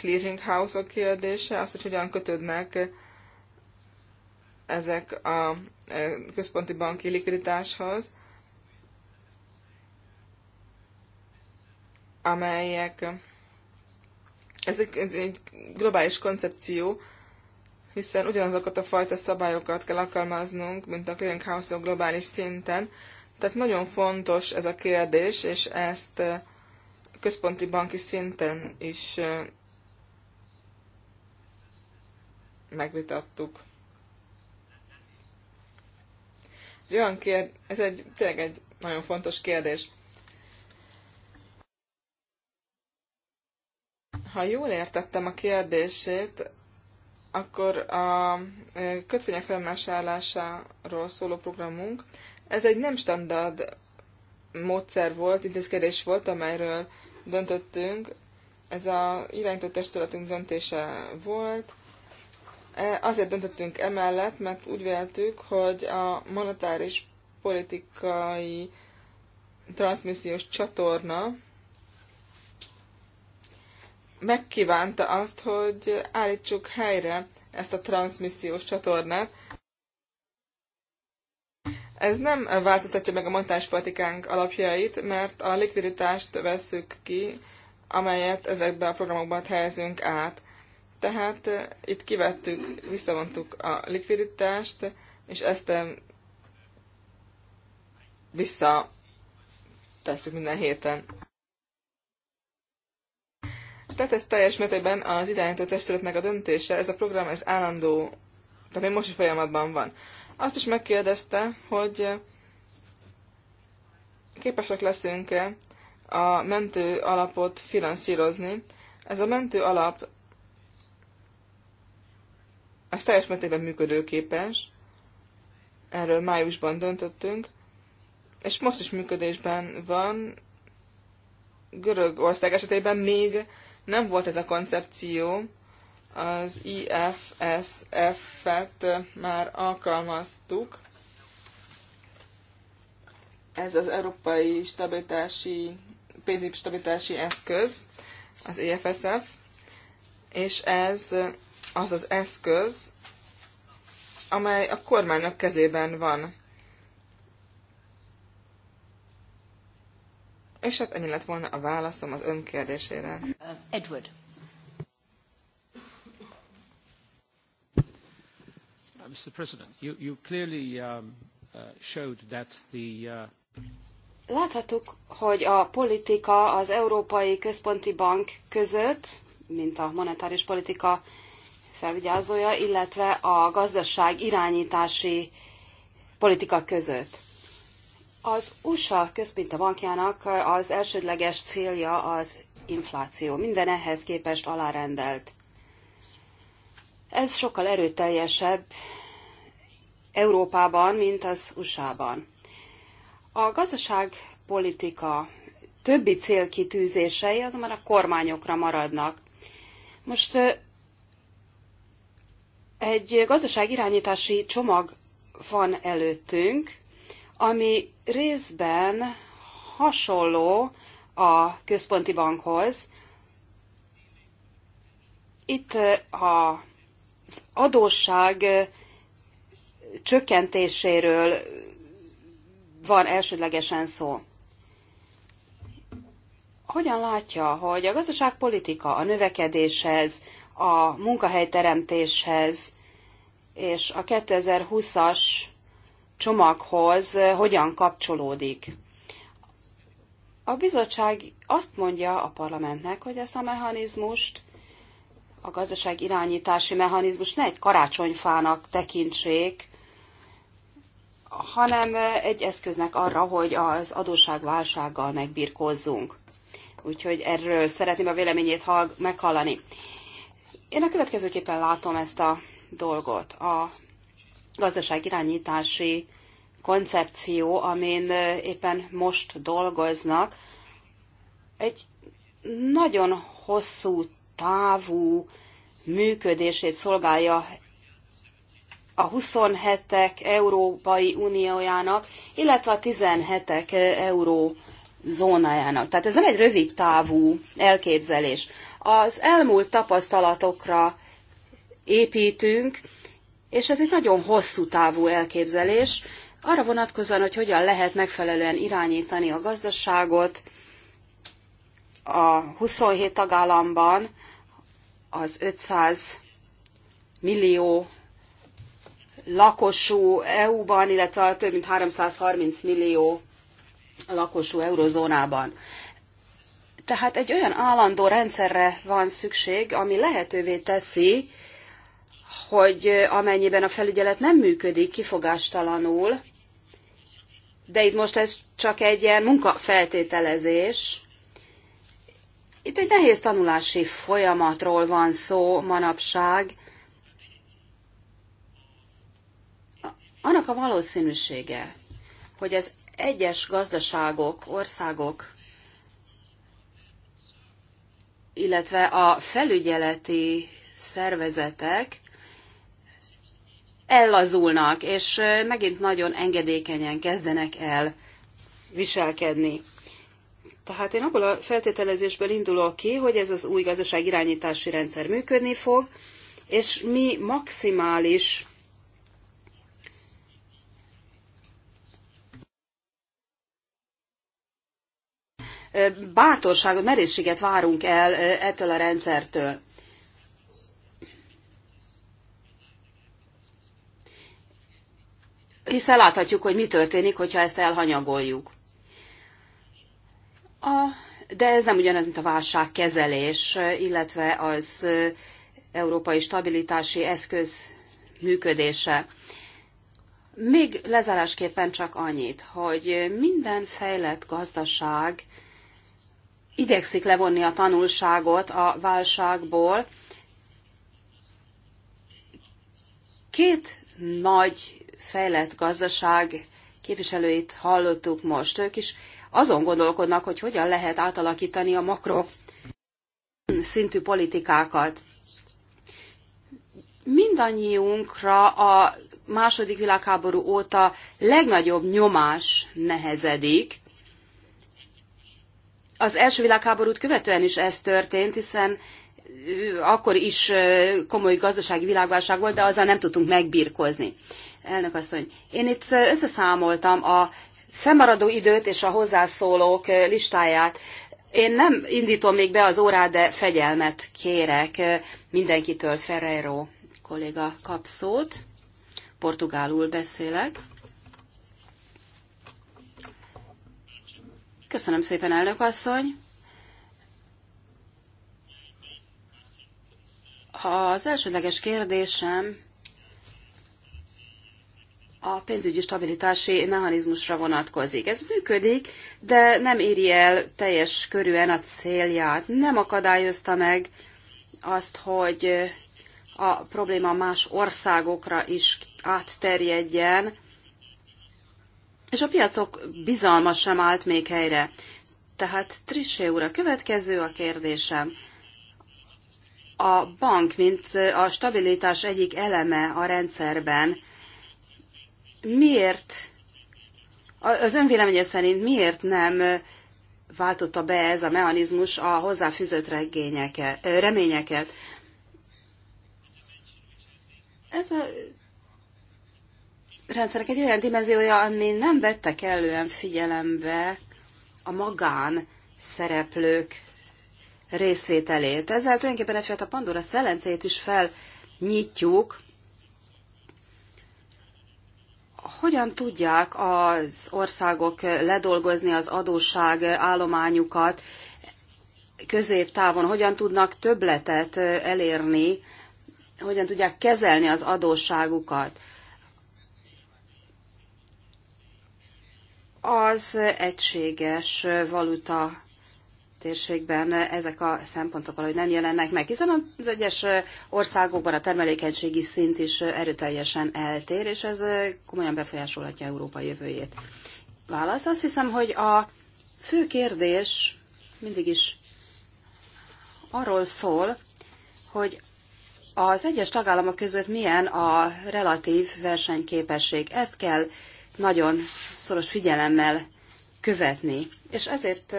house ok kérdése, az, hogy hogyan kötődnek ezek a e, központi banki likviditáshoz, amelyek ez egy, egy globális koncepció, hiszen ugyanazokat a fajta szabályokat kell alkalmaznunk, mint a clearinghouse-ok globális szinten. Tehát nagyon fontos ez a kérdés, és ezt e, központi banki szinten is e, megvitattuk. olyan kérd, ez egy, tényleg egy nagyon fontos kérdés. Ha jól értettem a kérdését, akkor a kötvények felmásárlásáról szóló programunk, ez egy nem standard módszer volt, intézkedés volt, amelyről döntöttünk. Ez a irányított testületünk döntése volt, E, azért döntöttünk emellett, mert úgy véltük, hogy a monetáris politikai transmissziós csatorna megkívánta azt, hogy állítsuk helyre ezt a transmissziós csatornát. Ez nem változtatja meg a politikánk alapjait, mert a likviditást vesszük ki, amelyet ezekben a programokban helyezünk át. Tehát eh, itt kivettük, visszavontuk a likviditást, és ezt vissza tesszük minden héten. Tehát ez teljes mértékben az irányító testületnek a döntése, ez a program, ez állandó, de még most is folyamatban van. Azt is megkérdezte, hogy eh, képesek leszünk-e a mentő alapot finanszírozni. Ez a mentő alap ez teljes mértékben működőképes, erről májusban döntöttünk, és most is működésben van. Görögország esetében még nem volt ez a koncepció, az IFSF-et már alkalmaztuk. Ez az Európai Stabilitási, Pénzügyi Stabilitási Eszköz, az EFSF, és ez az az eszköz, amely a kormányok kezében van. És hát ennyi lett volna a válaszom az ön kérdésére. Uh, Edward. Uh, Mr. President, you, you clearly um, uh, showed that the uh... Láthattuk, hogy a politika az Európai Központi Bank között, mint a monetáris politika felvigyázója, illetve a gazdaság irányítási politika között. Az USA közpinta bankjának az elsődleges célja az infláció. Minden ehhez képest alárendelt. Ez sokkal erőteljesebb Európában, mint az USA-ban. A gazdaságpolitika többi célkitűzései azonban a kormányokra maradnak. Most egy gazdaságirányítási csomag van előttünk, ami részben hasonló a központi bankhoz. Itt az adósság csökkentéséről van elsődlegesen szó. Hogyan látja, hogy a gazdaságpolitika a növekedéshez, a munkahelyteremtéshez és a 2020-as csomaghoz hogyan kapcsolódik. A bizottság azt mondja a parlamentnek, hogy ezt a mechanizmust, a gazdaság irányítási mechanizmust ne egy karácsonyfának tekintsék, hanem egy eszköznek arra, hogy az adósságválsággal megbirkózzunk. Úgyhogy erről szeretném a véleményét meghallani. Én a következőképpen látom ezt a dolgot. A gazdaságirányítási koncepció, amin éppen most dolgoznak, egy nagyon hosszú távú működését szolgálja a 27-ek Európai Uniójának, illetve a 17-ek Euró zónájának. Tehát ez nem egy rövid távú elképzelés az elmúlt tapasztalatokra építünk, és ez egy nagyon hosszú távú elképzelés, arra vonatkozóan, hogy hogyan lehet megfelelően irányítani a gazdaságot a 27 tagállamban az 500 millió lakosú EU-ban, illetve a több mint 330 millió lakosú eurozónában. Tehát egy olyan állandó rendszerre van szükség, ami lehetővé teszi, hogy amennyiben a felügyelet nem működik kifogástalanul, de itt most ez csak egy ilyen munkafeltételezés. Itt egy nehéz tanulási folyamatról van szó manapság. Annak a valószínűsége, hogy az egyes gazdaságok, országok illetve a felügyeleti szervezetek ellazulnak, és megint nagyon engedékenyen kezdenek el viselkedni. Tehát én abból a feltételezésből indulok ki, hogy ez az új gazdaságirányítási rendszer működni fog, és mi maximális bátorságot, merészséget várunk el ettől a rendszertől. Hiszen láthatjuk, hogy mi történik, hogyha ezt elhanyagoljuk. A, de ez nem ugyanaz, mint a válságkezelés, illetve az európai stabilitási eszköz működése. Még lezárásképpen csak annyit, hogy minden fejlett gazdaság igyekszik levonni a tanulságot a válságból. Két nagy fejlett gazdaság képviselőit hallottuk most. Ők is azon gondolkodnak, hogy hogyan lehet átalakítani a makro szintű politikákat. Mindannyiunkra a második világháború óta legnagyobb nyomás nehezedik, az első világháborút követően is ez történt, hiszen akkor is komoly gazdasági világválság volt, de azzal nem tudtunk megbírkozni. Elnök asszony, én itt összeszámoltam a fennmaradó időt és a hozzászólók listáját. Én nem indítom még be az órát, de fegyelmet kérek mindenkitől. Ferreiro kolléga kapszót. Portugálul beszélek. Köszönöm szépen, elnök asszony. Az elsődleges kérdésem a pénzügyi stabilitási mechanizmusra vonatkozik. Ez működik, de nem éri el teljes körűen a célját. Nem akadályozta meg azt, hogy a probléma más országokra is átterjedjen, és a piacok bizalma sem állt még helyre. Tehát Trissé úr, a következő a kérdésem. A bank, mint a stabilitás egyik eleme a rendszerben, miért, az önvéleménye szerint miért nem váltotta be ez a mechanizmus a hozzáfűzött reményeket? Ez a rendszerek egy olyan dimenziója, ami nem vette kellően figyelembe a magán szereplők részvételét. Ezzel tulajdonképpen egyfajta Pandora szelencét is felnyitjuk. Hogyan tudják az országok ledolgozni az adósság állományukat középtávon? Hogyan tudnak többletet elérni? Hogyan tudják kezelni az adósságukat? az egységes valuta térségben ezek a szempontok valahogy nem jelennek meg, hiszen az egyes országokban a termelékenységi szint is erőteljesen eltér, és ez komolyan befolyásolhatja Európa jövőjét. Válasz, azt hiszem, hogy a fő kérdés mindig is arról szól, hogy az egyes tagállamok között milyen a relatív versenyképesség. Ezt kell nagyon szoros figyelemmel követni. És ezért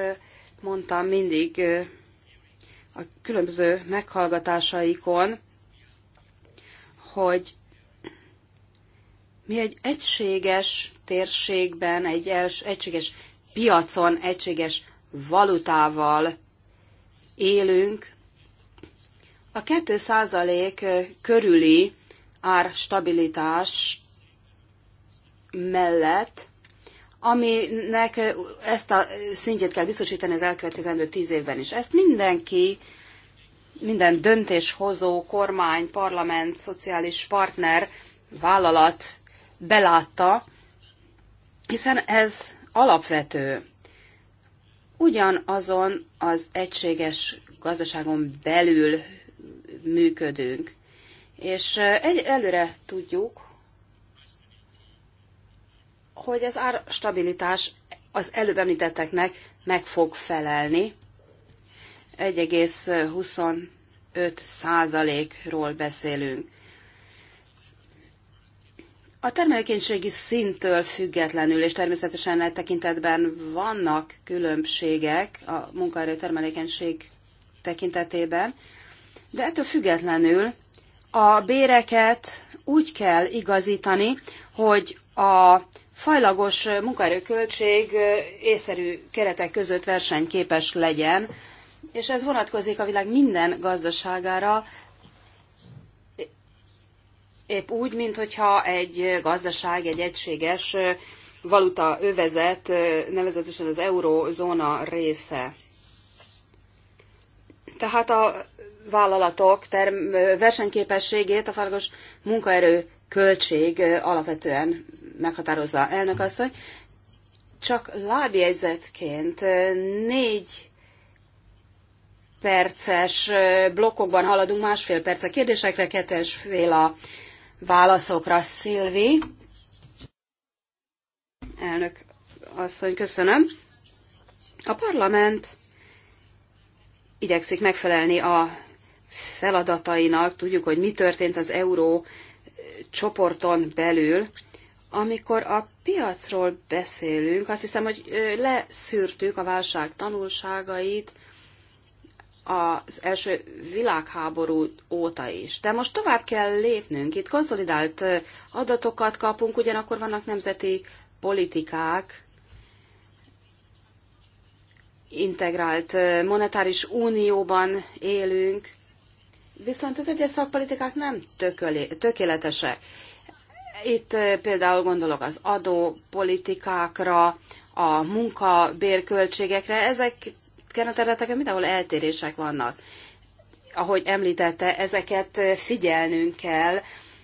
mondtam mindig a különböző meghallgatásaikon, hogy mi egy egységes térségben, egy egységes piacon, egységes valutával élünk. A 2% körüli árstabilitást mellett, aminek ezt a szintjét kell biztosítani az elkövetkezendő tíz évben is. Ezt mindenki, minden döntéshozó, kormány, parlament, szociális partner, vállalat belátta, hiszen ez alapvető. Ugyanazon az egységes gazdaságon belül működünk. És eh, egy, előre tudjuk, hogy az árstabilitás az előbb említetteknek meg fog felelni. 1,25 százalékról beszélünk. A termelékenységi szinttől függetlenül, és természetesen e tekintetben vannak különbségek a munkaerő termelékenység tekintetében, de ettől függetlenül a béreket úgy kell igazítani, hogy a fajlagos munkaerőköltség észszerű keretek között versenyképes legyen, és ez vonatkozik a világ minden gazdaságára, épp úgy, mint hogyha egy gazdaság, egy egységes valuta övezet, nevezetesen az eurózóna része. Tehát a vállalatok term- versenyképességét a fajlagos munkaerő költség alapvetően meghatározza elnök asszony, csak lábjegyzetként négy perces blokkokban haladunk, másfél perc a kérdésekre, kettős fél a válaszokra. Szilvi, elnök asszony, köszönöm. A parlament igyekszik megfelelni a feladatainak, tudjuk, hogy mi történt az euró csoporton belül, amikor a piacról beszélünk, azt hiszem, hogy leszűrtük a válság tanulságait az első világháború óta is. De most tovább kell lépnünk. Itt konszolidált adatokat kapunk, ugyanakkor vannak nemzeti politikák, integrált monetáris unióban élünk, viszont az egyes szakpolitikák nem tököli, tökéletesek. Itt eh, például gondolok az adópolitikákra, a munkabérköltségekre, ezeken a területeken mindenhol eltérések vannak. Ahogy említette, ezeket eh, figyelnünk kell,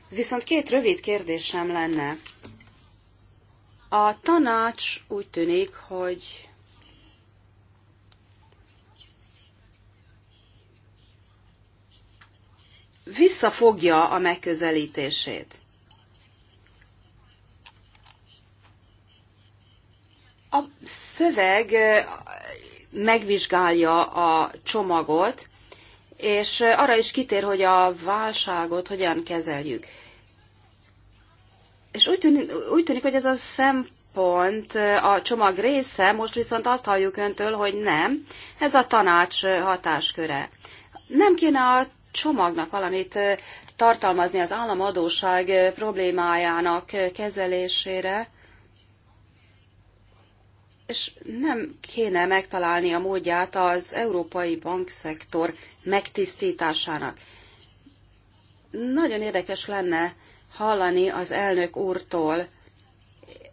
viszont két rövid kérdésem lenne. A tanács úgy tűnik, hogy visszafogja a megközelítését. A szöveg megvizsgálja a csomagot, és arra is kitér, hogy a válságot hogyan kezeljük. És úgy tűnik, úgy tűnik hogy ez a szempont a csomag része, most viszont azt halljuk öntől, hogy nem, ez a tanács hatásköre. Nem kéne a csomagnak valamit tartalmazni az államadóság problémájának kezelésére, és nem kéne megtalálni a módját az európai bankszektor megtisztításának. Nagyon érdekes lenne hallani az elnök úrtól,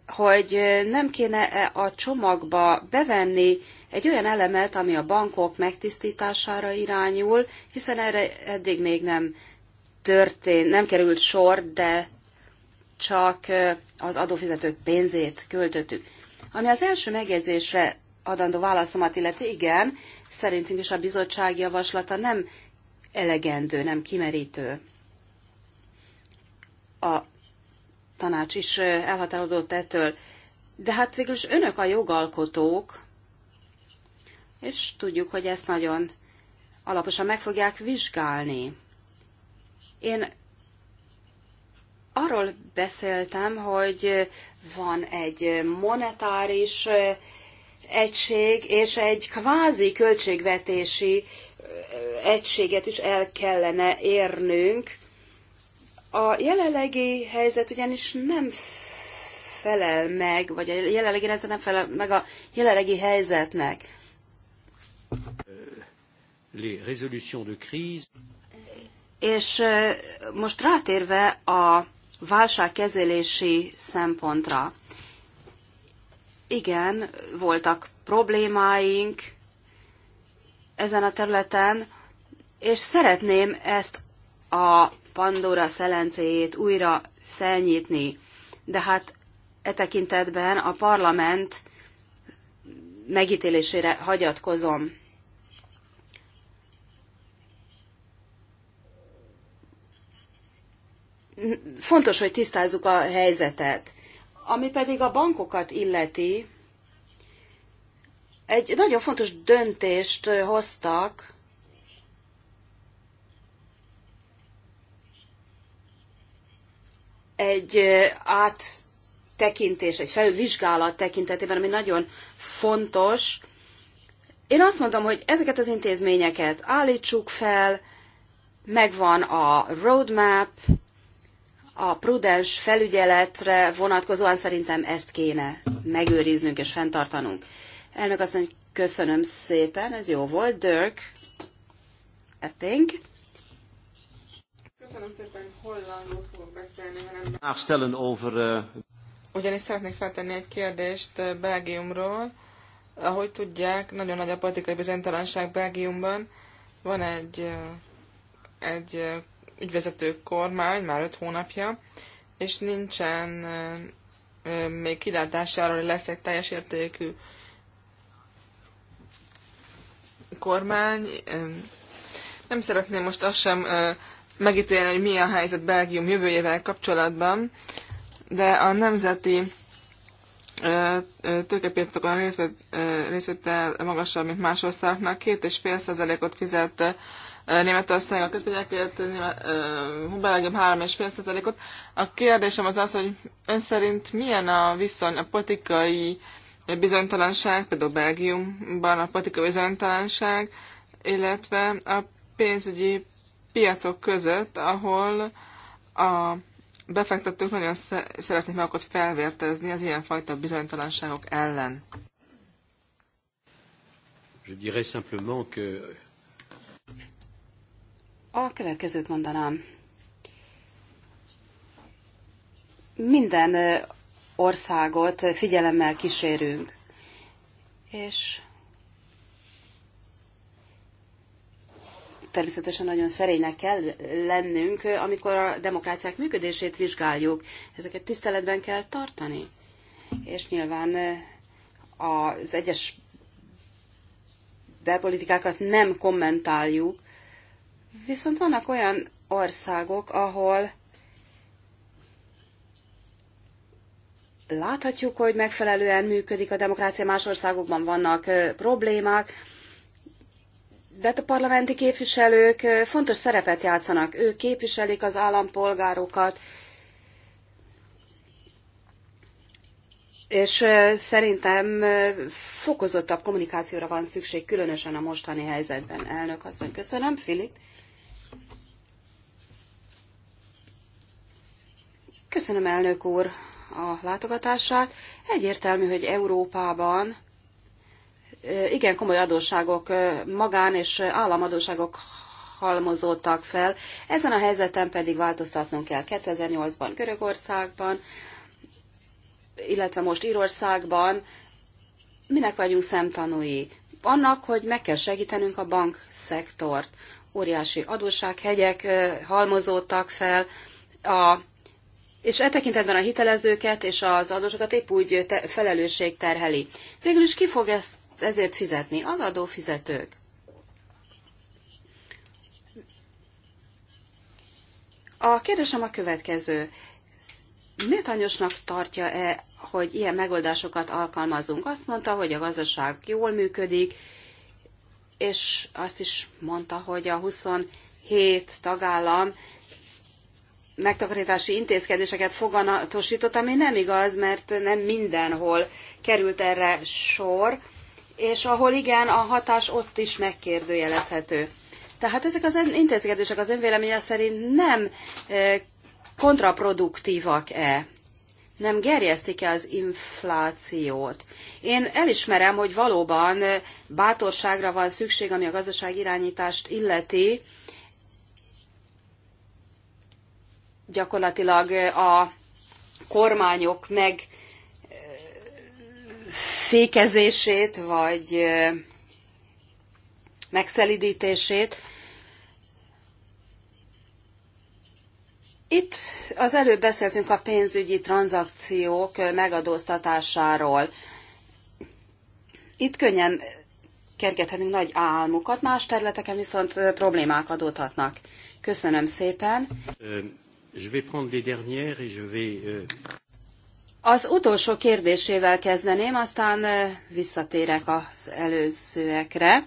hogy nem kéne -e a csomagba bevenni egy olyan elemet, ami a bankok megtisztítására irányul, hiszen erre eddig még nem történt, nem került sor, de csak az adófizetők pénzét költöttük. Ami az első megjegyzésre adandó válaszomat illeti, igen, szerintünk is a bizottság javaslata nem elegendő, nem kimerítő. A tanács is elhatárolódott ettől. De hát végül is önök a jogalkotók, és tudjuk, hogy ezt nagyon alaposan meg fogják vizsgálni. Én arról beszéltem, hogy van egy monetáris egység és egy kvázi költségvetési egységet is el kellene érnünk. A jelenlegi helyzet ugyanis nem felel meg, vagy a jelenlegi helyzet nem felel meg a jelenlegi helyzetnek. Euh, les résolutions de crise. És most rátérve a válságkezelési szempontra. Igen, voltak problémáink ezen a területen, és szeretném ezt a Pandora szelencéjét újra felnyitni. De hát e tekintetben a parlament megítélésére hagyatkozom. fontos, hogy tisztázzuk a helyzetet. Ami pedig a bankokat illeti, egy nagyon fontos döntést hoztak, egy áttekintés, egy felülvizsgálat tekintetében, ami nagyon fontos. Én azt mondom, hogy ezeket az intézményeket állítsuk fel, megvan a roadmap, a prudens felügyeletre vonatkozóan szerintem ezt kéne megőriznünk és fenntartanunk. Elnök azt mondja, köszönöm szépen, ez jó volt. Dirk Epping. Köszönöm szépen, hollandul fogok beszélni, hanem... Afstellen over... Eh, Ugyanis szeretnék feltenni egy kérdést eh, Belgiumról. Ahogy tudják, nagyon nagy a politikai bizonytalanság Belgiumban. Van egy, eh, egy ügyvezető kormány már öt hónapja, és nincsen még kilátására, hogy lesz egy teljes értékű kormány. Nem szeretném most azt sem megítélni, hogy mi a helyzet Belgium jövőjével kapcsolatban, de a nemzeti tőkepiacokon részvétel magasabb, mint más országnak. Két és fél százalékot fizette. Németország a közpénzekért Belgium 3,5%-ot. A kérdésem az az, hogy ön szerint milyen a viszony a politikai bizonytalanság, például Belgiumban a politikai bizonytalanság, illetve a pénzügyi piacok között, ahol a befektetők nagyon szeretnék magukat felvértezni az ilyenfajta bizonytalanságok ellen. Je dirais simplement que a következőt mondanám. Minden országot figyelemmel kísérünk, és természetesen nagyon szerénynek kell lennünk, amikor a demokráciák működését vizsgáljuk. Ezeket tiszteletben kell tartani. És nyilván az egyes belpolitikákat nem kommentáljuk, Viszont vannak olyan országok, ahol láthatjuk, hogy megfelelően működik a demokrácia, más országokban vannak problémák, de a parlamenti képviselők fontos szerepet játszanak. Ők képviselik az állampolgárokat, és szerintem fokozottabb kommunikációra van szükség, különösen a mostani helyzetben. Elnök asszony, köszönöm. Filip? Köszönöm elnök úr a látogatását. Egyértelmű, hogy Európában igen komoly adósságok, magán és államadóságok halmozódtak fel. Ezen a helyzeten pedig változtatnunk kell. 2008-ban Görögországban, illetve most Írországban minek vagyunk szemtanúi? Annak, hogy meg kell segítenünk a bankszektort. Óriási adóssághegyek halmozódtak fel, a és e tekintetben a hitelezőket és az adósokat épp úgy te- felelősség terheli. Végül is ki fog ezt, ezért fizetni? Az adófizetők. A kérdésem a következő. anyosnak tartja-e, hogy ilyen megoldásokat alkalmazunk? Azt mondta, hogy a gazdaság jól működik, és azt is mondta, hogy a 27 tagállam megtakarítási intézkedéseket foganatosított, ami nem igaz, mert nem mindenhol került erre sor, és ahol igen, a hatás ott is megkérdőjelezhető. Tehát ezek az intézkedések az önvéleménye szerint nem e, kontraproduktívak-e? Nem gerjesztik-e az inflációt? Én elismerem, hogy valóban e, bátorságra van szükség, ami a gazdaság irányítást illeti, gyakorlatilag a kormányok meg fékezését, vagy megszelidítését. Itt az előbb beszéltünk a pénzügyi tranzakciók megadóztatásáról. Itt könnyen kergethetünk nagy álmukat, más területeken viszont problémák adódhatnak. Köszönöm szépen. Euh, az utolsó kérdésével kezdeném, aztán visszatérek az előzőekre.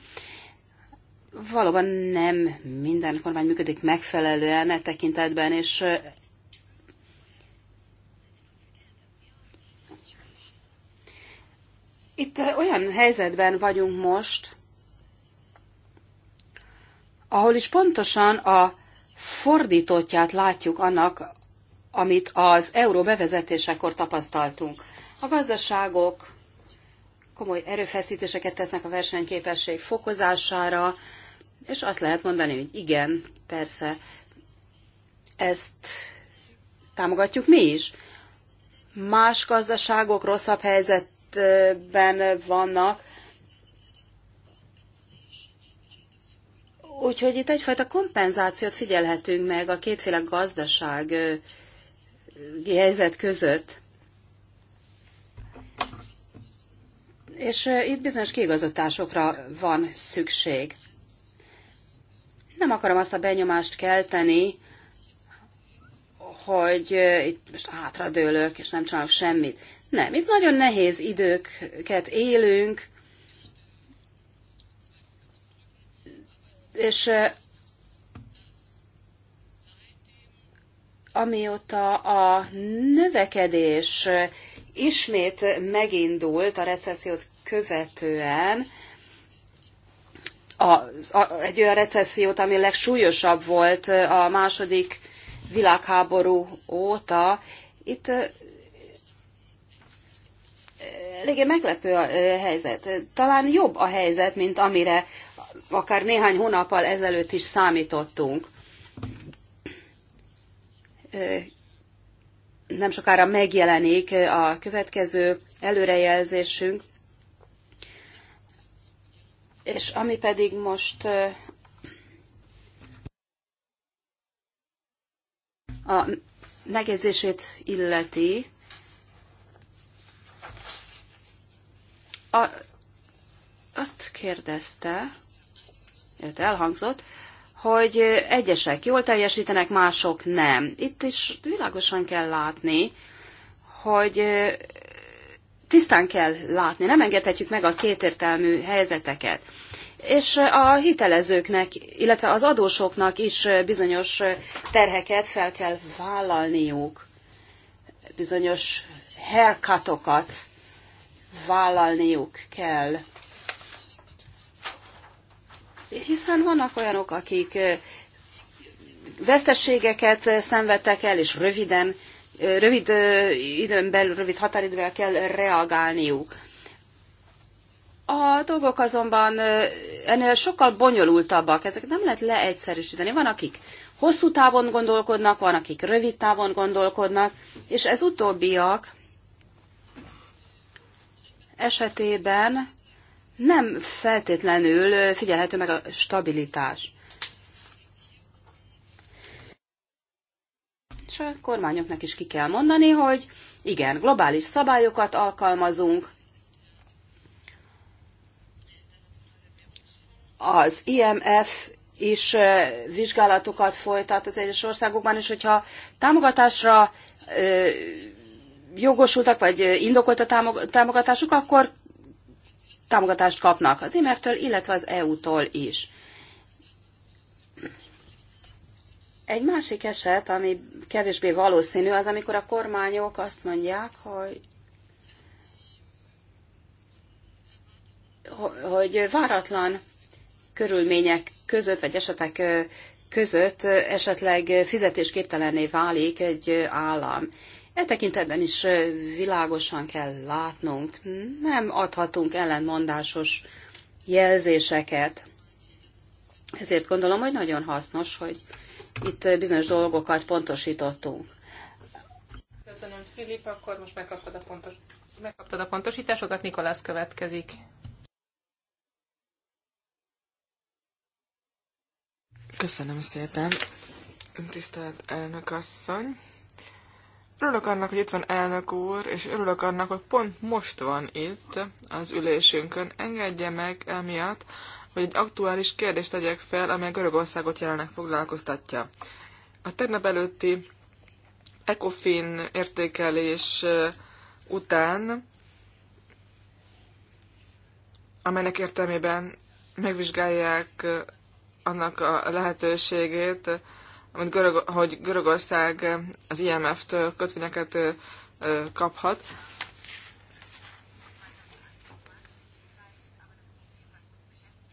Valóban nem minden kormány működik megfelelően e tekintetben, és itt olyan helyzetben vagyunk most, ahol is pontosan a fordítottját látjuk annak, amit az euró bevezetésekor tapasztaltunk. A gazdaságok komoly erőfeszítéseket tesznek a versenyképesség fokozására, és azt lehet mondani, hogy igen, persze, ezt támogatjuk mi is. Más gazdaságok rosszabb helyzetben vannak, Úgyhogy itt egyfajta kompenzációt figyelhetünk meg a kétféle gazdaság helyzet között. És itt bizonyos kiigazításokra van szükség. Nem akarom azt a benyomást kelteni, hogy itt most hátradőlök, és nem csinálok semmit. Nem, itt nagyon nehéz időket élünk, És amióta a növekedés ismét megindult a recessziót követően, a, a, egy olyan recessziót, ami legsúlyosabb volt a második világháború óta. Itt eléggé meglepő a helyzet. Talán jobb a helyzet, mint amire akár néhány hónappal ezelőtt is számítottunk. Nem sokára megjelenik a következő előrejelzésünk, és ami pedig most a megjegyzését illeti, a, azt kérdezte, elhangzott, hogy egyesek jól teljesítenek, mások nem. Itt is világosan kell látni, hogy tisztán kell látni, nem engedhetjük meg a kétértelmű helyzeteket. És a hitelezőknek, illetve az adósoknak is bizonyos terheket fel kell vállalniuk, bizonyos herkatokat vállalniuk kell hiszen vannak olyanok, akik vesztességeket szenvedtek el, és röviden, rövid időn belül, rövid határidővel kell reagálniuk. A dolgok azonban ennél sokkal bonyolultabbak, ezek nem lehet leegyszerűsíteni. Van, akik hosszú távon gondolkodnak, van, akik rövid távon gondolkodnak, és ez utóbbiak esetében nem feltétlenül figyelhető meg a stabilitás. És a kormányoknak is ki kell mondani, hogy igen, globális szabályokat alkalmazunk, az IMF is vizsgálatokat folytat az egyes országokban, és hogyha támogatásra jogosultak, vagy indokolt a támogatásuk, akkor támogatást kapnak az IMF-től, illetve az EU-tól is. Egy másik eset, ami kevésbé valószínű, az amikor a kormányok azt mondják, hogy hogy váratlan körülmények között, vagy esetek között esetleg fizetésképtelenné válik egy állam. E tekintetben is világosan kell látnunk, nem adhatunk ellenmondásos jelzéseket. Ezért gondolom, hogy nagyon hasznos, hogy itt bizonyos dolgokat pontosítottunk. Köszönöm, Filip, akkor most megkaptad a, pontos, megkaptad a pontosításokat, Nikolász következik. Köszönöm szépen, tisztelt elnök asszony. Örülök annak, hogy itt van elnök úr, és örülök annak, hogy pont most van itt az ülésünkön. Engedje meg emiatt, hogy egy aktuális kérdést tegyek fel, amely Görögországot jelenleg foglalkoztatja. A tegnap előtti ECOFIN értékelés eh, után, amelynek értelmében megvizsgálják eh, annak a lehetőségét, amit Görög, hogy Görögország az IMF-től kötvényeket kaphat.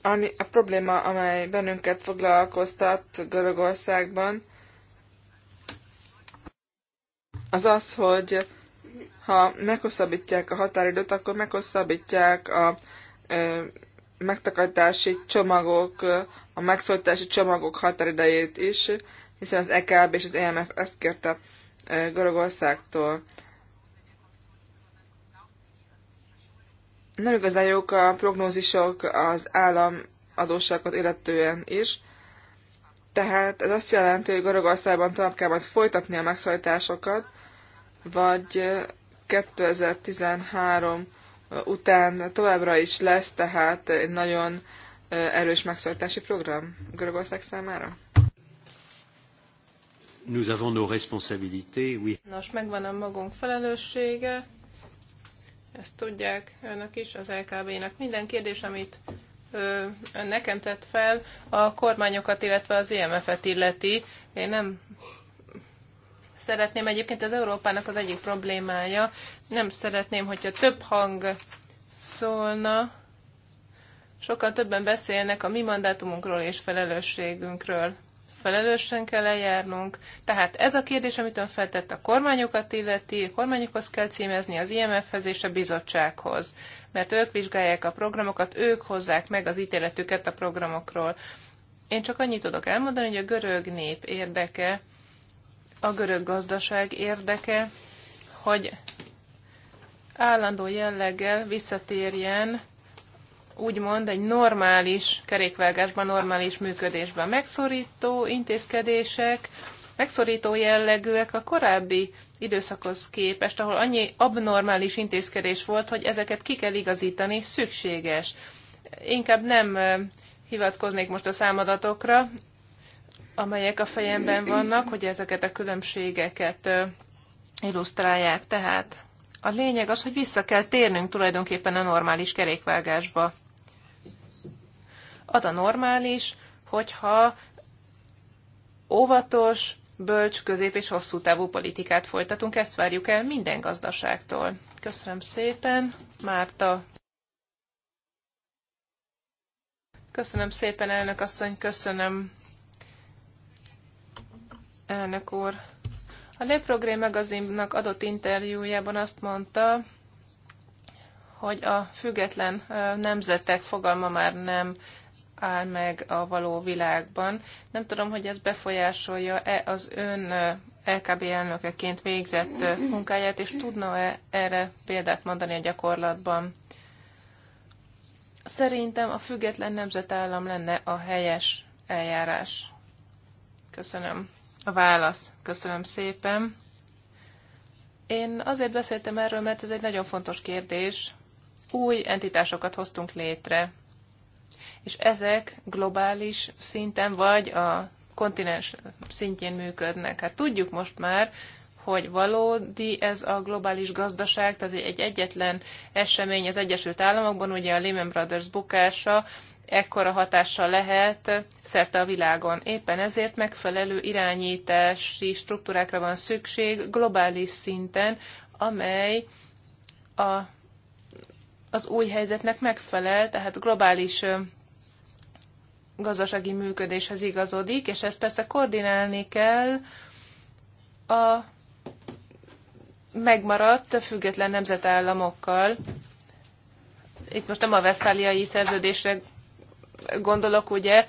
Ami a probléma, amely bennünket foglalkoztat Görögországban, az az, hogy ha meghosszabbítják a határidőt, akkor meghosszabbítják a megtakarítási csomagok, a megszólítási csomagok határidejét is hiszen az EKB és az EMF ezt kérte Görögországtól. Nem igazán jók a prognózisok az állam adósságot illetően is, tehát ez azt jelenti, hogy Görögországban tovább kell majd folytatni a megszorításokat, vagy 2013 után továbbra is lesz tehát egy nagyon erős megszólítási program Görögország számára? Nous avons nos responsabilités, oui. Nos, megvan a magunk felelőssége, ezt tudják önök is, az LKB-nak. Minden kérdés, amit ö, nekem tett fel, a kormányokat, illetve az IMF-et illeti. Én nem szeretném, egyébként az Európának az egyik problémája, nem szeretném, hogyha több hang szólna, sokkal többen beszélnek a mi mandátumunkról és felelősségünkről felelősen kell eljárnunk. Tehát ez a kérdés, amit ön feltett a kormányokat illeti, a kormányokhoz kell címezni, az IMF-hez és a bizottsághoz, mert ők vizsgálják a programokat, ők hozzák meg az ítéletüket a programokról. Én csak annyit tudok elmondani, hogy a görög nép érdeke, a görög gazdaság érdeke, hogy állandó jelleggel visszatérjen úgymond egy normális kerékvágásban, normális működésben. Megszorító intézkedések, megszorító jellegűek a korábbi időszakhoz képest, ahol annyi abnormális intézkedés volt, hogy ezeket ki kell igazítani, szükséges. Inkább nem hivatkoznék most a számadatokra, amelyek a fejemben vannak, hogy ezeket a különbségeket illusztrálják. Tehát a lényeg az, hogy vissza kell térnünk tulajdonképpen a normális kerékvágásba az a normális, hogyha óvatos, bölcs, közép és hosszú távú politikát folytatunk. Ezt várjuk el minden gazdaságtól. Köszönöm szépen, Márta. Köszönöm szépen, elnök asszony, köszönöm, elnök úr. A Leprogré magazinnak adott interjújában azt mondta, hogy a független nemzetek fogalma már nem áll meg a való világban. Nem tudom, hogy ez befolyásolja-e az ön LKB elnökeként végzett munkáját, és tudna-e erre példát mondani a gyakorlatban? Szerintem a független nemzetállam lenne a helyes eljárás. Köszönöm. A válasz. Köszönöm szépen. Én azért beszéltem erről, mert ez egy nagyon fontos kérdés. Új entitásokat hoztunk létre, és ezek globális szinten vagy a kontinens szintjén működnek. Hát tudjuk most már, hogy valódi ez a globális gazdaság, tehát egy egyetlen esemény az Egyesült Államokban, ugye a Lehman Brothers bukása, ekkora hatással lehet szerte a világon. Éppen ezért megfelelő irányítási struktúrákra van szükség globális szinten, amely a, az új helyzetnek megfelel, tehát globális gazdasági működéshez igazodik, és ezt persze koordinálni kell a megmaradt független nemzetállamokkal. Itt most nem a Veszfáliai szerződésre gondolok, ugye,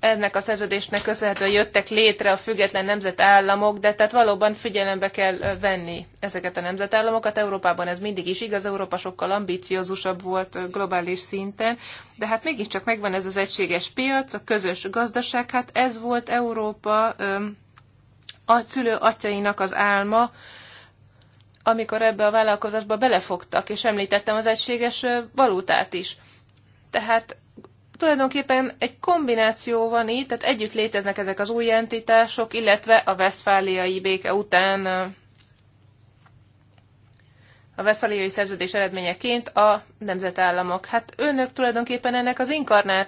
ennek a szerződésnek köszönhetően jöttek létre a független nemzetállamok, de tehát valóban figyelembe kell venni ezeket a nemzetállamokat. Európában ez mindig is igaz, Európa sokkal ambíciózusabb volt globális szinten, de hát mégiscsak megvan ez az egységes piac, a közös gazdaság, hát ez volt Európa a szülő atyainak az álma, amikor ebbe a vállalkozásba belefogtak, és említettem az egységes valutát is. Tehát tulajdonképpen egy kombináció van itt, tehát együtt léteznek ezek az új entitások, illetve a veszfáliai béke után a veszfáliai szerződés eredményeként a nemzetállamok. Hát önök tulajdonképpen ennek az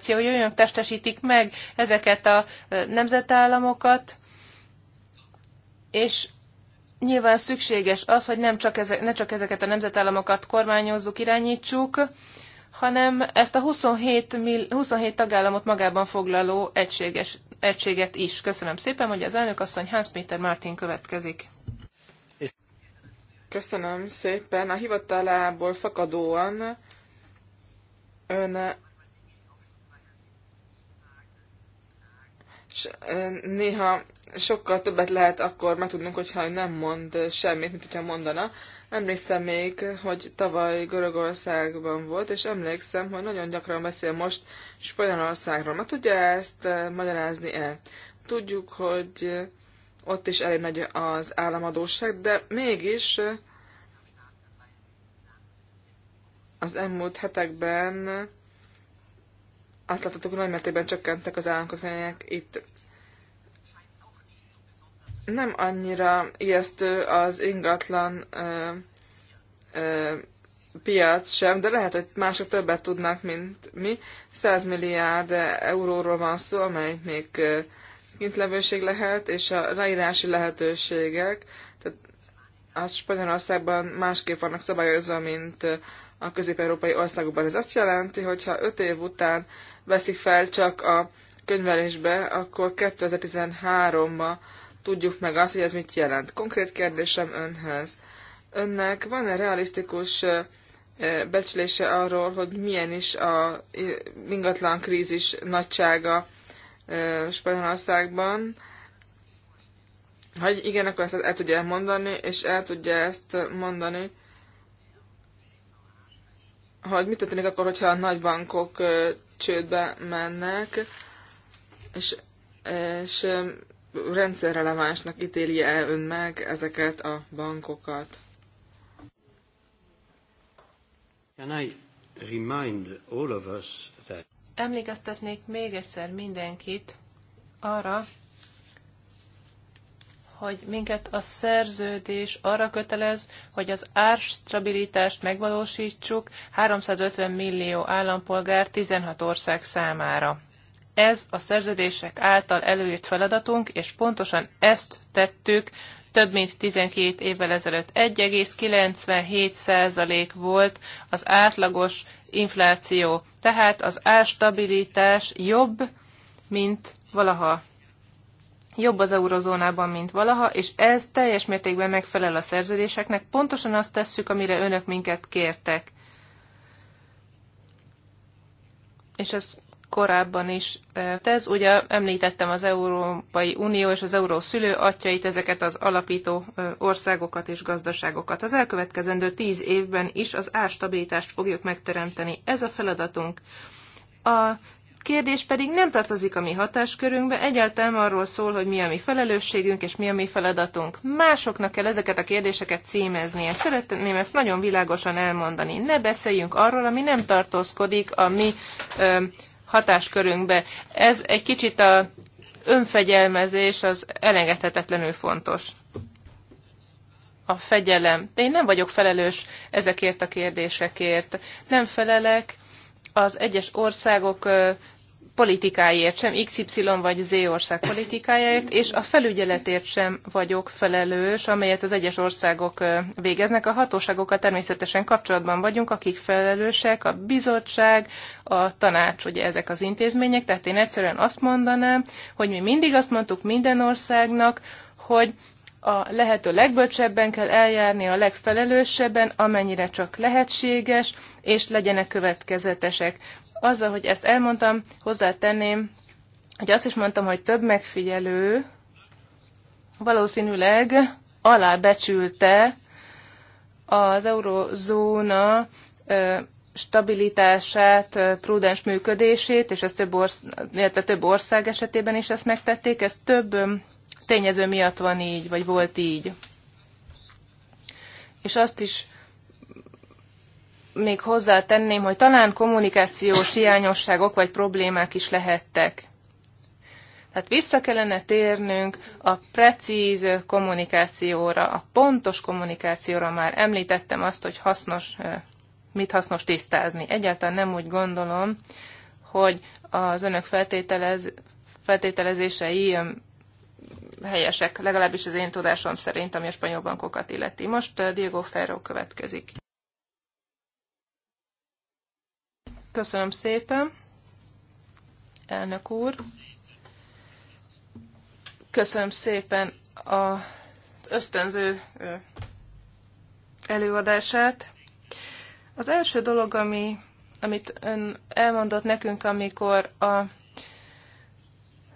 hogy önök testesítik meg ezeket a nemzetállamokat, és nyilván szükséges az, hogy nem csak ezek, ne csak ezeket a nemzetállamokat kormányozzuk, irányítsuk, hanem ezt a 27, mil, 27 tagállamot magában foglaló egységes, egységet is. Köszönöm szépen, hogy az elnök asszony Hans Péter Mártin következik. Köszönöm szépen. A hivatalából fakadóan ön néha sokkal többet lehet akkor megtudnunk, hogyha nem mond semmit, mint hogyha mondana. Emlékszem még, hogy tavaly Görögországban volt, és emlékszem, hogy nagyon gyakran beszél most Spanyolországról. Ma tudja ezt eh, magyarázni-e? Tudjuk, hogy eh, ott is elég nagy az államadóság, de mégis eh, az elmúlt hetekben azt láthatjuk, hogy nagy csökkentek az államkötvények itt nem annyira ijesztő az ingatlan ö, ö, piac sem, de lehet, hogy mások többet tudnak, mint mi. 100 milliárd euróról van szó, amely még kintlevőség lehet, és a leírási lehetőségek, tehát az Spanyolországban másképp vannak szabályozva, mint a közép-európai országokban. Ez azt jelenti, hogy ha 5 év után veszik fel csak a könyvelésbe, akkor 2013-ba tudjuk meg azt, hogy ez mit jelent. Konkrét kérdésem önhöz. Önnek van-e realisztikus becslése arról, hogy milyen is a ingatlan krízis nagysága Spanyolországban? Ha igen, akkor ezt el tudja mondani, és el tudja ezt mondani, hogy mit történik akkor, hogyha a nagy bankok csődbe mennek, és, és rendszerrelevánsnak ítéli el ön meg ezeket a bankokat? Can I remind all of us that... Emlékeztetnék még egyszer mindenkit arra, hogy minket a szerződés arra kötelez, hogy az árstabilitást megvalósítsuk 350 millió állampolgár 16 ország számára. Ez a szerződések által előírt feladatunk, és pontosan ezt tettük több mint 12 évvel ezelőtt. 1,97% volt az átlagos infláció, tehát az árstabilitás jobb, mint valaha jobb az eurozónában, mint valaha, és ez teljes mértékben megfelel a szerződéseknek. Pontosan azt tesszük, amire önök minket kértek. És ez korábban is. Ez ugye említettem az Európai Unió és az Euró szülő atyait, ezeket az alapító országokat és gazdaságokat. Az elkövetkezendő tíz évben is az árstabilitást fogjuk megteremteni. Ez a feladatunk. A kérdés pedig nem tartozik a mi hatáskörünkbe, egyáltalán arról szól, hogy mi a mi felelősségünk és mi a mi feladatunk. Másoknak kell ezeket a kérdéseket címeznie. Szeretném ezt nagyon világosan elmondani. Ne beszéljünk arról, ami nem tartózkodik a mi ö, hatáskörünkbe. Ez egy kicsit a önfegyelmezés az elengedhetetlenül fontos. A fegyelem. De én nem vagyok felelős ezekért a kérdésekért. Nem felelek az egyes országok politikáért sem, XY vagy Z ország politikájáért, és a felügyeletért sem vagyok felelős, amelyet az egyes országok végeznek. A hatóságokkal természetesen kapcsolatban vagyunk, akik felelősek, a bizottság, a tanács, ugye ezek az intézmények, tehát én egyszerűen azt mondanám, hogy mi mindig azt mondtuk minden országnak, hogy a lehető legbölcsebben kell eljárni, a legfelelősebben, amennyire csak lehetséges, és legyenek következetesek. Azzal, hogy ezt elmondtam, hozzátenném, hogy azt is mondtam, hogy több megfigyelő valószínűleg alábecsülte az eurozóna stabilitását, prudens működését, és ez több, orsz, illetve több ország esetében is ezt megtették, ez több tényező miatt van így, vagy volt így. És azt is még hozzátenném, hogy talán kommunikációs hiányosságok vagy problémák is lehettek. Tehát vissza kellene térnünk a precíz kommunikációra, a pontos kommunikációra. Már említettem azt, hogy hasznos, mit hasznos tisztázni. Egyáltalán nem úgy gondolom, hogy az önök feltételez, feltételezései helyesek, legalábbis az én tudásom szerint, ami a spanyol bankokat illeti. Most Diego Ferro következik. Köszönöm szépen, elnök úr. Köszönöm szépen az ösztönző előadását. Az első dolog, ami, amit ön elmondott nekünk, amikor a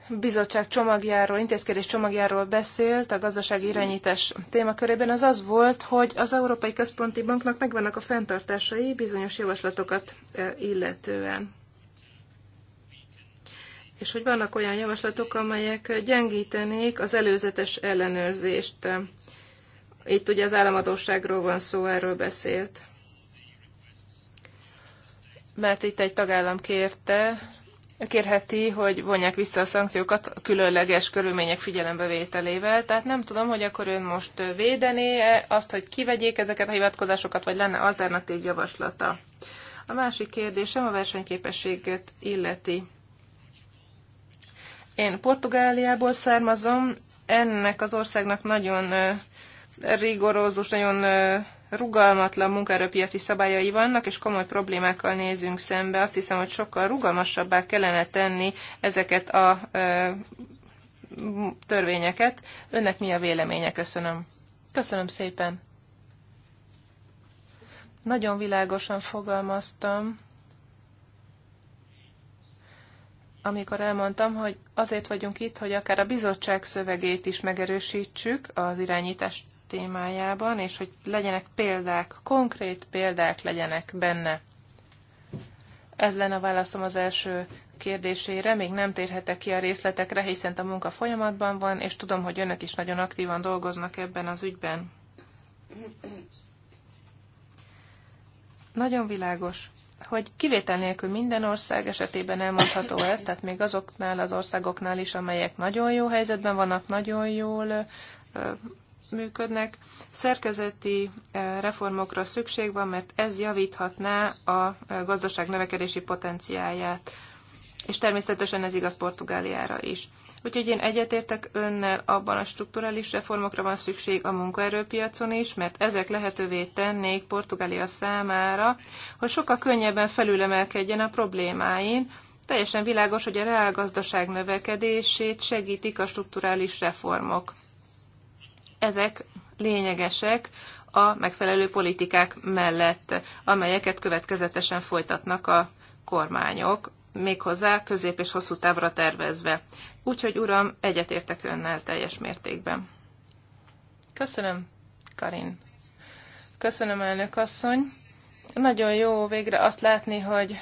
bizottság csomagjáról, intézkedés csomagjáról beszélt a gazdasági irányítás témakörében, az az volt, hogy az Európai Központi Banknak megvannak a fenntartásai bizonyos javaslatokat illetően. És hogy vannak olyan javaslatok, amelyek gyengítenék az előzetes ellenőrzést. Itt ugye az államadóságról van szó, erről beszélt. Mert itt egy tagállam kérte, kérheti, hogy vonják vissza a szankciókat a különleges körülmények figyelembevételével. Tehát nem tudom, hogy akkor ön most védené -e azt, hogy kivegyék ezeket a hivatkozásokat, vagy lenne alternatív javaslata. A másik kérdésem a versenyképességet illeti. Én Portugáliából származom, ennek az országnak nagyon rigorózus, nagyon rugalmatlan munkaerőpiaci szabályai vannak, és komoly problémákkal nézünk szembe. Azt hiszem, hogy sokkal rugalmasabbá kellene tenni ezeket a törvényeket. Önnek mi a véleménye? Köszönöm. Köszönöm szépen. Nagyon világosan fogalmaztam, amikor elmondtam, hogy azért vagyunk itt, hogy akár a bizottság szövegét is megerősítsük az irányítást témájában, és hogy legyenek példák, konkrét példák legyenek benne. Ez lenne a válaszom az első kérdésére, még nem térhetek ki a részletekre, hiszen a munka folyamatban van, és tudom, hogy önök is nagyon aktívan dolgoznak ebben az ügyben. Nagyon világos, hogy kivétel nélkül minden ország esetében elmondható ez, tehát még azoknál az országoknál is, amelyek nagyon jó helyzetben vannak, nagyon jól működnek. Szerkezeti eh, reformokra szükség van, mert ez javíthatná a eh, gazdaság növekedési potenciáját. És természetesen ez igaz Portugáliára is. Úgyhogy én egyetértek önnel abban a strukturális reformokra van szükség a munkaerőpiacon is, mert ezek lehetővé tennék Portugália számára, hogy sokkal könnyebben felülemelkedjen a problémáin, Teljesen világos, hogy a reálgazdaság növekedését segítik a strukturális reformok ezek lényegesek a megfelelő politikák mellett, amelyeket következetesen folytatnak a kormányok, méghozzá közép és hosszú távra tervezve. Úgyhogy, uram, egyetértek önnel teljes mértékben. Köszönöm, Karin. Köszönöm, elnök asszony. Nagyon jó végre azt látni, hogy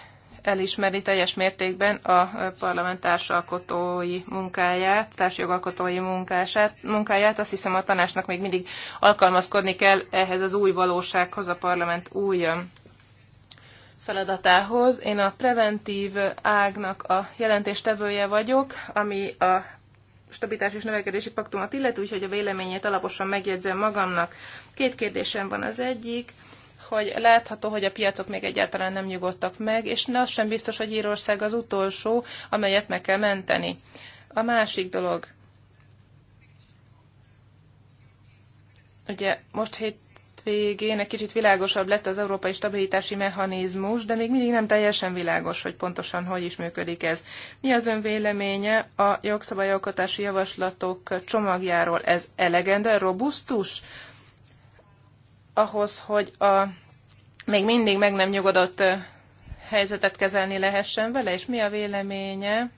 elismeri teljes mértékben a parlament társalkotói munkáját, társjogalkotói munkását, munkáját. Azt hiszem a tanácsnak még mindig alkalmazkodni kell ehhez az új valósághoz, a parlament új feladatához. Én a preventív ágnak a jelentéstevője vagyok, ami a stabilitás és növekedési paktumot illeti, úgyhogy a véleményét alaposan megjegyzem magamnak. Két kérdésem van az egyik hogy látható, hogy a piacok még egyáltalán nem nyugodtak meg, és az sem biztos, hogy Írország az utolsó, amelyet meg kell menteni. A másik dolog, ugye most hét végén egy kicsit világosabb lett az európai stabilitási mechanizmus, de még mindig nem teljesen világos, hogy pontosan hogy is működik ez. Mi az ön véleménye a jogszabályalkotási javaslatok csomagjáról? Ez elegendő, robusztus ahhoz, hogy a még mindig meg nem nyugodott helyzetet kezelni lehessen vele, és mi a véleménye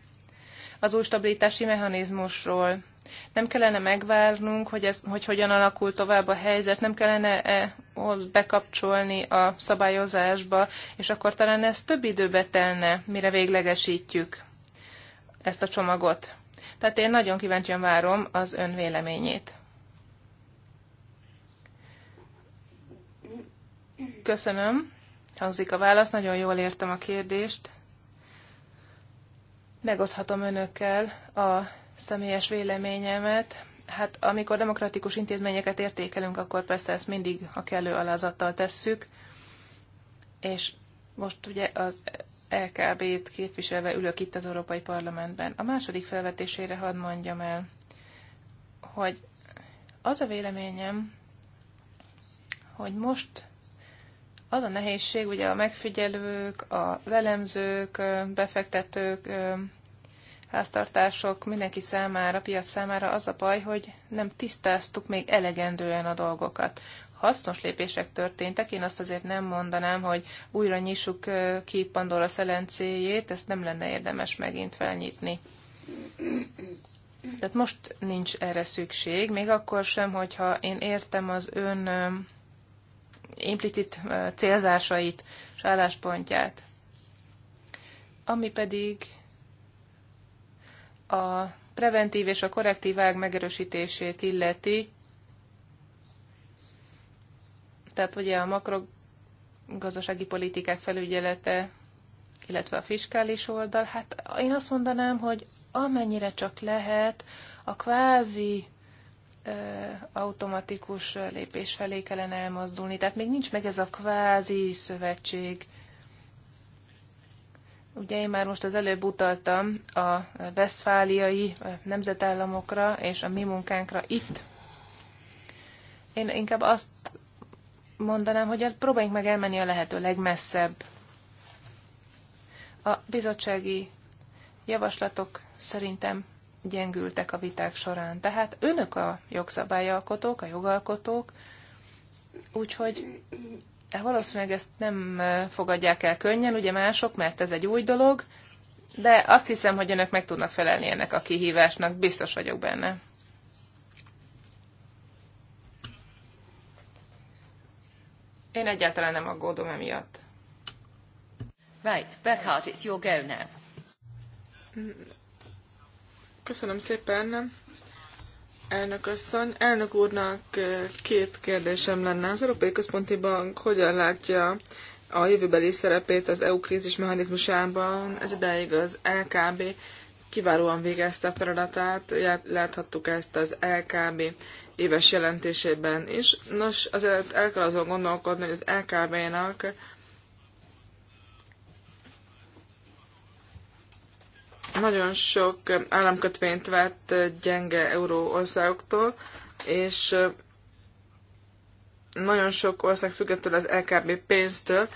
az új stabilitási mechanizmusról? Nem kellene megvárnunk, hogy, ez, hogy hogyan alakul tovább a helyzet, nem kellene -e bekapcsolni a szabályozásba, és akkor talán ez több időbe telne, mire véglegesítjük ezt a csomagot. Tehát én nagyon kíváncsian várom az ön véleményét. köszönöm. Hangzik a válasz, nagyon jól értem a kérdést. Megoszhatom önökkel a személyes véleményemet. Hát amikor demokratikus intézményeket értékelünk, akkor persze ezt mindig a kellő alázattal tesszük. És most ugye az LKB-t képviselve ülök itt az Európai Parlamentben. A második felvetésére hadd mondjam el, hogy az a véleményem, hogy most az a nehézség, ugye a megfigyelők, az elemzők, befektetők, háztartások, mindenki számára, piac számára az a baj, hogy nem tisztáztuk még elegendően a dolgokat. Hasznos lépések történtek, én azt azért nem mondanám, hogy újra nyissuk ki Pandora szelencéjét, ezt nem lenne érdemes megint felnyitni. Tehát most nincs erre szükség, még akkor sem, hogyha én értem az ön implicit célzásait és álláspontját. Ami pedig a preventív és a korrektív ág megerősítését illeti, tehát ugye a makrogazdasági politikák felügyelete, illetve a fiskális oldal, hát én azt mondanám, hogy amennyire csak lehet, a kvázi automatikus lépés felé kellene elmozdulni. Tehát még nincs meg ez a kvázi szövetség. Ugye én már most az előbb utaltam a vesztfáliai nemzetállamokra és a mi munkánkra itt. Én inkább azt mondanám, hogy próbáljunk meg elmenni a lehető legmesszebb. A bizottsági javaslatok szerintem gyengültek a viták során. Tehát önök a jogszabályalkotók, a jogalkotók, úgyhogy e, valószínűleg ezt nem e, fogadják el könnyen, ugye mások, mert ez egy új dolog, de azt hiszem, hogy önök meg tudnak felelni ennek a kihívásnak, biztos vagyok benne. Én egyáltalán nem aggódom emiatt. Right, Beckhardt, it's your go now. Mm, Köszönöm szépen, elnök asszony. Elnök úrnak két kérdésem lenne. Az Európai Központi Bank hogyan látja a jövőbeli szerepét az EU krízis mechanizmusában? Ez ideig az LKB kiválóan végezte a feladatát, láthattuk ezt az LKB éves jelentésében is. Nos, azért el kell azon gondolkodni, hogy az LKB-nak Nagyon sok államkötvényt vett gyenge euró országoktól, és nagyon sok ország függetől az LKB pénztől.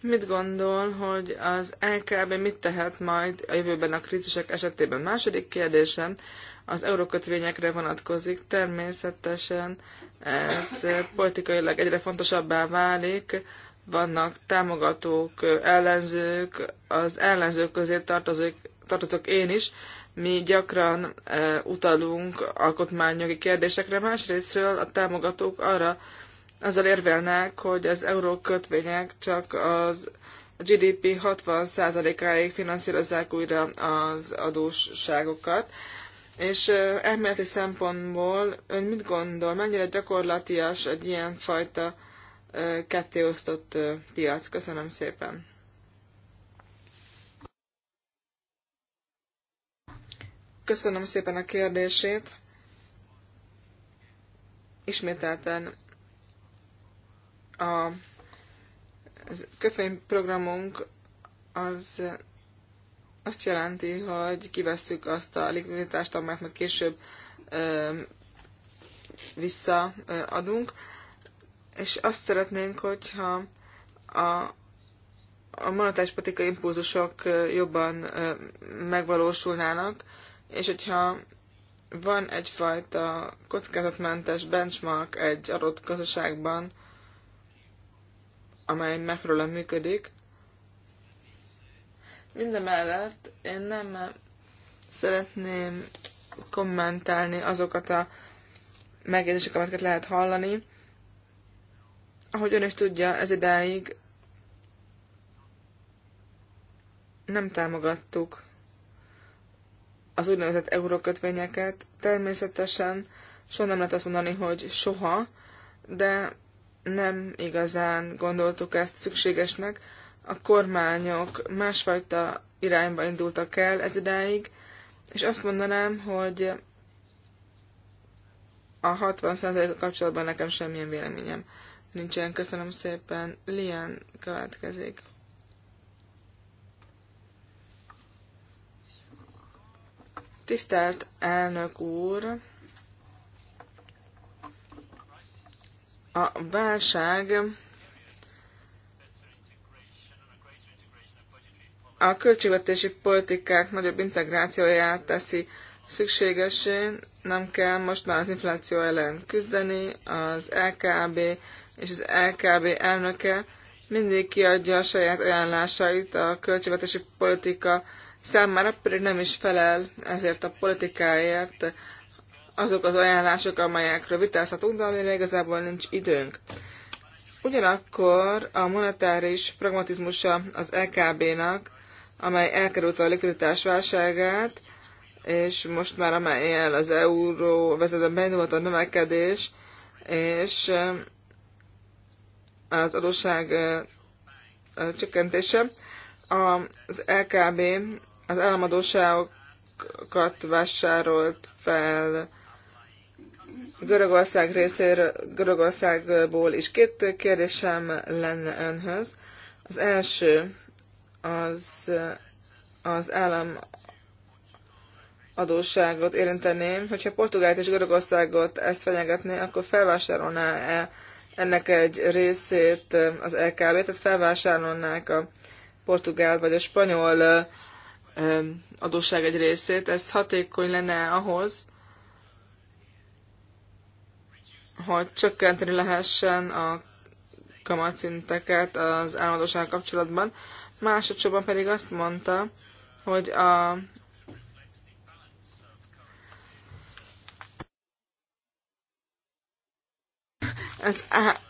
Mit gondol, hogy az LKB mit tehet majd a jövőben a krízisek esetében? Második kérdésem az eurókötvényekre vonatkozik. Természetesen ez politikailag egyre fontosabbá válik. Vannak támogatók, ellenzők, az ellenzők közé tartozik tartozok én is, mi gyakran e, utalunk alkotmányjogi kérdésekre, másrésztről a támogatók arra azzal érvelnek, hogy az eurókötvények csak az GDP 60%-áig finanszírozzák újra az adósságokat. És e, elméleti szempontból ön mit gondol, mennyire gyakorlatias egy ilyen fajta e, kettéosztott e, piac? Köszönöm szépen. Köszönöm szépen a kérdését. Ismételten a kötvényprogramunk az azt jelenti, hogy kivesszük azt a likviditást, amelyet majd később ö, visszaadunk, és azt szeretnénk, hogyha a, a monetáris politikai impulzusok jobban megvalósulnának, és hogyha van egyfajta kockázatmentes benchmark egy adott gazdaságban, amely megfelelően működik, mindemellett én nem szeretném kommentálni azokat a megjegyzéseket, amiket lehet hallani. Ahogy ön is tudja, ez idáig nem támogattuk az úgynevezett eurókötvényeket. Természetesen soha nem lehet azt mondani, hogy soha, de nem igazán gondoltuk ezt szükségesnek. A kormányok másfajta irányba indultak el ez idáig, és azt mondanám, hogy a 60%-a kapcsolatban nekem semmilyen véleményem nincsen. Köszönöm szépen. Lian következik. Tisztelt elnök úr! A válság a költségvetési politikák nagyobb integrációját teszi szükségesé, nem kell most már az infláció ellen küzdeni, az LKB és az LKB elnöke mindig kiadja a saját ajánlásait a költségvetési politika számára pedig nem is felel ezért a politikáért azok az ajánlások, amelyekről vitázhatunk, de amire igazából nincs időnk. Ugyanakkor a monetáris pragmatizmusa az LKB-nak, e amely elkerült a likviditás válságát, és most már amelyen az euró vezetőben beindult a növekedés, és eh, az adósság eh, csökkentése, az LKB e az államadóságokat vásárolt fel Görögország részéről, Görögországból is. Két kérdésem lenne önhöz. Az első az, az állam adósságot érinteném, hogyha Portugált és Görögországot ezt fenyegetné, akkor felvásárolná-e ennek egy részét az LKB, e tehát felvásárolnák a portugál vagy a spanyol adósság egy részét. Ez hatékony lenne ahhoz, hogy csökkenteni lehessen a kamatszinteket az államadóság kapcsolatban. Másodszorban pedig azt mondta, hogy a az, á,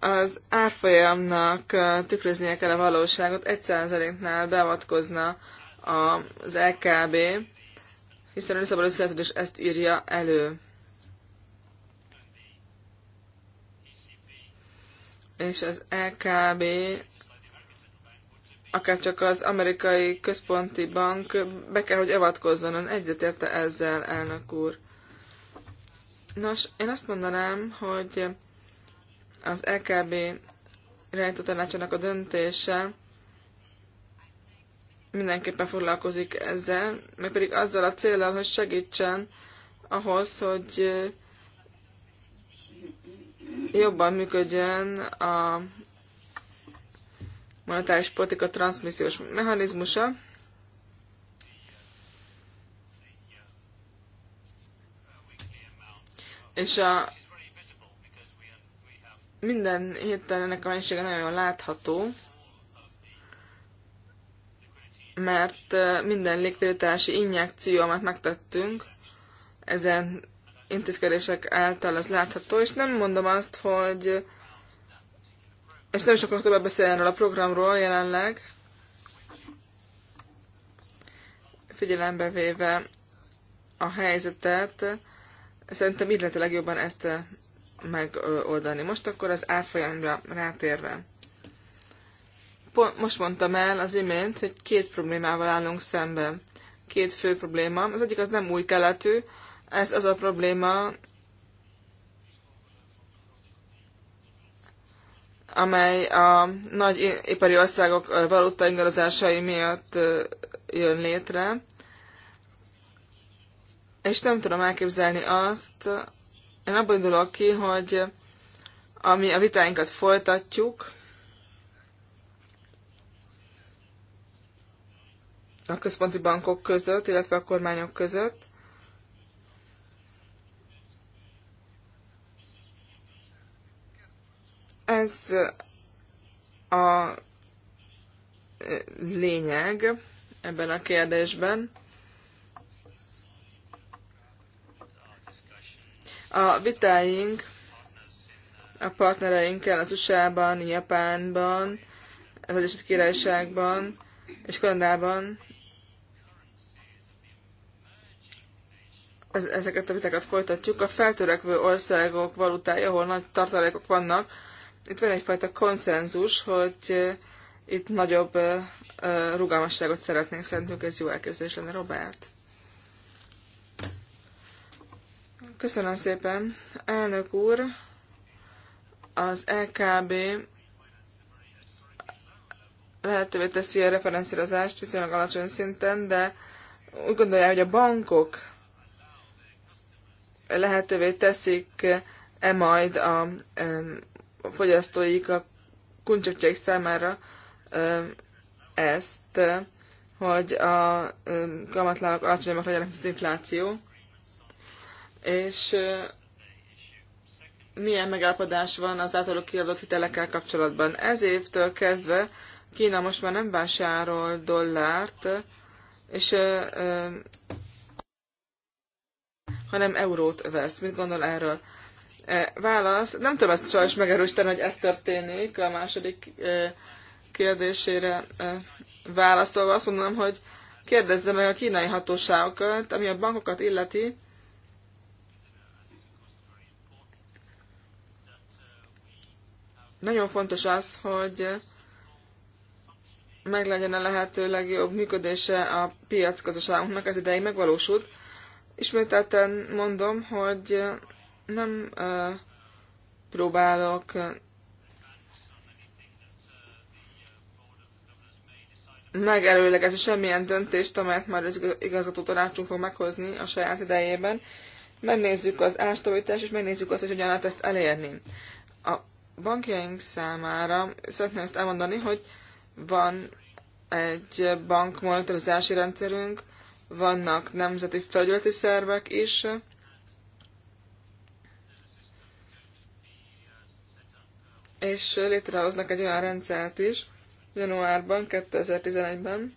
az árfolyamnak tükröznie kell a valóságot, egy százaléknál beavatkozna az LKB, e hiszen a Lisszaboni szerződés ezt írja elő. És az LKB e akár csak az amerikai központi bank be kell, hogy avatkozzon. Ön egyetérte ezzel, elnök úr. Nos, én azt mondanám, hogy az LKB e irányító tanácsának a döntése mindenképpen foglalkozik ezzel, meg pedig azzal a célral, hogy segítsen ahhoz, hogy eh, jobban működjön a monetáris politika transmissziós mechanizmusa. És a minden héten ennek a mennyisége nagyon látható, mert minden likviditási injekció, amit megtettünk, ezen intézkedések által az látható, és nem mondom azt, hogy és nem is akarok többet beszélni erről a programról jelenleg, figyelembe véve a helyzetet, szerintem így lehet a legjobban ezt megoldani. Most akkor az árfolyamra rátérve most mondtam el az imént, hogy két problémával állunk szemben. Két fő probléma. Az egyik az nem új keletű, ez az a probléma, amely a nagy ipari országok valuta ingadozásai miatt jön létre. És nem tudom elképzelni azt, én abból indulok ki, hogy ami a vitáinkat folytatjuk, a központi bankok között, illetve a kormányok között. Ez a lényeg ebben a kérdésben. A vitáink a partnereinkkel az USA-ban, Japánban, az Egyesült Királyságban és Kanadában ezeket a vitákat folytatjuk. A feltörekvő országok valutája, ahol nagy tartalékok vannak, itt van egyfajta konszenzus, hogy itt nagyobb rugalmasságot szeretnénk, szerintünk ez jó elképzelés lenne, Robert. Köszönöm szépen, elnök úr. Az LKB e lehetővé teszi a referenciázást viszonylag alacsony szinten, de úgy gondolja, hogy a bankok lehetővé teszik-e majd e, a fogyasztóik, a kuncsotjaik számára e, ezt, hogy a e, kamatlábak alacsonyabbak legyenek, mint az infláció, és milyen megállapodás van az általuk kiadott hitelekkel kapcsolatban. Ez évtől kezdve Kína most már nem vásárol dollárt, és hanem eurót vesz. Mit gondol erről? E, válasz. Nem tudom ezt sajnos megerősíteni, hogy ez történik. A második e, kérdésére e, válaszolva azt mondanám, hogy kérdezze meg a kínai hatóságokat, ami a bankokat illeti, nagyon fontos az, hogy meglegyen a lehető legjobb működése a piac gazdaságunknak ez ideig megvalósult, Ismételten mondom, hogy nem próbálok megelőlegezni semmilyen döntést, amelyet már az igazgató tanácsunk fog meghozni a saját idejében. Megnézzük az ástabilitást, és megnézzük azt, hogy hogyan lehet ezt elérni. A bankjaink számára szeretném ezt elmondani, hogy van egy bankmonitorozási rendszerünk, vannak nemzeti felügyeleti szervek is, és létrehoznak egy olyan rendszert is, januárban, 2011-ben,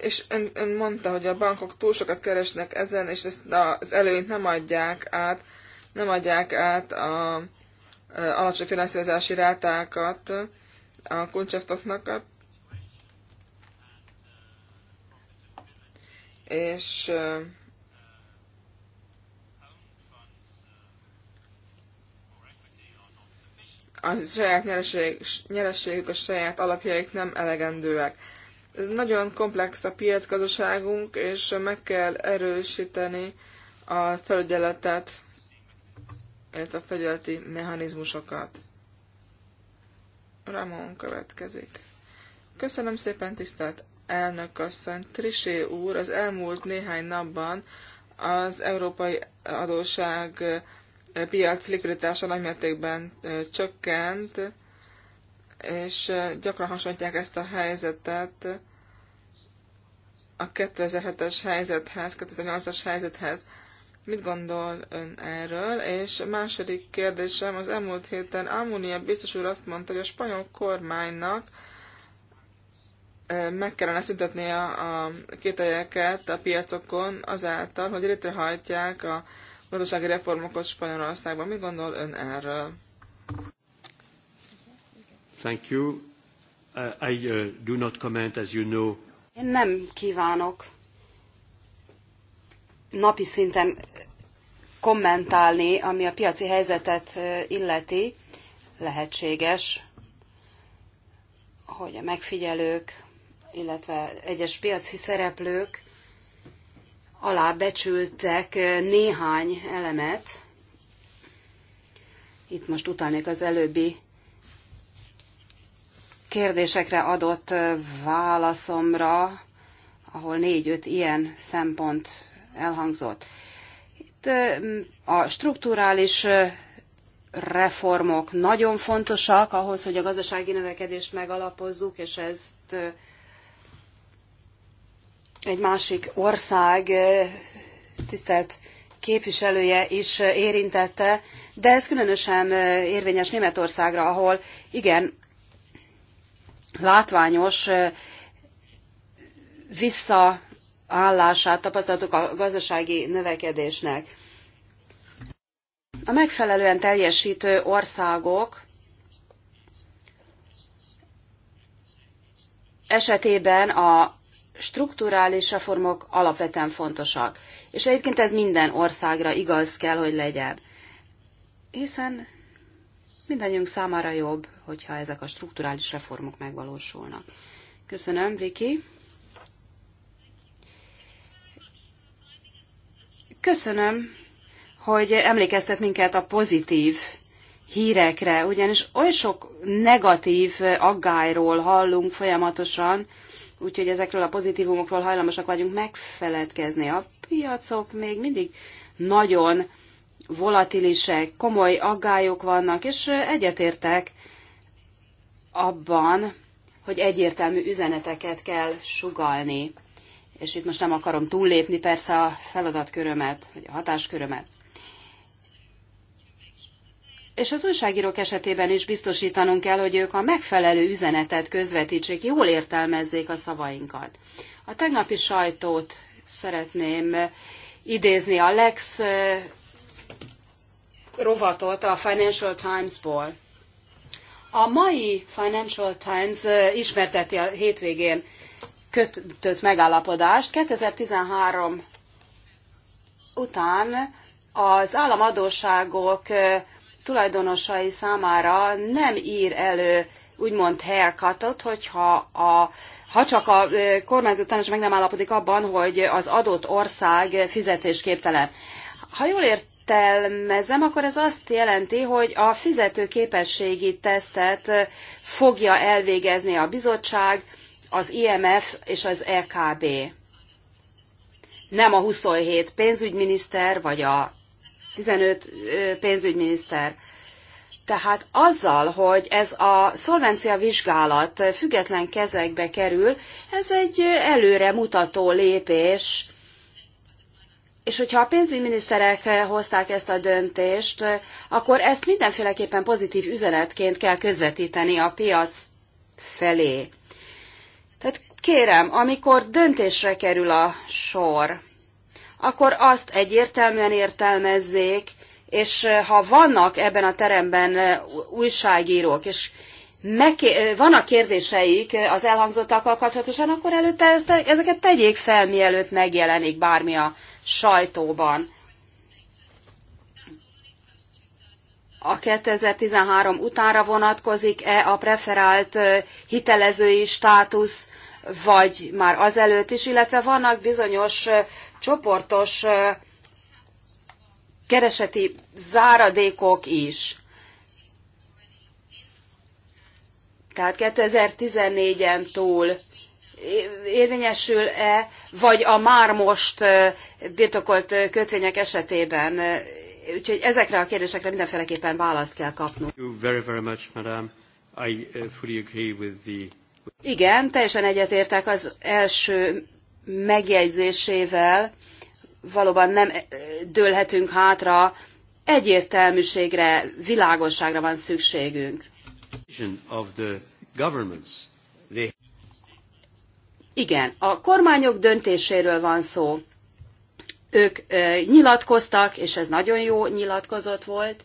és ön, ön mondta, hogy a bankok túl sokat keresnek ezen, és ezt az előnyt nem adják át, nem adják át a, a alacsony finanszírozási rátákat a kuncseftaknak, és a saját nyereség, nyerességük, a saját alapjaik nem elegendőek. Ez nagyon komplex a piacgazdaságunk, és meg kell erősíteni a felügyeletet, illetve a felügyeleti mechanizmusokat. Ramon következik. Köszönöm szépen, tisztelt elnök asszony. Trisé úr az elmúlt néhány napban az európai adóság eh, piac likviditása nagymértékben eh, csökkent, és eh, gyakran hasonlítják ezt a helyzetet a 2007-es helyzethez, 2008-as helyzethez. Mit gondol ön erről? És második kérdésem, az elmúlt héten Almunia biztos úr azt mondta, hogy a spanyol kormánynak meg kellene szüntetni a, a kételyeket a piacokon azáltal, hogy létrehajtják a gazdasági reformokat Spanyolországban. Mit gondol ön erről? Thank you. Uh, I uh, do not comment, as you know. Én nem kívánok napi szinten kommentálni, ami a piaci helyzetet illeti. Lehetséges, hogy a megfigyelők illetve egyes piaci szereplők alábecsültek eh, néhány elemet. Itt most utalnék az előbbi kérdésekre adott eh, válaszomra, ahol négy-öt ilyen szempont elhangzott. Itt eh, a strukturális reformok nagyon fontosak ahhoz, hogy a gazdasági növekedést megalapozzuk, és ezt egy másik ország eh, tisztelt képviselője is eh, érintette, de ez különösen eh, érvényes Németországra, ahol igen, látványos visszaállását tapasztaltuk a gazdasági növekedésnek. A megfelelően teljesítő országok esetében a strukturális reformok alapvetően fontosak. És egyébként ez minden országra igaz kell, hogy legyen. Hiszen mindannyiunk számára jobb, hogyha ezek a strukturális reformok megvalósulnak. Köszönöm, Viki. Köszönöm, hogy emlékeztet minket a pozitív hírekre, ugyanis oly sok negatív aggályról hallunk folyamatosan, úgyhogy ezekről a pozitívumokról hajlamosak vagyunk megfeledkezni. A piacok még mindig nagyon volatilisek, komoly aggályok vannak, és egyetértek abban, hogy egyértelmű üzeneteket kell sugalni. És itt most nem akarom túllépni persze a feladatkörömet, vagy a hatáskörömet és az újságírók esetében is biztosítanunk kell, hogy ők a megfelelő üzenetet közvetítsék, jól értelmezzék a szavainkat. A tegnapi sajtót szeretném idézni a Lex rovatot a Financial Times-ból. A mai Financial Times ismerteti a hétvégén kötött megállapodást. 2013 után az államadóságok tulajdonosai számára nem ír elő úgymond haircutot, hogyha a, ha csak a kormányzó tanács meg nem állapodik abban, hogy az adott ország fizetésképtelen. Ha jól értelmezem, akkor ez azt jelenti, hogy a fizetőképességi tesztet fogja elvégezni a bizottság, az IMF és az EKB. Nem a 27 pénzügyminiszter vagy a 15 pénzügyminiszter. Tehát azzal, hogy ez a szolvencia vizsgálat független kezekbe kerül, ez egy előre mutató lépés. És hogyha a pénzügyminiszterek hozták ezt a döntést, akkor ezt mindenféleképpen pozitív üzenetként kell közvetíteni a piac felé. Tehát kérem, amikor döntésre kerül a sor, akkor azt egyértelműen értelmezzék, és ha vannak ebben a teremben újságírók, és vannak kérdéseik az elhangzottakkal kapcsolatosan, akkor előtte ezt, ezeket tegyék fel, mielőtt megjelenik bármi a sajtóban. A 2013 utánra vonatkozik-e a preferált hitelezői státusz, vagy már azelőtt is, illetve vannak bizonyos csoportos kereseti záradékok is. Tehát 2014-en túl érvényesül-e, vagy a már most birtokolt kötvények esetében. Úgyhogy ezekre a kérdésekre mindenféleképpen választ kell kapnunk. Uh, Igen, teljesen egyetértek az első megjegyzésével valóban nem eh, dőlhetünk hátra, egyértelműségre, világosságra van szükségünk. Igen, a kormányok döntéséről van szó. Ők ö, eh, nyilatkoztak, és ez nagyon jó nyilatkozat volt.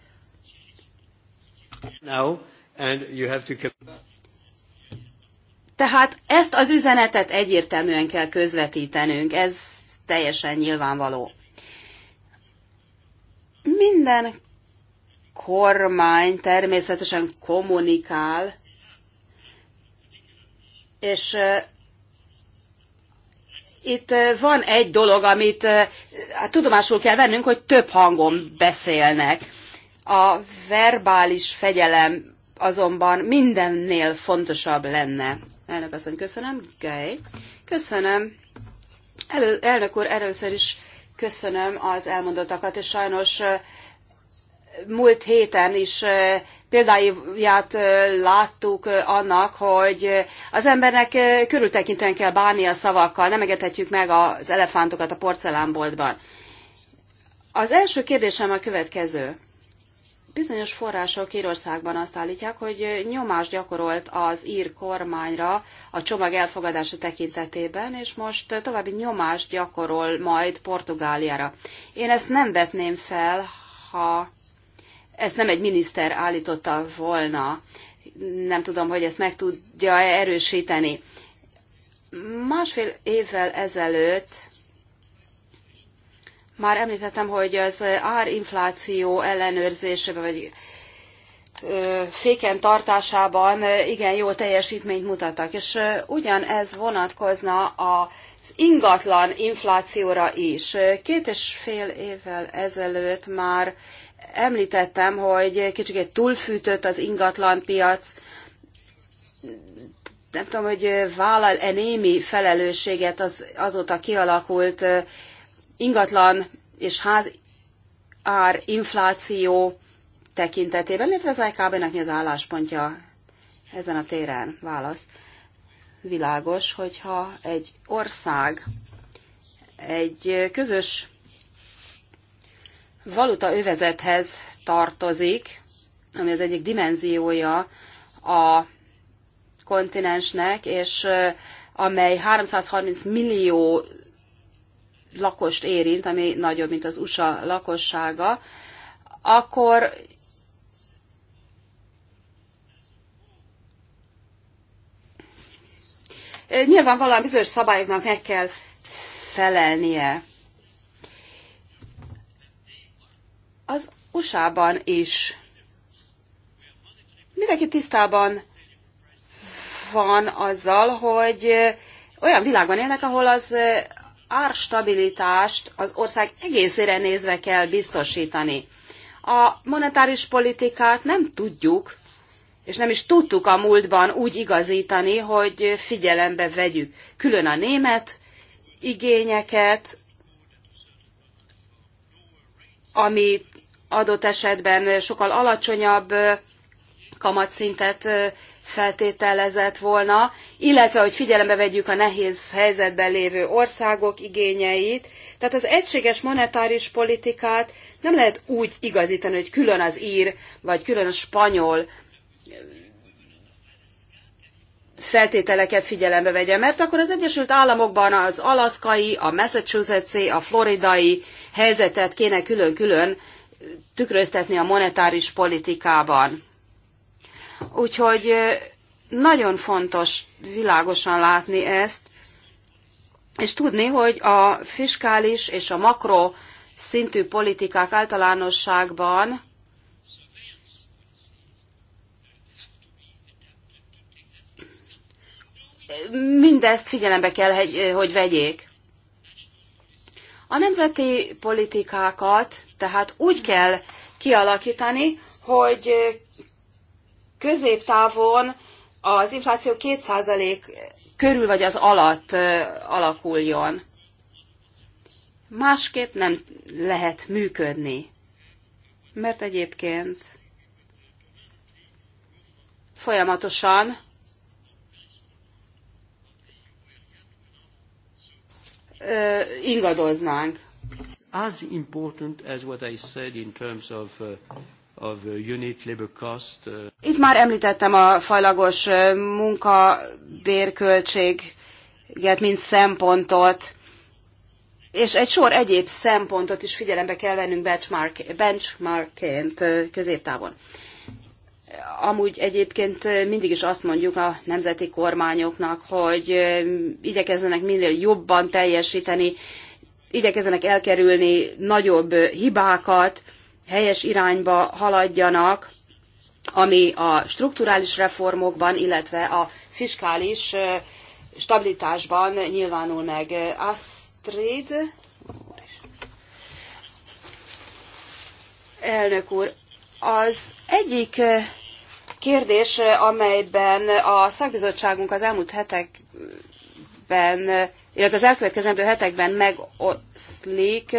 Now, and you have to... Tehát ezt az üzenetet egyértelműen kell közvetítenünk, ez teljesen nyilvánvaló. Minden kormány természetesen kommunikál, és itt van egy dolog, amit hát, tudomásul kell vennünk, hogy több hangon beszélnek. A verbális fegyelem azonban mindennél fontosabb lenne. Elnök asszony, köszönöm. Gej. Köszönöm. Elő, elnök úr, először is köszönöm az elmondottakat, és sajnos múlt héten is példáját láttuk annak, hogy az embernek körültekintően kell bánni a szavakkal, nem egethetjük meg az elefántokat a porcelánboltban. Az első kérdésem a következő. Bizonyos források Írországban azt állítják, hogy nyomás gyakorolt az ír kormányra a csomag elfogadása tekintetében, és most további nyomást gyakorol majd Portugáliára. Én ezt nem vetném fel, ha ezt nem egy miniszter állította volna. Nem tudom, hogy ezt meg tudja erősíteni. Másfél évvel ezelőtt már említettem, hogy az árinfláció ellenőrzésében, vagy féken tartásában igen jó teljesítményt mutattak, és ugyanez vonatkozna az ingatlan inflációra is. Két és fél évvel ezelőtt már említettem, hogy kicsit túlfűtött az ingatlan piac, nem tudom, hogy vállal-e némi felelősséget az azóta kialakult ingatlan és ház ár infláció tekintetében, illetve az e ekb mi az álláspontja ezen a téren? Válasz. Világos, hogyha egy ország egy közös valuta övezethez tartozik, ami az egyik dimenziója a kontinensnek, és amely 330 millió lakost érint, ami nagyobb, mint az USA lakossága, akkor nyilván valami bizonyos szabályoknak meg kell felelnie. Az USA-ban is mindenki tisztában van azzal, hogy olyan világban élnek, ahol az árstabilitást az ország egészére nézve kell biztosítani. A monetáris politikát nem tudjuk, és nem is tudtuk a múltban úgy igazítani, hogy figyelembe vegyük külön a német igényeket, ami adott esetben sokkal alacsonyabb kamatszintet feltételezett volna, illetve hogy figyelembe vegyük a nehéz helyzetben lévő országok igényeit. Tehát az egységes monetáris politikát nem lehet úgy igazítani, hogy külön az ír, vagy külön a spanyol feltételeket figyelembe vegye, mert akkor az Egyesült Államokban az alaszkai, a massachusettsé, a floridai helyzetet kéne külön-külön tükröztetni a monetáris politikában. Úgyhogy nagyon fontos világosan látni ezt, és tudni, hogy a fiskális és a makro szintű politikák általánosságban mindezt figyelembe kell, hogy vegyék. A nemzeti politikákat tehát úgy kell kialakítani, hogy középtávon az infláció 2% körül vagy az alatt alakuljon. Másképp nem lehet működni, mert egyébként folyamatosan ingadoznánk. As important as what I said in terms of of uh, unit labor cost. Uh, Itt már említettem a fajlagos uh, munkabérköltséget, mint szempontot, és egy sor egyéb szempontot is figyelembe kell vennünk benchmark, benchmarkként középtávon. Amúgy egyébként mindig is azt mondjuk a nemzeti kormányoknak, hogy igyekezzenek minél jobban teljesíteni, igyekezzenek elkerülni nagyobb hibákat, helyes irányba haladjanak, ami a strukturális reformokban, illetve a fiskális stabilitásban nyilvánul meg. Astrid, elnök úr, az egyik kérdés, amelyben a szakbizottságunk az elmúlt hetekben, illetve az elkövetkezendő hetekben megoszlik,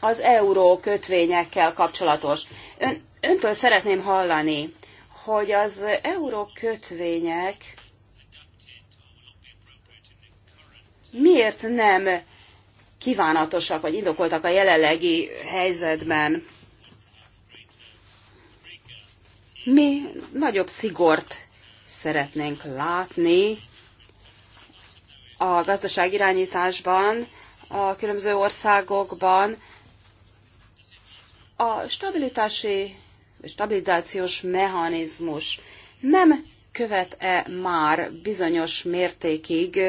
az euró kötvényekkel kapcsolatos. Ön, öntől szeretném hallani, hogy az euró kötvények miért nem kívánatosak vagy indokoltak a jelenlegi helyzetben. Mi nagyobb szigort szeretnénk látni a irányításban a különböző országokban, a stabilitási stabilizációs mechanizmus nem követ-e már bizonyos mértékig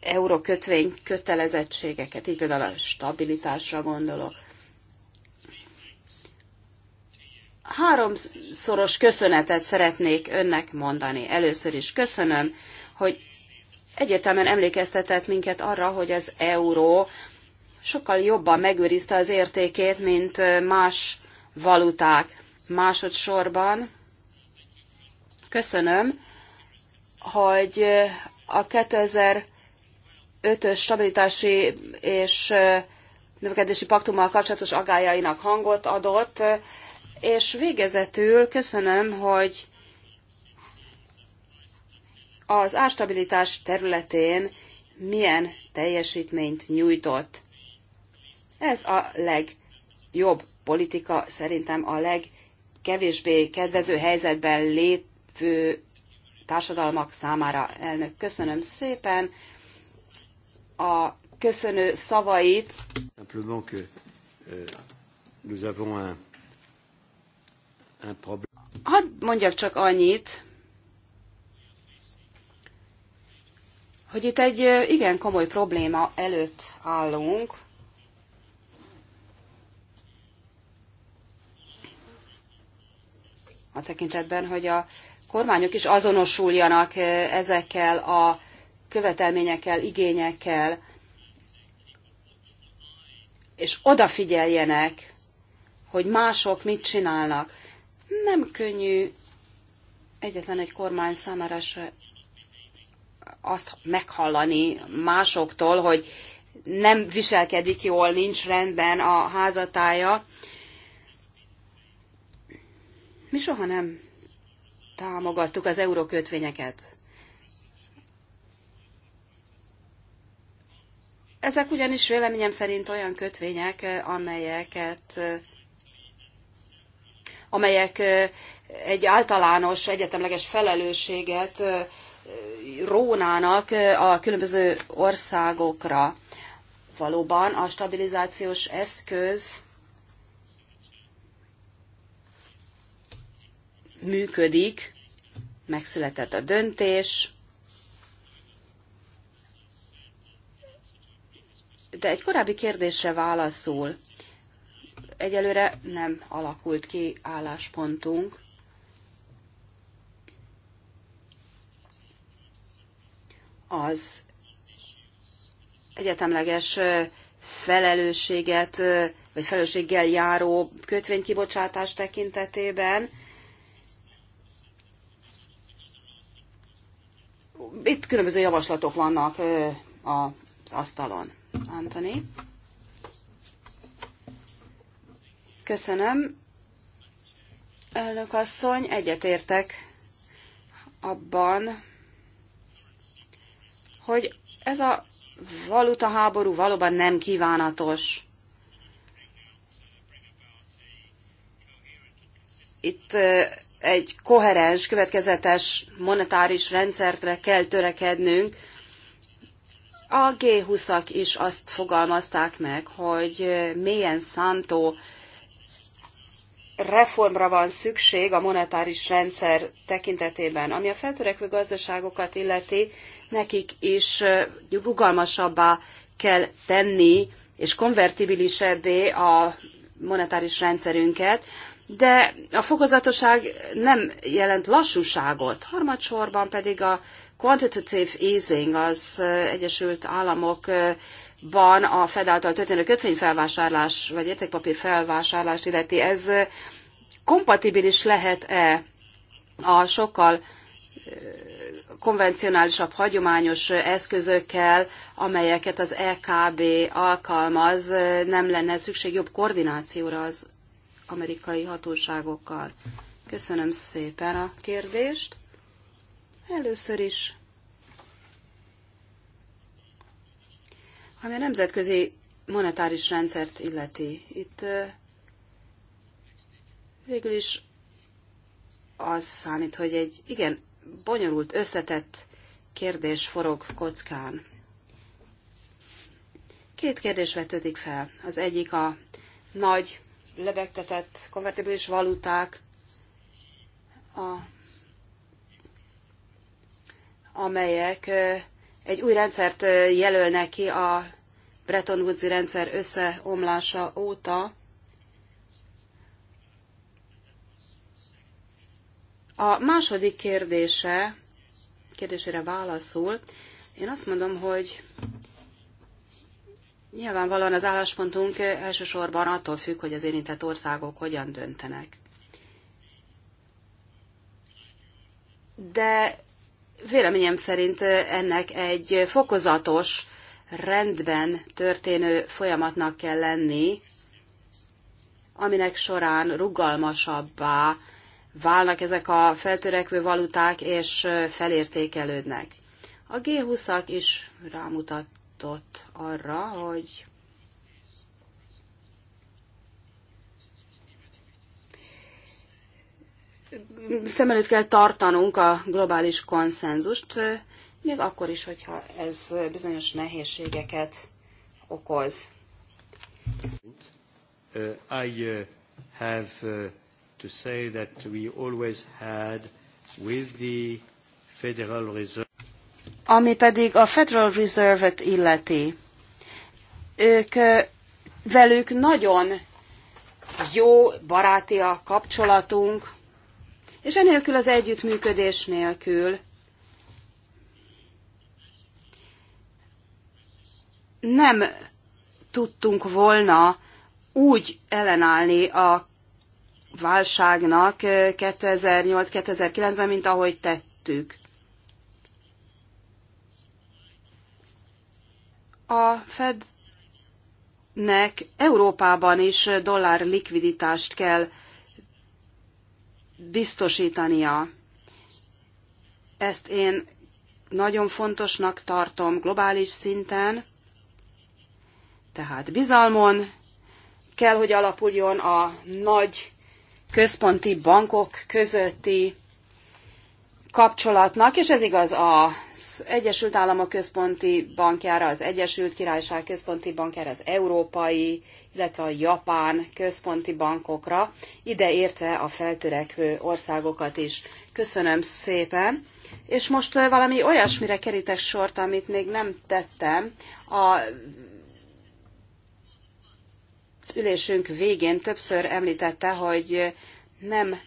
eurókötvény kötelezettségeket, így például a stabilitásra gondolok. Háromszoros köszönetet szeretnék önnek mondani. Először is köszönöm, hogy egyértelműen emlékeztetett minket arra, hogy az euró sokkal jobban megőrizte az értékét, mint más valuták. Másodszorban köszönöm, hogy a 2005-ös stabilitási és növekedési paktummal kapcsolatos agályainak hangot adott, és végezetül köszönöm, hogy az árstabilitás területén milyen teljesítményt nyújtott. Ez a legjobb politika, szerintem a legkevésbé kedvező helyzetben lévő társadalmak számára. Elnök, köszönöm szépen a köszönő szavait. Euh, Hadd mondjak csak annyit, hogy itt egy igen komoly probléma előtt állunk. a tekintetben, hogy a kormányok is azonosuljanak eh, ezekkel a követelményekkel, igényekkel, és odafigyeljenek, hogy mások mit csinálnak. Nem könnyű egyetlen egy kormány számára se azt meghallani másoktól, hogy nem viselkedik jól, nincs rendben a házatája. Mi soha nem támogattuk az eurókötvényeket. Ezek ugyanis véleményem szerint olyan kötvények, amelyeket amelyek egy általános egyetemleges felelősséget rónának a különböző országokra. Valóban a stabilizációs eszköz működik, megszületett a döntés, de egy korábbi kérdésre válaszul. Egyelőre nem alakult ki álláspontunk. Az egyetemleges felelősséget, vagy felelősséggel járó kötvénykibocsátás tekintetében itt különböző javaslatok vannak az asztalon. Antoni. Köszönöm. Elnök asszony, egyetértek abban, hogy ez a valutaháború valóban nem kívánatos. Itt egy koherens, következetes monetáris rendszertre kell törekednünk. A G20-ak is azt fogalmazták meg, hogy mélyen szántó reformra van szükség a monetáris rendszer tekintetében. Ami a feltörekvő gazdaságokat illeti, nekik is rugalmasabbá kell tenni és konvertibilisebbé a monetáris rendszerünket, de a fokozatosság nem jelent lassúságot. Harmadsorban pedig a quantitative easing az Egyesült Államokban a Fed által történő kötvényfelvásárlás vagy értékpapír felvásárlás illeti, ez kompatibilis lehet-e a sokkal konvencionálisabb, hagyományos eszközökkel, amelyeket az EKB alkalmaz, nem lenne szükség jobb koordinációra az amerikai hatóságokkal. Köszönöm szépen a kérdést. Először is, ami a nemzetközi monetáris rendszert illeti. Itt végül is az számít, hogy egy igen bonyolult, összetett kérdés forog kockán. Két kérdés vetődik fel. Az egyik a nagy lebegtetett konvertibilis valuták, a, amelyek egy új rendszert jelölnek ki a Bretton woods rendszer összeomlása óta. A második kérdése, kérdésére válaszul, én azt mondom, hogy Nyilvánvalóan az álláspontunk elsősorban attól függ, hogy az érintett országok hogyan döntenek. De véleményem szerint ennek egy fokozatos, rendben történő folyamatnak kell lenni, aminek során rugalmasabbá válnak ezek a feltörekvő valuták, és felértékelődnek. A G20-ak is rámutat jutott arra, hogy szem előtt kell tartanunk a globális konszenzust, még akkor is, hogyha ez bizonyos nehézségeket okoz. Uh, I uh, have uh, to say that we always had with the Federal Reserve ami pedig a Federal Reserve-et illeti, ők velük nagyon jó baráti a kapcsolatunk, és enélkül az együttműködés nélkül nem tudtunk volna úgy ellenállni a válságnak 2008-2009-ben, mint ahogy tettük. A Fednek Európában is dollár likviditást kell biztosítania. Ezt én nagyon fontosnak tartom globális szinten, tehát bizalmon kell, hogy alapuljon a nagy központi bankok közötti kapcsolatnak, és ez igaz az Egyesült Államok Központi Bankjára, az Egyesült Királyság Központi Bankjára, az Európai, illetve a Japán Központi Bankokra, ide értve a feltörekvő országokat is. Köszönöm szépen. És most valami olyasmire kerítek sort, amit még nem tettem. A ülésünk végén többször említette, hogy nem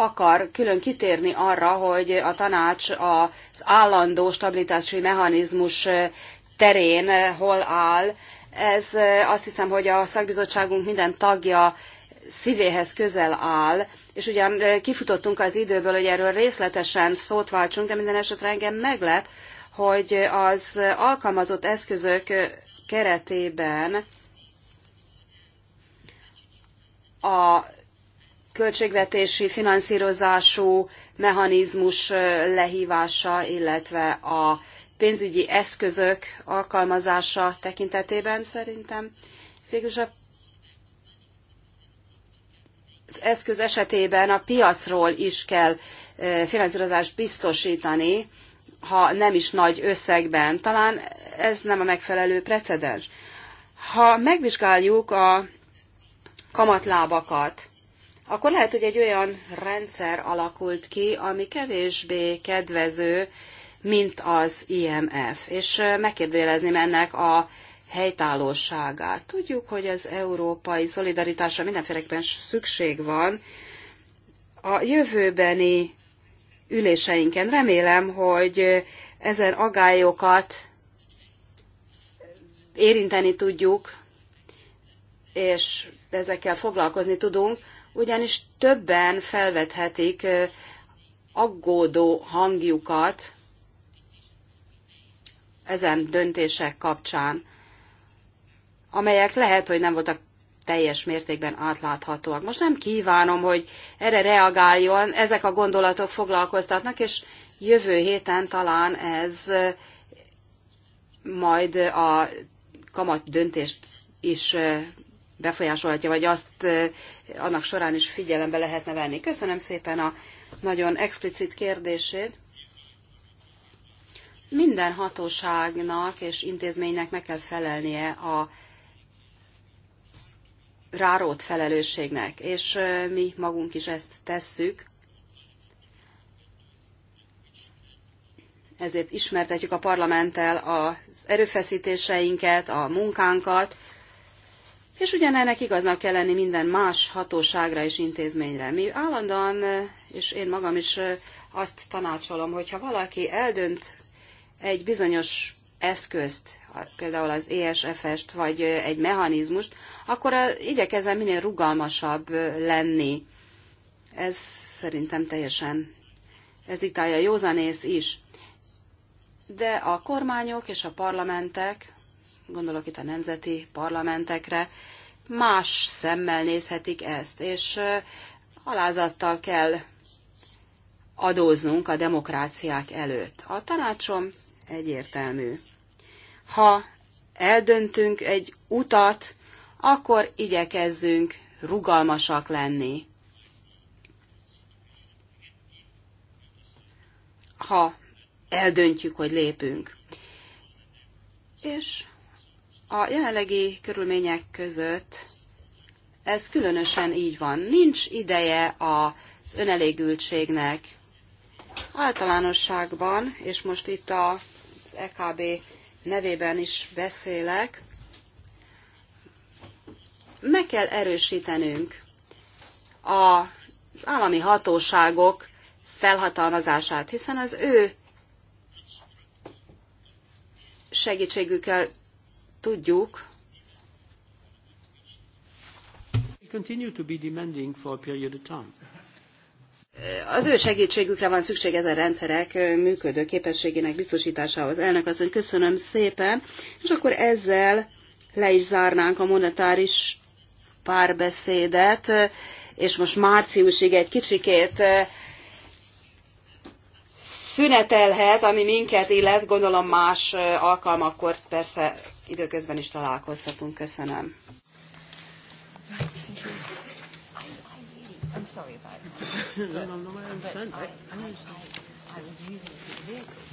akar külön kitérni arra, hogy a tanács az állandó stabilitási mechanizmus terén hol áll. Ez azt hiszem, hogy a szakbizottságunk minden tagja szívéhez közel áll, és ugyan kifutottunk az időből, hogy erről részletesen szót váltsunk, de minden esetre engem meglep, hogy az alkalmazott eszközök keretében a költségvetési finanszírozású mechanizmus lehívása, illetve a pénzügyi eszközök alkalmazása tekintetében szerintem. Végülis az eszköz esetében a piacról is kell finanszírozást biztosítani, ha nem is nagy összegben. Talán ez nem a megfelelő precedens. Ha megvizsgáljuk a kamatlábakat, akkor lehet, hogy egy olyan rendszer alakult ki, ami kevésbé kedvező, mint az IMF, és megkérdőjelezném ennek a helytállóságát. Tudjuk, hogy az európai szolidaritásra mindenféleképpen szükség van. A jövőbeni üléseinken remélem, hogy ezen agályokat érinteni tudjuk, és ezekkel foglalkozni tudunk ugyanis többen felvethetik aggódó hangjukat ezen döntések kapcsán, amelyek lehet, hogy nem voltak teljes mértékben átláthatóak. Most nem kívánom, hogy erre reagáljon, ezek a gondolatok foglalkoztatnak, és jövő héten talán ez majd a kamat döntést is befolyásolhatja, vagy azt annak során is figyelembe lehetne venni. Köszönöm szépen a nagyon explicit kérdését. Minden hatóságnak és intézménynek meg kell felelnie a rárót felelősségnek, és mi magunk is ezt tesszük. Ezért ismertetjük a parlamenttel az erőfeszítéseinket, a munkánkat, és ugyanennek igaznak kell lenni minden más hatóságra és intézményre. Mi állandóan, és én magam is azt tanácsolom, hogyha valaki eldönt egy bizonyos eszközt, például az ESFS-t, vagy egy mechanizmust, akkor igyekezem minél rugalmasabb lenni. Ez szerintem teljesen, ez itt diktálja józanész is. De a kormányok és a parlamentek gondolok itt a nemzeti parlamentekre, más szemmel nézhetik ezt, és alázattal kell adóznunk a demokráciák előtt. A tanácsom egyértelmű. Ha eldöntünk egy utat, akkor igyekezzünk rugalmasak lenni. Ha eldöntjük, hogy lépünk. És a jelenlegi körülmények között ez különösen így van. Nincs ideje az önelégültségnek. Általánosságban, és most itt az EKB nevében is beszélek, meg kell erősítenünk az állami hatóságok felhatalmazását, hiszen az ő segítségükkel tudjuk, az ő segítségükre van szükség ezen rendszerek működő képességének biztosításához. Elnök azt, hogy köszönöm szépen, és akkor ezzel le is zárnánk a monetáris párbeszédet, és most márciusig egy kicsikét eh, szünetelhet, ami minket illet, gondolom más eh, alkalmakkor persze időközben is találkozhatunk. Köszönöm. I'm sorry about it. <laughs> no, no, no, I understand. But I, I, I, I was using the vehicle.